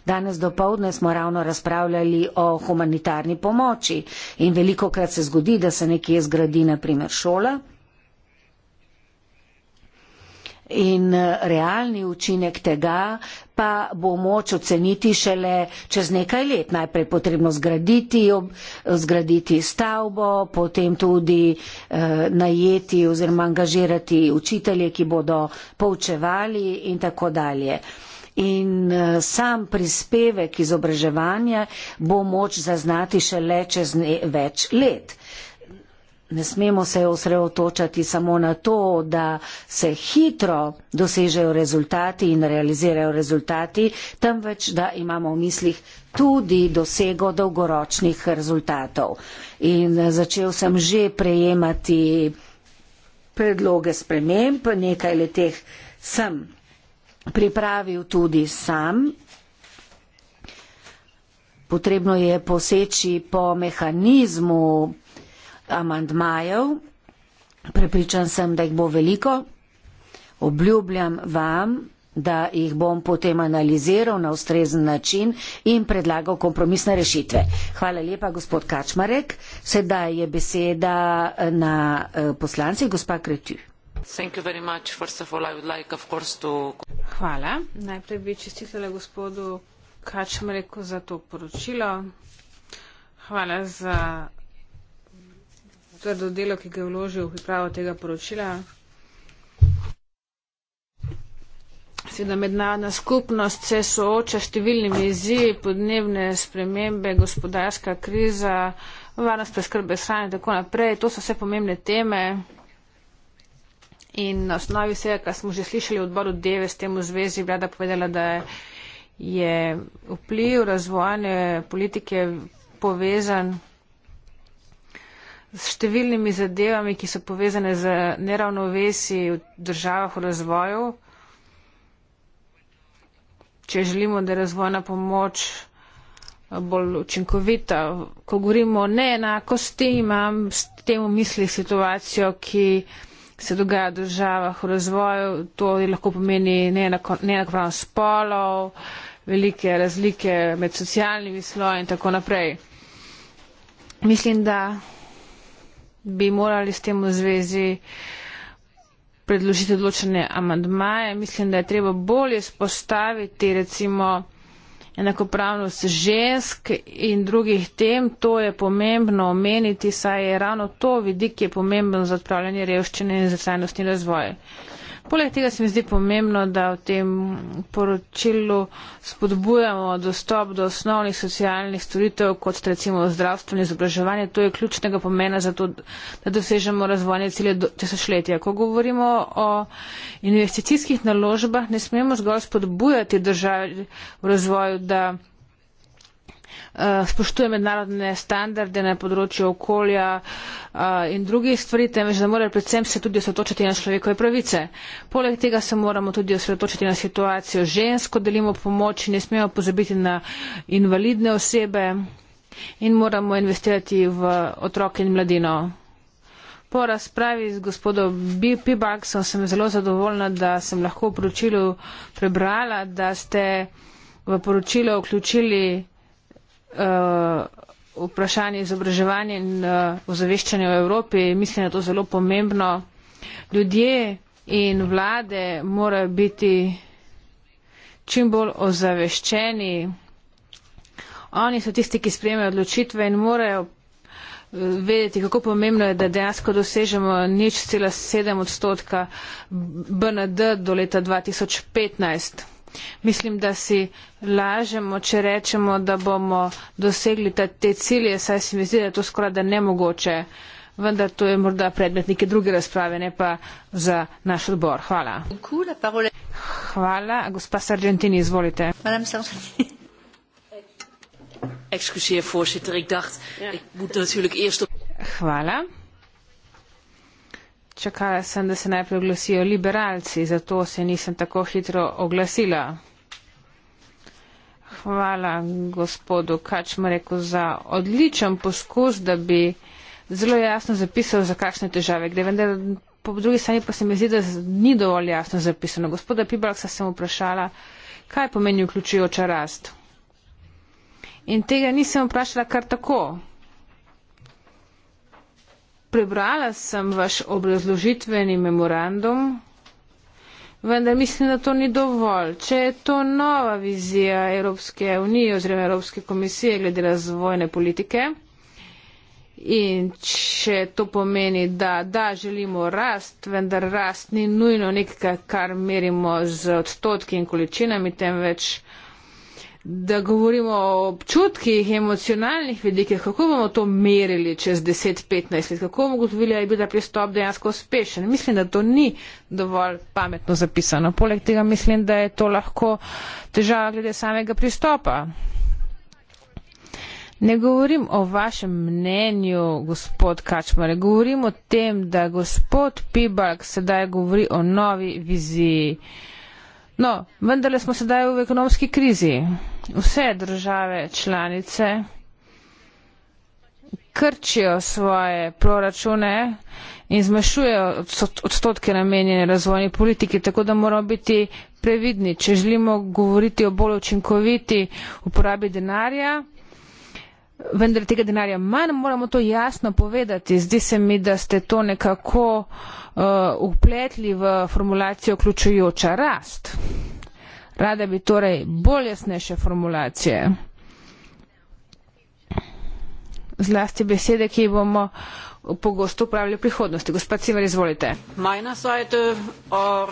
Speaker 2: Danes do povdne smo ravno razpravljali o humanitarni pomoči in veliko krat se zgodi, da se nekje zgradi naprimer šola in eh, realni učinek tega pa bo moč oceniti šele čez nekaj let. Najprej potrebno zgraditi, ob, zgraditi stavbo, potem tudi eh, najeti oziroma angažirati učitelje, ki bodo poučevali in tako dalje. In eh, sam prispevek izobraževanja bo moč zaznati šele čez ne, več let. Eh, ne smemo se osredotočati samo na to, da se hitro dosežejo rezultati in realizirajo rezultati, temveč da imamo v mislih tudi dosego dolgoročnih rezultatov. In začel sem že prejemati predloge sprememb, nekaj letih sem pripravil tudi sam. Potrebno je poseči po mehanizmu, amandmajev, prepričan sem, da jih bo veliko. Obljubljam vam, da jih bom potem analiziral na ustrezen način in predlagal kompromisne rešitve. Hvala lepa, gospod Kačmarek. Sedaj je beseda eh, na eh, poslanci, gospa Kretju.
Speaker 3: All, like to... Hvala. Najprej bi čestitela gospodu Kačmareku za to poročilo. Hvala za trdo delo, ki ga je vložil v pripravo tega poročila. Seveda mednarodna skupnost se sooča številnimi izzivi, podnebne spremembe, gospodarska kriza, varnost preskrbe s hrano in tako naprej. To so vse pomembne teme. In na osnovi vsega, kar smo že slišali v odboru Deve s tem v zvezi, vlada povedala, da je vpliv razvojne politike povezan s številnimi zadevami, ki so povezane z neravnovesi v državah v razvoju. Če želimo, da je razvojna pomoč eh, bolj učinkovita. Ko govorimo o neenakosti, imam s tem v mislih situacijo, ki se dogaja v državah v razvoju. To lahko pomeni neenakopravno spolov, velike razlike med socialnimi sloji in tako naprej. Mislim, da bi morali s tem v zvezi predložiti odločene amandmaje. Mislim, da je treba bolje spostaviti recimo enakopravnost žensk in drugih tem. To je pomembno omeniti, saj je ravno to vidik, ki je pomemben za odpravljanje revščine in za trajnostni razvoj. Poleg tega se mi zdi pomembno, da v tem poročilu spodbujamo dostop do osnovnih socialnih storitev, kot ste recimo zdravstveno izobraževanje. To je ključnega pomena za to, da dosežemo razvojne cilje tisočletja. Ko govorimo o investicijskih naložbah, ne smemo zgolj spodbujati države v razvoju, da Eh, spoštuje mednarodne standarde na področju okolja eh, in drugih stvari, temveč da morajo predvsem se tudi osredotočiti na človekove pravice. Poleg tega se moramo tudi osredotočiti na situacijo žensko, delimo pomoč in ne smemo pozabiti na invalidne osebe in moramo investirati v otroke in mladino. Po razpravi z gospodom Bibaksom sem zelo zadovoljna, da sem lahko v poročilu prebrala, da ste v poročilo vključili uh, vprašanje izobraževanja in uh, ozaveščanja v Evropi. Mislim, da je to zelo pomembno. Ljudje in vlade morajo biti čim bolj ozaveščeni. Oni so tisti, ki sprejemajo odločitve in morajo eh, vedeti, kako pomembno je, da dejansko dosežemo nič cela sedem odstotka BND do leta 2015. Mislim, da si lažemo, če rečemo, da bomo dosegli te cilje, saj se mi zdi, da je to skoraj da nemogoče. Vendar to je morda predmet neke druge razprave, ne pa za naš odbor. Hvala. Hvala. Gospa Sargentini, izvolite. Ja. Hvala čakala sem, da se najprej oglasijo liberalci, zato se nisem tako hitro oglasila. Hvala gospodu Kačmareku za odličen poskus, da bi zelo jasno zapisal, za kakšne težave gre. Vendar po drugi strani pa se mi zdi, da ni dovolj jasno zapisano. Gospoda Pibalksa sem vprašala, kaj pomeni vključujoča rast. In tega nisem vprašala kar tako prebrala sem vaš obrazložitveni memorandum, vendar mislim, da to ni dovolj. Če je to nova vizija Evropske unije oziroma Evropske komisije glede razvojne politike in če to pomeni, da da želimo rast, vendar rast ni nujno nekaj, kar merimo z odstotki in količinami, temveč da govorimo o občutkih, emocionalnih vidikih, kako bomo to merili čez 10-15 let, kako bomo gotovili, ali je bil ta pristop dejansko uspešen. Mislim, da to ni dovolj pametno zapisano. Poleg tega mislim, da je to lahko težava glede samega pristopa. Ne govorim o vašem mnenju, gospod Kačmar, govorim o tem, da gospod Pibak sedaj govori o novi viziji. No, vendarle smo sedaj v ekonomski krizi. Vse države članice krčijo svoje proračune in zmašujejo odstotke namenjene razvojni politiki, tako da moramo biti previdni, če želimo govoriti o bolj učinkoviti uporabi denarja vendar tega denarja manj, moramo to jasno povedati. Zdi se mi, da ste to nekako uh, upletli v formulacijo vključujoča rast. Rada bi torej bolj jasnejše formulacije. Zlasti besede, ki jih bomo pogosto uporabljali v prihodnosti. Gospod Cimer, izvolite. Uh,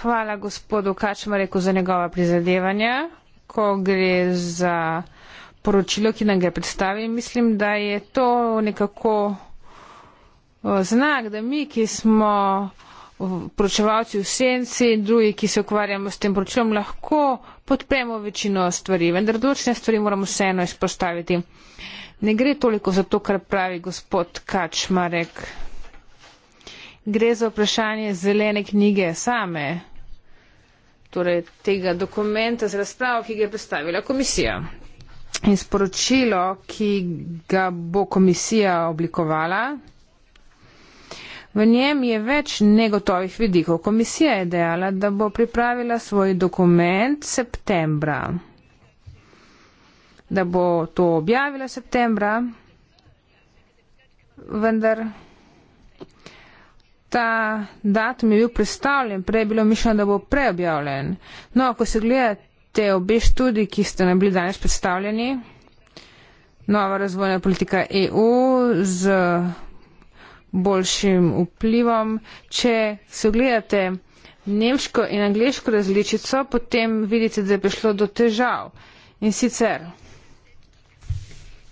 Speaker 3: Hvala gospodu Kačmareku za njegova prizadevanja ko gre za poročilo, ki nam ga predstavi, mislim, da je to nekako eh, znak, da mi, ki smo poročevalci v senci in drugi, ki se ukvarjamo s tem poročilom, lahko podpremo večino stvari, vendar določene stvari moramo vseeno izpostaviti. Ne gre toliko za to, kar pravi gospod Kačmarek. Gre za vprašanje zelene knjige same torej, tega dokumenta z razpravo, ki ga je predstavila komisija. In sporočilo, ki ga bo komisija oblikovala, v njem je več negotovih vidikov. Komisija je dejala, da bo pripravila svoj dokument septembra, da bo to objavila septembra, vendar ta datum je bil predstavljen, prej je bilo mišljeno, da bo prej objavljen. No, ko se gledate obe študi, ki ste nam bili danes predstavljeni, nova razvojna politika EU z boljšim vplivom, če se gledate nemško in angliško različico, potem vidite, da je prišlo do težav. In sicer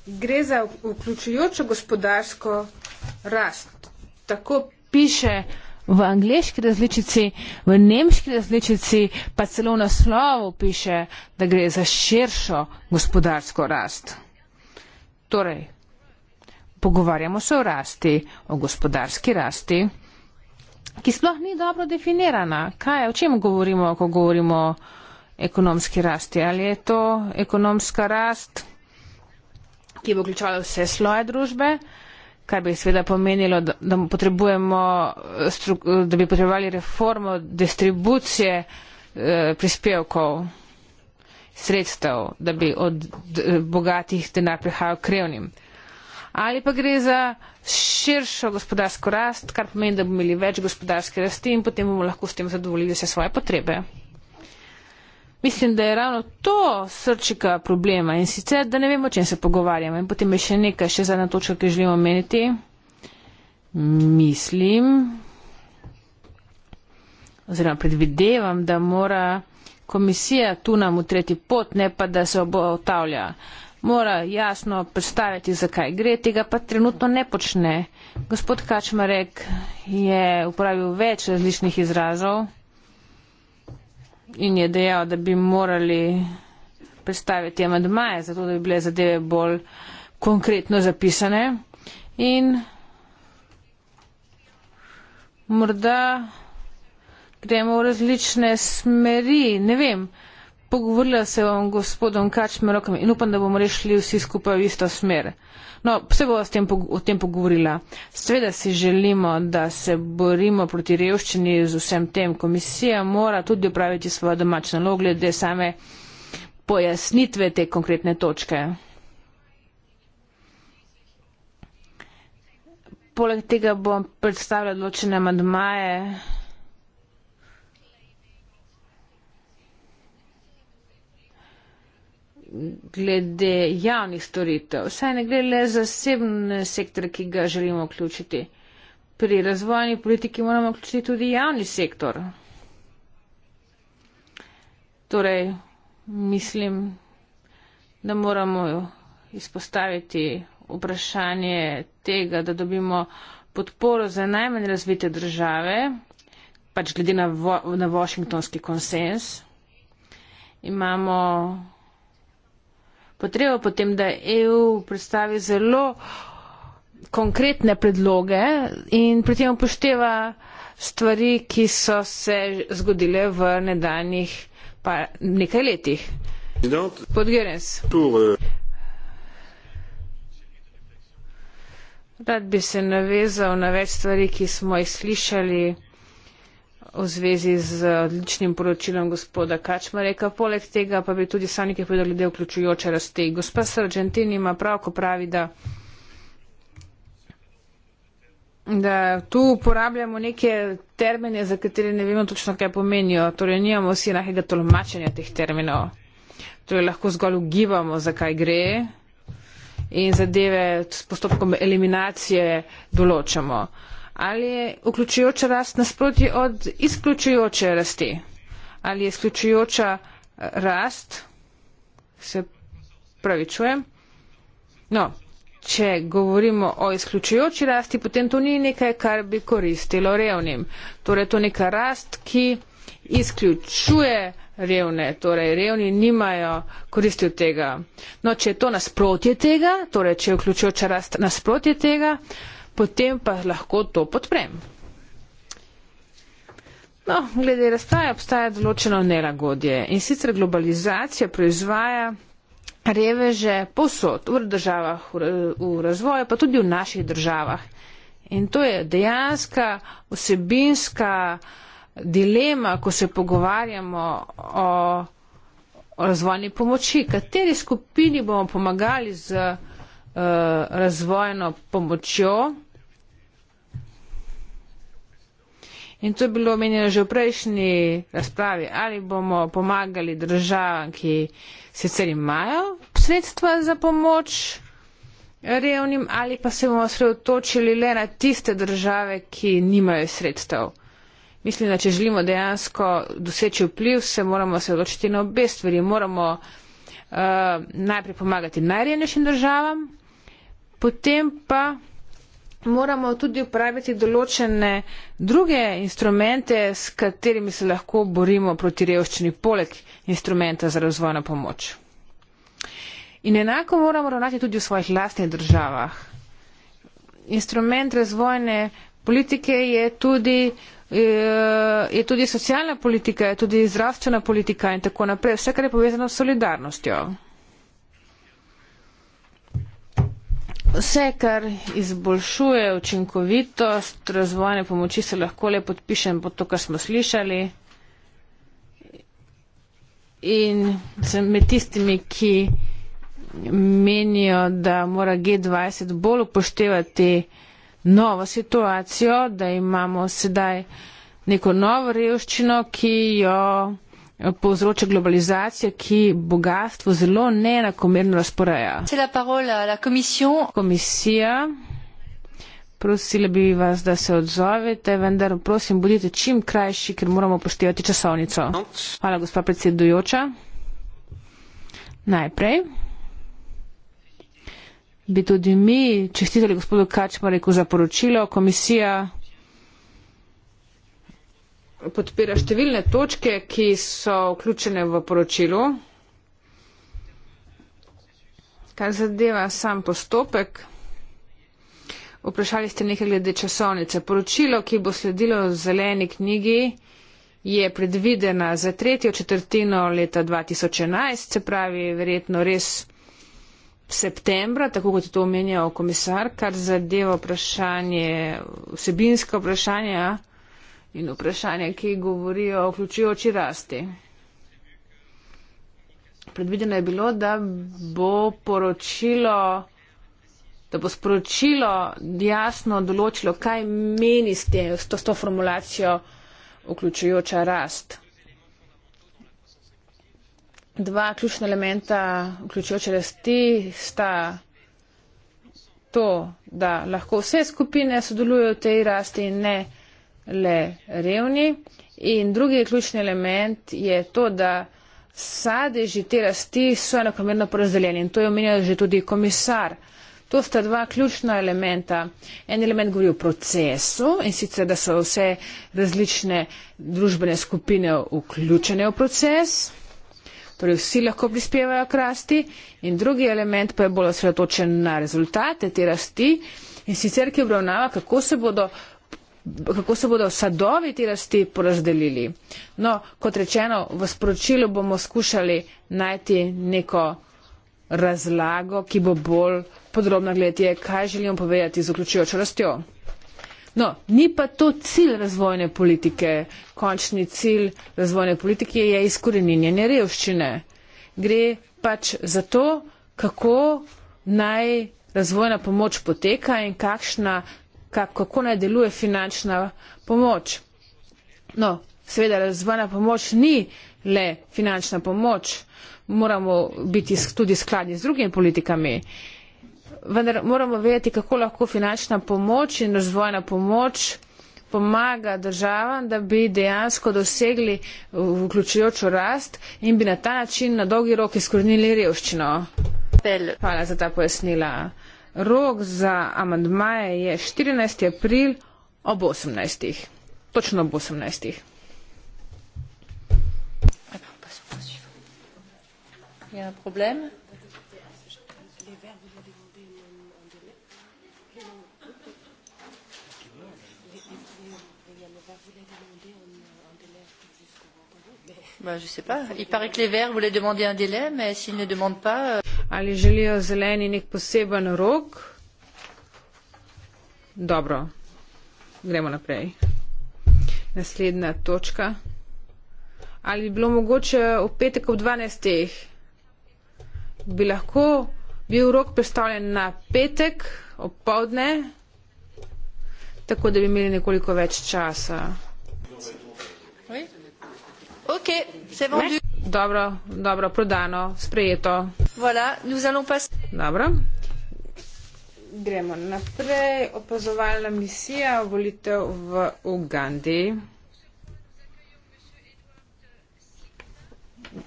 Speaker 3: gre za vključujočo gospodarsko rast. Tako piše v angliški različici, v nemški različici, pa celo na slovu piše, da gre za širšo gospodarsko rast. Torej, pogovarjamo se o rasti, o gospodarski rasti, ki sploh ni dobro definirana. Kaj, o čem govorimo, ko govorimo o ekonomski rasti? Ali je to ekonomska rast, ki bo vključevala vse sloje družbe? kaj bi seveda pomenilo, da, da, potrebujemo, eh, eh, da bi potrebovali reformo distribucije eh, prispevkov, sredstev, da bi od bogatih denar prihajal krevnim. Ali pa gre za širšo gospodarsko rast, kar pomeni, da bomo imeli več gospodarske rasti in potem bomo lahko s tem zadovoljili vse svoje potrebe. Mislim, da je ravno to srčika problema in sicer, da ne vemo, o čem se pogovarjamo. In potem je še nekaj, še zadnja točka, ki želimo omeniti. Mislim, oziroma predvidevam, da mora komisija tu nam utreti pot, ne pa da se obo otavlja. Mora jasno predstaviti, zakaj gre, tega pa trenutno ne počne. Gospod Kačmarek je uporabil več različnih izrazov in je dejal, da bi morali predstaviti amadmaje, zato da bi bile zadeve bolj konkretno zapisane. In morda gremo v različne smeri, ne vem. Pogovorila se bom s gospodom Kačmerokom in upam, da bomo rešili vsi skupaj v isto smer. No, vse bomo o tem pogovorila. Sveda si želimo, da se borimo proti revščini z vsem tem. Komisija mora tudi upraviti svojo domačo nalogo glede same pojasnitve te konkretne točke. Poleg tega bom predstavila določene amadmaje. glede javnih storitev. Saj ne gre le za zasebne sektor, ki ga želimo vključiti. Pri razvojni politiki moramo vključiti tudi javni sektor. Torej, mislim, da moramo izpostaviti vprašanje tega, da dobimo podporo za najmanj razvite države, pač glede na, vo na Washingtonski konsens. Imamo potrebo potem, da EU predstavi zelo konkretne predloge in pri tem upošteva stvari, ki so se zgodile v nedaljnih pa nekaj letih. Podgerens. Rad bi se navezal na več stvari, ki smo jih slišali v zvezi z odličnim poročilom gospoda Kačmareka. Poleg tega pa bi tudi sami nekaj povedali glede vključujoče rasti. Gospa Sargentini ima prav, ko pravi, da, da tu uporabljamo neke termine, za katere ne vemo točno, kaj pomenijo. Torej, nijamo vsi enakega tolmačenja teh terminov. Torej, lahko zgolj ugibamo, zakaj gre in zadeve s postopkom eliminacije določamo. Uh, Ali je vključujoča rast nasprotje od izključujoče rasti? Ali je izključujoča eh, rast, se pravi čujem, no, če govorimo o izključujoči rasti, potem to ni nekaj, kar bi koristilo revnim. Torej, to je neka rast, ki izključuje revne, torej revni nimajo koristi od tega. No, če je to nasprotje tega, torej, če je vključujoča rast nasprotje tega, potem pa lahko to podprem. No, glede razstaje obstaja določeno nelagodje in sicer globalizacija proizvaja reveže posod v državah v razvoju, pa tudi v naših državah. In to je dejanska osebinska dilema, ko se pogovarjamo o, o razvojni pomoči, kateri skupini bomo pomagali z uh, razvojno pomočjo In to je bilo omenjeno že v prejšnji razpravi, ali bomo pomagali državam, ki sicer imajo sredstva za pomoč revnim, ali pa se bomo sredotočili le na tiste države, ki nimajo sredstev. Mislim, da če želimo dejansko doseči vpliv, se moramo sredotočiti na obe stvari. Moramo uh, najprej pomagati najrevnejšim državam, potem pa moramo tudi uporabiti določene druge instrumente, s katerimi se lahko borimo proti revščini, poleg instrumenta za razvojno pomoč. In enako moramo ravnati tudi v svojih lastnih državah. Instrument razvojne politike je tudi, eh, je tudi socialna politika, je tudi zdravstvena politika in tako naprej. Vse, kar je povezano s solidarnostjo. vse, kar izboljšuje učinkovitost razvojne pomoči, se lahko le podpišem pod to, kar smo slišali. In sem med tistimi, ki menijo, da mora G20 bolj upoštevati novo situacijo, da imamo sedaj neko novo revščino, ki jo povzroča globalizacija, ki bogatstvo zelo neenakomerno razporeja. Komisija, prosila bi vas, da se odzovete, vendar prosim, bodite čim krajši, ker moramo poštevati časovnico. Hvala, gospa predsedujoča. Najprej bi tudi mi čestitali gospodu Kačmareku za poročilo. Komisija podpira številne točke, ki so vključene v poročilu. Kar zadeva sam postopek, vprašali ste nekaj glede časovnice. Poročilo, ki bo sledilo v zeleni knjigi, je predvidena za tretjo četrtino leta 2011, se pravi verjetno res septembra, tako kot je to omenjal komisar, kar zadeva vprašanje, vsebinska vprašanja in vprašanja, ki govorijo o vključujoči rasti. Predvideno je bilo, da bo poročilo, da bo sporočilo jasno določilo, kaj meni s, te, s, to, s to formulacijo vključujoča rast. Dva ključna elementa vključujoče rasti sta to, da lahko vse skupine sodelujo v tej rasti in ne le revni. In drugi ključni element je to, da sadeži te rasti so enakomerno porazdeljeni. In to je omenjal že tudi komisar. To sta dva ključna elementa. En element govori o procesu in sicer, da so vse različne družbene skupine vključene v proces. Torej vsi lahko prispevajo k rasti in drugi element pa je bolj osredotočen na rezultate te rasti in sicer, ki obravnava, kako se bodo kako se bodo sadovi te rasti porazdelili. No, kot rečeno, v sporočilu bomo skušali najti neko razlago, ki bo bolj podrobna glede, kaj želimo povedati z vključujočo rastjo. No, ni pa to cilj razvojne politike. Končni cilj razvojne politike je izkoreninjenje revščine. Gre pač za to, kako naj razvojna pomoč poteka in kakšna kako naj deluje finančna pomoč. No, seveda razvojna pomoč ni le finančna pomoč, moramo biti tudi skladni z drugimi politikami. Vendar moramo vedeti, kako lahko finančna pomoč in razvojna pomoč pomaga državam, da bi dejansko dosegli vključujočo rast in bi na ta način na dolgi rok izkornili revščino. Hvala za ta pojasnila. Rok za amandmaje je 14. april ob 18. Točno ob 18. Je na problem? Ben, je ne
Speaker 1: sais pas. Il paraît que les Verts voulaient demander un délai, mais s'ils ne demandent pas. Euh ali želijo zeleni nek
Speaker 3: poseben rok. Dobro, gremo naprej. Naslednja točka. Ali bi bilo mogoče v petek ob 12. bi lahko bil rok predstavljen na petek ob povdne, tako da bi imeli nekoliko več časa.
Speaker 1: Oui. Ok, c'est vendu. Ouais.
Speaker 3: Dobro, dobro, prodano, sprejeto. Voilà, nous allons passer. Dobro. Gremo naprej. Opazovalna misija, volitev v Ugandi.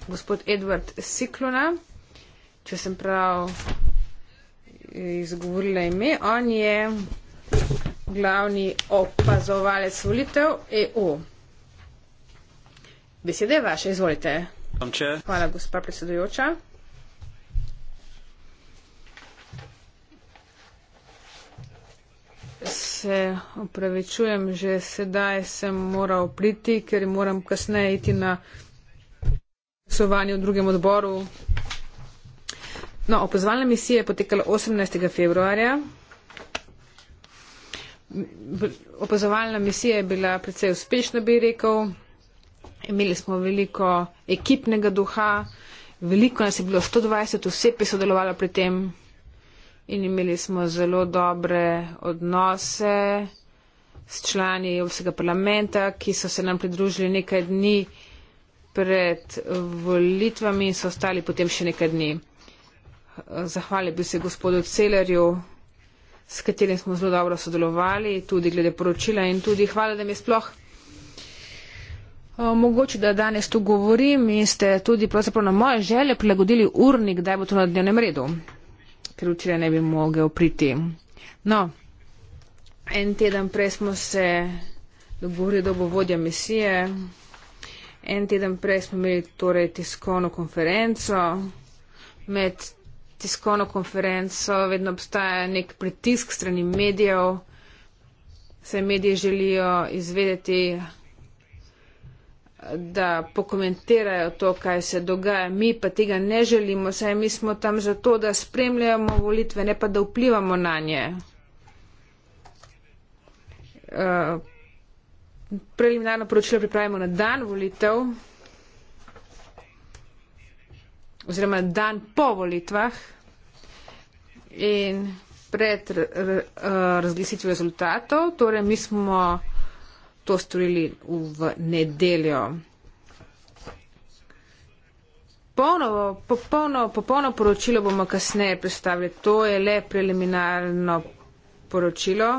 Speaker 3: Gospod Edward Sikluna, če sem prav eh, izgovorila ime, on je glavni opazovalec volitev EU. Besede vaše, izvolite. Hvala, gospa predsedujoča. Se opravičujem, že sedaj sem moral priti, ker moram kasneje iti na glasovanje v drugem odboru. No, opozvalna misija je potekala 18. februarja. Opazovalna misija je bila precej uspešna, bi rekel imeli smo veliko ekipnega duha, veliko nas je bilo, 120 oseb je sodelovalo pri tem in imeli smo zelo dobre odnose s člani Evropskega parlamenta, ki so se nam pridružili nekaj dni pred volitvami in so ostali potem še nekaj dni. Zahvalil bi se gospodu Celerju, s katerim smo zelo dobro sodelovali, tudi glede poročila in tudi hvala, da mi je sploh Eh, mogoče, da danes tu govorim in ste tudi pravzaprav na moje želje prilagodili urnik, da je bo to na dnevnem redu, ker včeraj ne bi mogel priti. No, en teden prej smo se dogovorili, da bo vodja misije, en teden prej smo imeli torej tiskovno konferenco. Med tiskovno konferenco vedno obstaja nek pritisk strani medijev, se mediji želijo izvedeti, da pokomentirajo to, kaj se dogaja. Mi pa tega ne želimo, saj mi smo tam zato, da spremljamo volitve, ne pa da vplivamo na nje. Uh, eh, preliminarno poročilo pripravimo na dan volitev oziroma dan po volitvah in pred uh, razglasitvijo rezultatov. Torej, mi smo to storili v nedeljo. Popolno, popolno, popolno poročilo bomo kasneje predstavili. To je le preliminarno poročilo.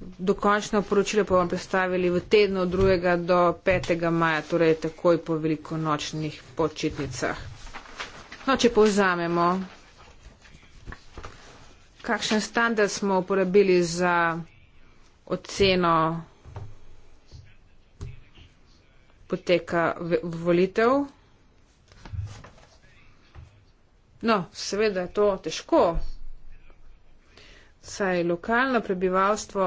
Speaker 3: Dokončno poročilo pa bomo predstavili v tednu od 2. do 5. maja, torej takoj po velikonočnih počitnicah. No, če povzamemo, kakšen standard smo uporabili za oceno poteka volitev. No, seveda je to težko, saj lokalno prebivalstvo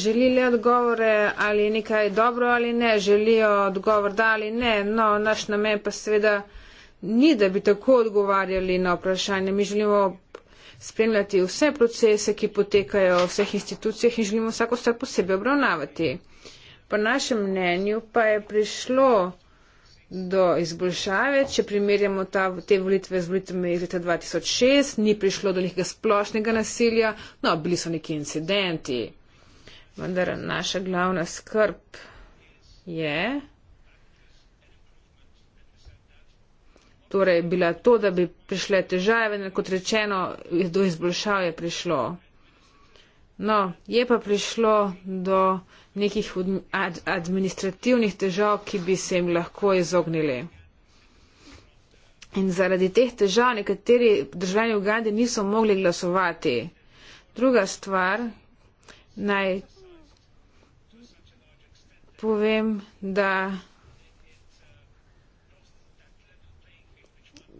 Speaker 3: želi le odgovore, ali je nekaj dobro ali ne, želijo odgovor da ali ne. No, naš namen pa seveda ni, da bi tako odgovarjali na vprašanje. Mi želimo spremljati vse procese, ki potekajo v vseh institucijah in želimo vsako stvar posebej obravnavati. Po našem mnenju pa je prišlo do izboljšave, če primerjamo ta, te volitve z volitvami iz leta 2006, ni prišlo do nekega splošnega nasilja, no, bili so neki incidenti. Vendar naša glavna skrb je. torej bila to, da bi prišle težave, in kot rečeno, do izboljšav je prišlo. No, je pa prišlo do nekih administrativnih težav, ki bi se jim lahko izognili. In zaradi teh težav nekateri državljani Ugande niso mogli glasovati. Druga stvar, naj povem, da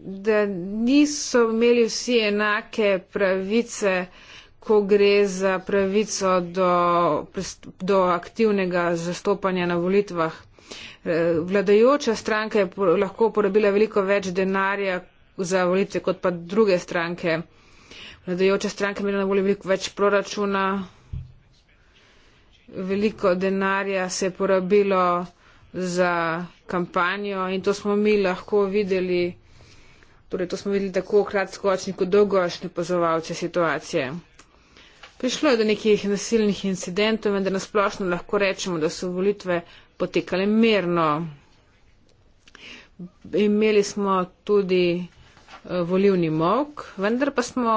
Speaker 3: da niso imeli vsi enake pravice, ko gre za pravico do, do aktivnega zastopanja na volitvah. Eh, vladajoča stranka je lahko porabila veliko več denarja za volitve kot pa druge stranke. Vladajoča stranka je imela na voljo veliko več proračuna, veliko denarja se je porabilo za kampanjo in to smo mi lahko videli. Torej, to smo videli tako kratkoročni kot dolgoročni opazovalci situacije. Prišlo je do nekih nasilnih incidentov, vendar nasplošno lahko rečemo, da so volitve potekale mirno. Imeli smo tudi eh, volivni mok, vendar pa smo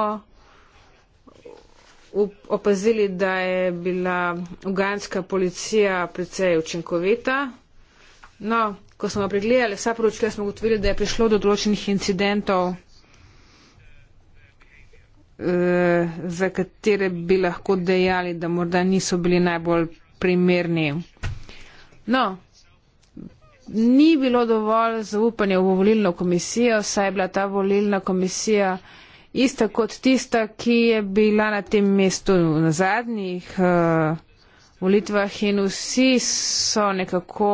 Speaker 3: opazili, da je bila uganska policija precej učinkovita. No, ko smo pregledali vsa poročila, smo ugotovili, da je prišlo do določenih incidentov, eh, za katere bi lahko dejali, da morda niso bili najbolj primerni. No, ni bilo dovolj zaupanja v volilno komisijo, saj je bila ta volilna komisija ista kot tista, ki je bila na tem mestu na zadnjih uh, volitvah in vsi so nekako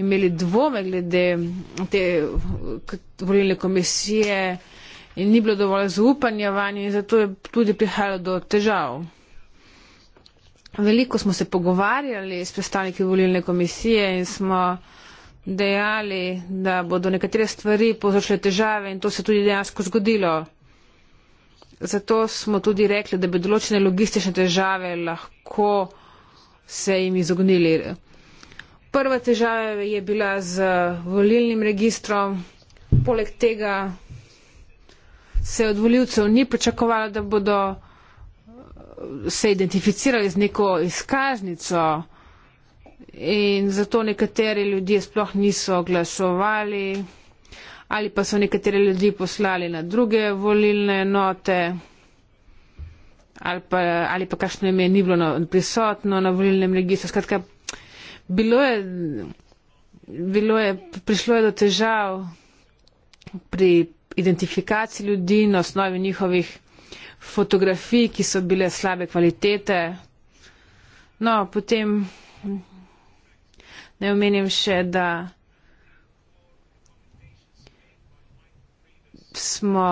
Speaker 3: imeli dvome glede te volilne komisije in ni bilo dovolj zaupanja vanje in zato je tudi prihajalo do težav. Veliko smo se pogovarjali s predstavniki volilne komisije in smo dejali, da bodo nekatere stvari povzročile težave in to se tudi dejansko zgodilo. Zato smo tudi rekli, da bi določene logistične težave lahko se jim izognili. Prva težava je bila z volilnim registrom, poleg tega se od voljivcev ni pričakovalo, da bodo eh, se identificirali z neko izkaznico in zato nekateri ljudje sploh niso glasovali ali pa so nekateri ljudi poslali na druge volilne enote ali pa, ali pa kakšno ime ni bilo prisotno na volilnem registru. Skratka, bilo je, bilo je, prišlo je do težav pri identifikaciji ljudi na osnovi njihovih fotografij, ki so bile slabe kvalitete. No, potem ne omenim še, da smo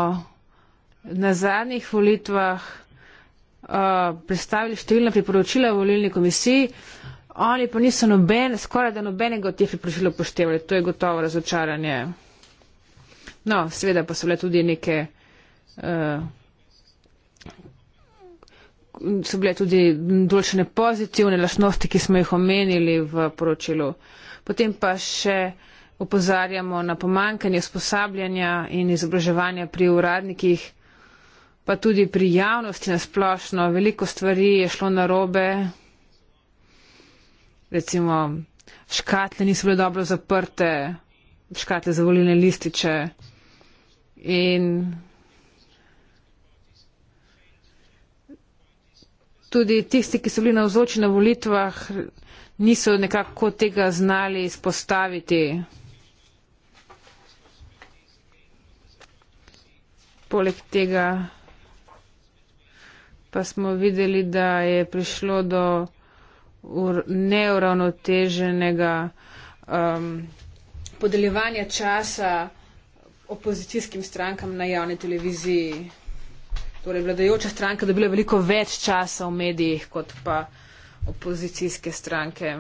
Speaker 3: na zadnjih volitvah uh, predstavili številna priporočila volilni komisiji, uh, oni pa niso noben, skoraj da nobenega od teh priprošilo poštevali. To je gotovo razočaranje. No, seveda pa so bile tudi neke. Uh, so bile tudi določene pozitivne lašnosti, ki smo jih omenili v poročilu. Potem pa še opozarjamo na pomankanje usposabljanja in izobraževanja pri uradnikih, pa tudi pri javnosti nasplošno. Veliko stvari je šlo narobe recimo škatle niso bile dobro zaprte, škatle za volilne lističe in tudi tisti, ki so bili navzoči na volitvah, niso nekako tega znali izpostaviti. Poleg tega pa smo videli, da je prišlo do neuravnoteženega um, podeljevanja časa opozicijskim strankam na javni televiziji. Torej, vladajoča stranka dobila veliko več časa v medijih, kot pa opozicijske stranke.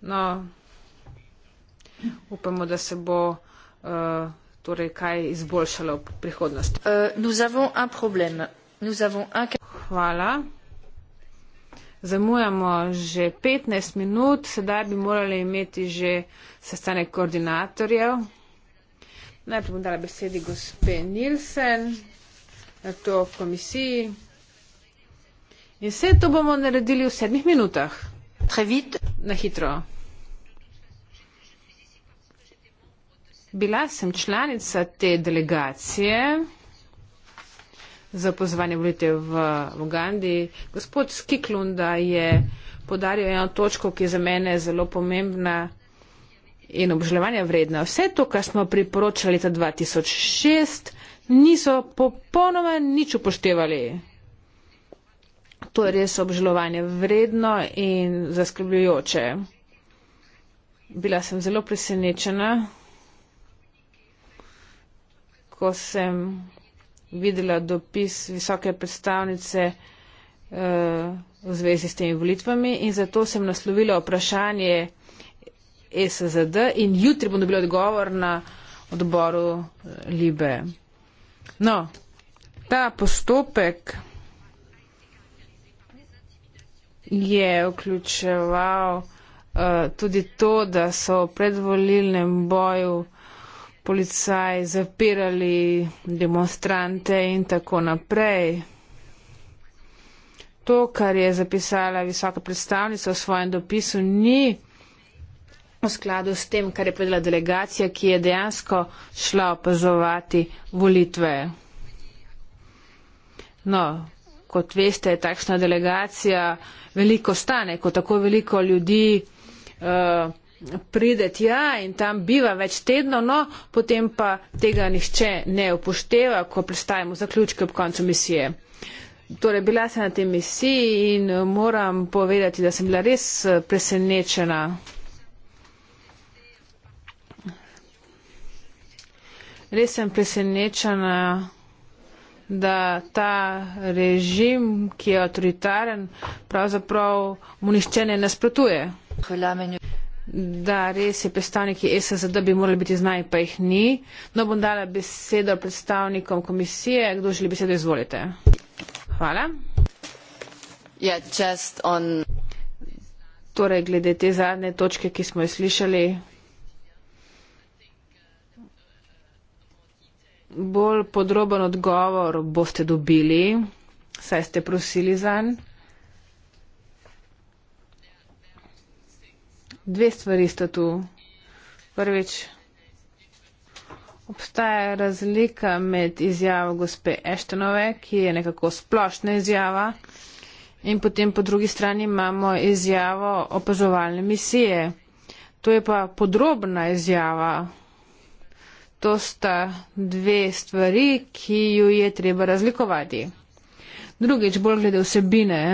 Speaker 3: No, upamo, da se bo uh, torej kaj izboljšalo v prihodnosti. Uh, Hvala zamujamo že 15 minut, sedaj bi morali imeti že sestanek koordinatorjev. Najprej bom dala besedi gospe Nilsen, na to v komisiji. In vse to bomo naredili v sedmih minutah. Trevit. Na hitro. Bila sem članica te delegacije za pozvanje volitev v Ugandi. Gospod Skiklunda je podaril eno točko, ki je za mene zelo pomembna in obžalovanja vredna. Vse to, kar smo priporočali leta 2006, niso popolnoma nič upoštevali. To je res obžalovanje vredno in zaskrbljujoče. Bila sem zelo presenečena, ko sem videla dopis visoke predstavnice eh, v zvezi s temi volitvami in zato sem naslovila vprašanje SZD in jutri bom dobila odgovor na odboru eh, Libe. No, ta postopek je vključeval uh, tudi to, da so v predvolilnem boju policaji zapirali demonstrante in tako naprej. To, kar je zapisala visoka predstavnica v svojem dopisu, ni v skladu s tem, kar je povedala delegacija, ki je dejansko šla opazovati volitve. No, kot veste, je takšna delegacija veliko stane, ko tako veliko ljudi uh, pride tja in tam biva več tedno, no, potem pa tega nihče ne upošteva, ko prestajamo zaključke ob koncu misije. Torej, bila sem na tej misiji in eh, moram povedati, da sem bila res eh, presenečena. Res sem presenečena, da ta režim, ki je avtoritaren, pravzaprav mu nišče ne nasprotuje da res je predstavniki SSZ, da bi morali biti znani, pa jih ni. No, bom dala besedo predstavnikom komisije. Kdo želi besedo, izvolite. Hvala. Yeah, ja, on... Torej, glede te zadnje točke, ki smo jo slišali, bolj podroben odgovor boste dobili, saj ste prosili zanj. dve stvari sta tu. Prvič, obstaja razlika med izjavo gospe Eštenove, ki je nekako splošna izjava, in potem po drugi strani imamo izjavo opazovalne misije. To je pa podrobna izjava. To sta dve stvari, ki ju je treba razlikovati. Drugič, bolj glede vsebine.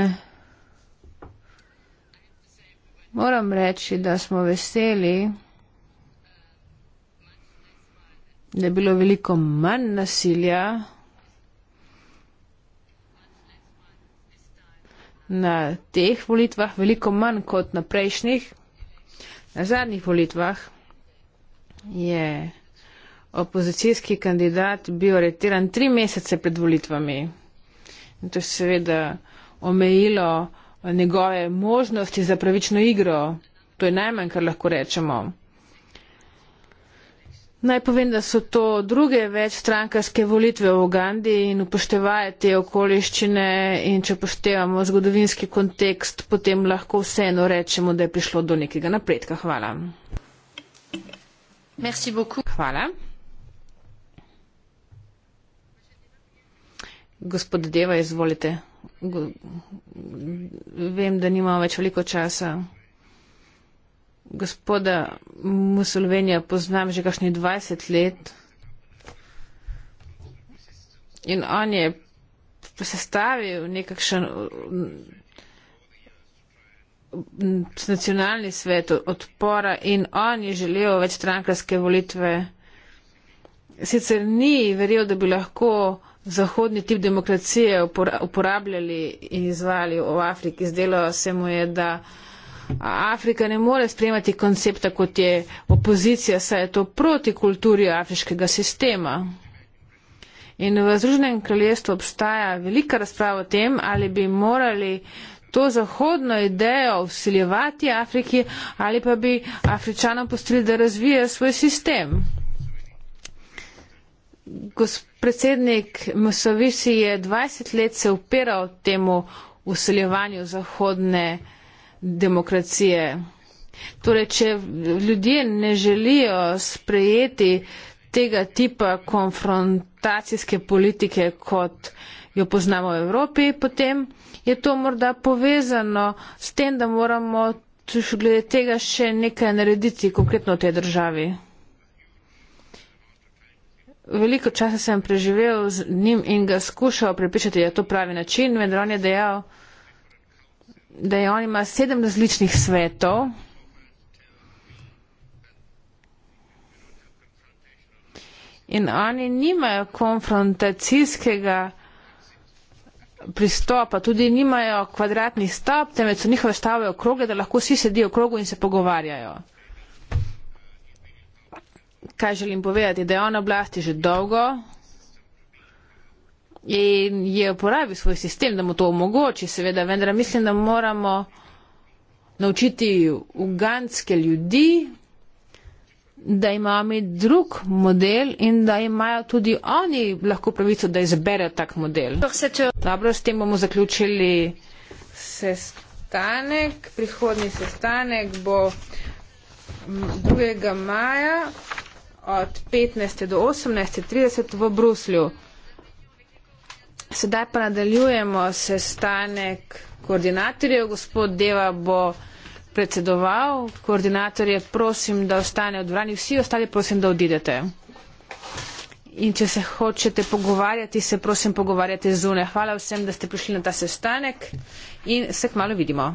Speaker 3: Moram reči, da smo veseli, da je bilo veliko manj nasilja na teh volitvah, veliko manj kot na prejšnjih. Na zadnjih volitvah je opozicijski kandidat bil aretiran tri mesece pred volitvami. In to je seveda omejilo njegove možnosti za pravično igro. To je najmanj, kar lahko rečemo. Naj povem, da so to druge večstrankarske volitve v Ugandi in upoštevaje te okoliščine in če poštevamo zgodovinski kontekst, potem lahko vseeno rečemo, da je prišlo do nekega napredka. Hvala.
Speaker 1: Merci Hvala.
Speaker 3: Gospod Deva, izvolite vem, da nimamo več veliko časa. Gospoda Musulvenija poznam že kakšnih 20 let in on je sestavil nekakšen nacionalni svet odpora in on je želel več strankarske volitve. Sicer ni verjel, da bi lahko zahodni tip demokracije uporabljali in izvali v Afriki. Zdelo se mu je, da Afrika ne more sprejemati koncepta, kot je opozicija, saj je to proti kulturi afriškega sistema. In v Združenem kraljestvu obstaja velika razprava o tem, ali bi morali to zahodno idejo vsiljevati Afriki ali pa bi Afričanom postili, da razvije svoj sistem predsednik Mosovisi je 20 let se upiral temu usiljevanju zahodne demokracije. Torej, če ljudje ne želijo sprejeti tega tipa konfrontacijske politike, kot jo poznamo v Evropi, potem je to morda povezano s tem, da moramo glede tega še nekaj narediti konkretno v tej državi veliko časa sem preživel z njim in ga skušal prepričati, da je to pravi način, vendar on je dejal, da je on ima sedem različnih svetov. In oni nimajo konfrontacijskega pristopa, tudi nimajo kvadratnih stop, temveč so njihove stave okroge, da lahko vsi sedijo v krogu in se pogovarjajo kaj želim povedati, da je on na oblasti že dolgo in je uporabil svoj sistem, da mu to omogoči, seveda, vendar mislim, da moramo naučiti uganske ljudi, da imajo mi drug model in da imajo tudi oni lahko pravico, da izberejo tak model. Dobro, s tem bomo zaključili sestanek. Prihodni sestanek bo 2. maja od 15. do 18.30 v Bruslju. Sedaj pa nadaljujemo sestanek koordinatorjev. Gospod Deva bo predsedoval. Koordinatorje prosim, da ostane v dvorani. Vsi ostali prosim, da odidete. In če se hočete pogovarjati, se prosim pogovarjate zune. Hvala vsem, da ste prišli na ta sestanek in se kmalo vidimo.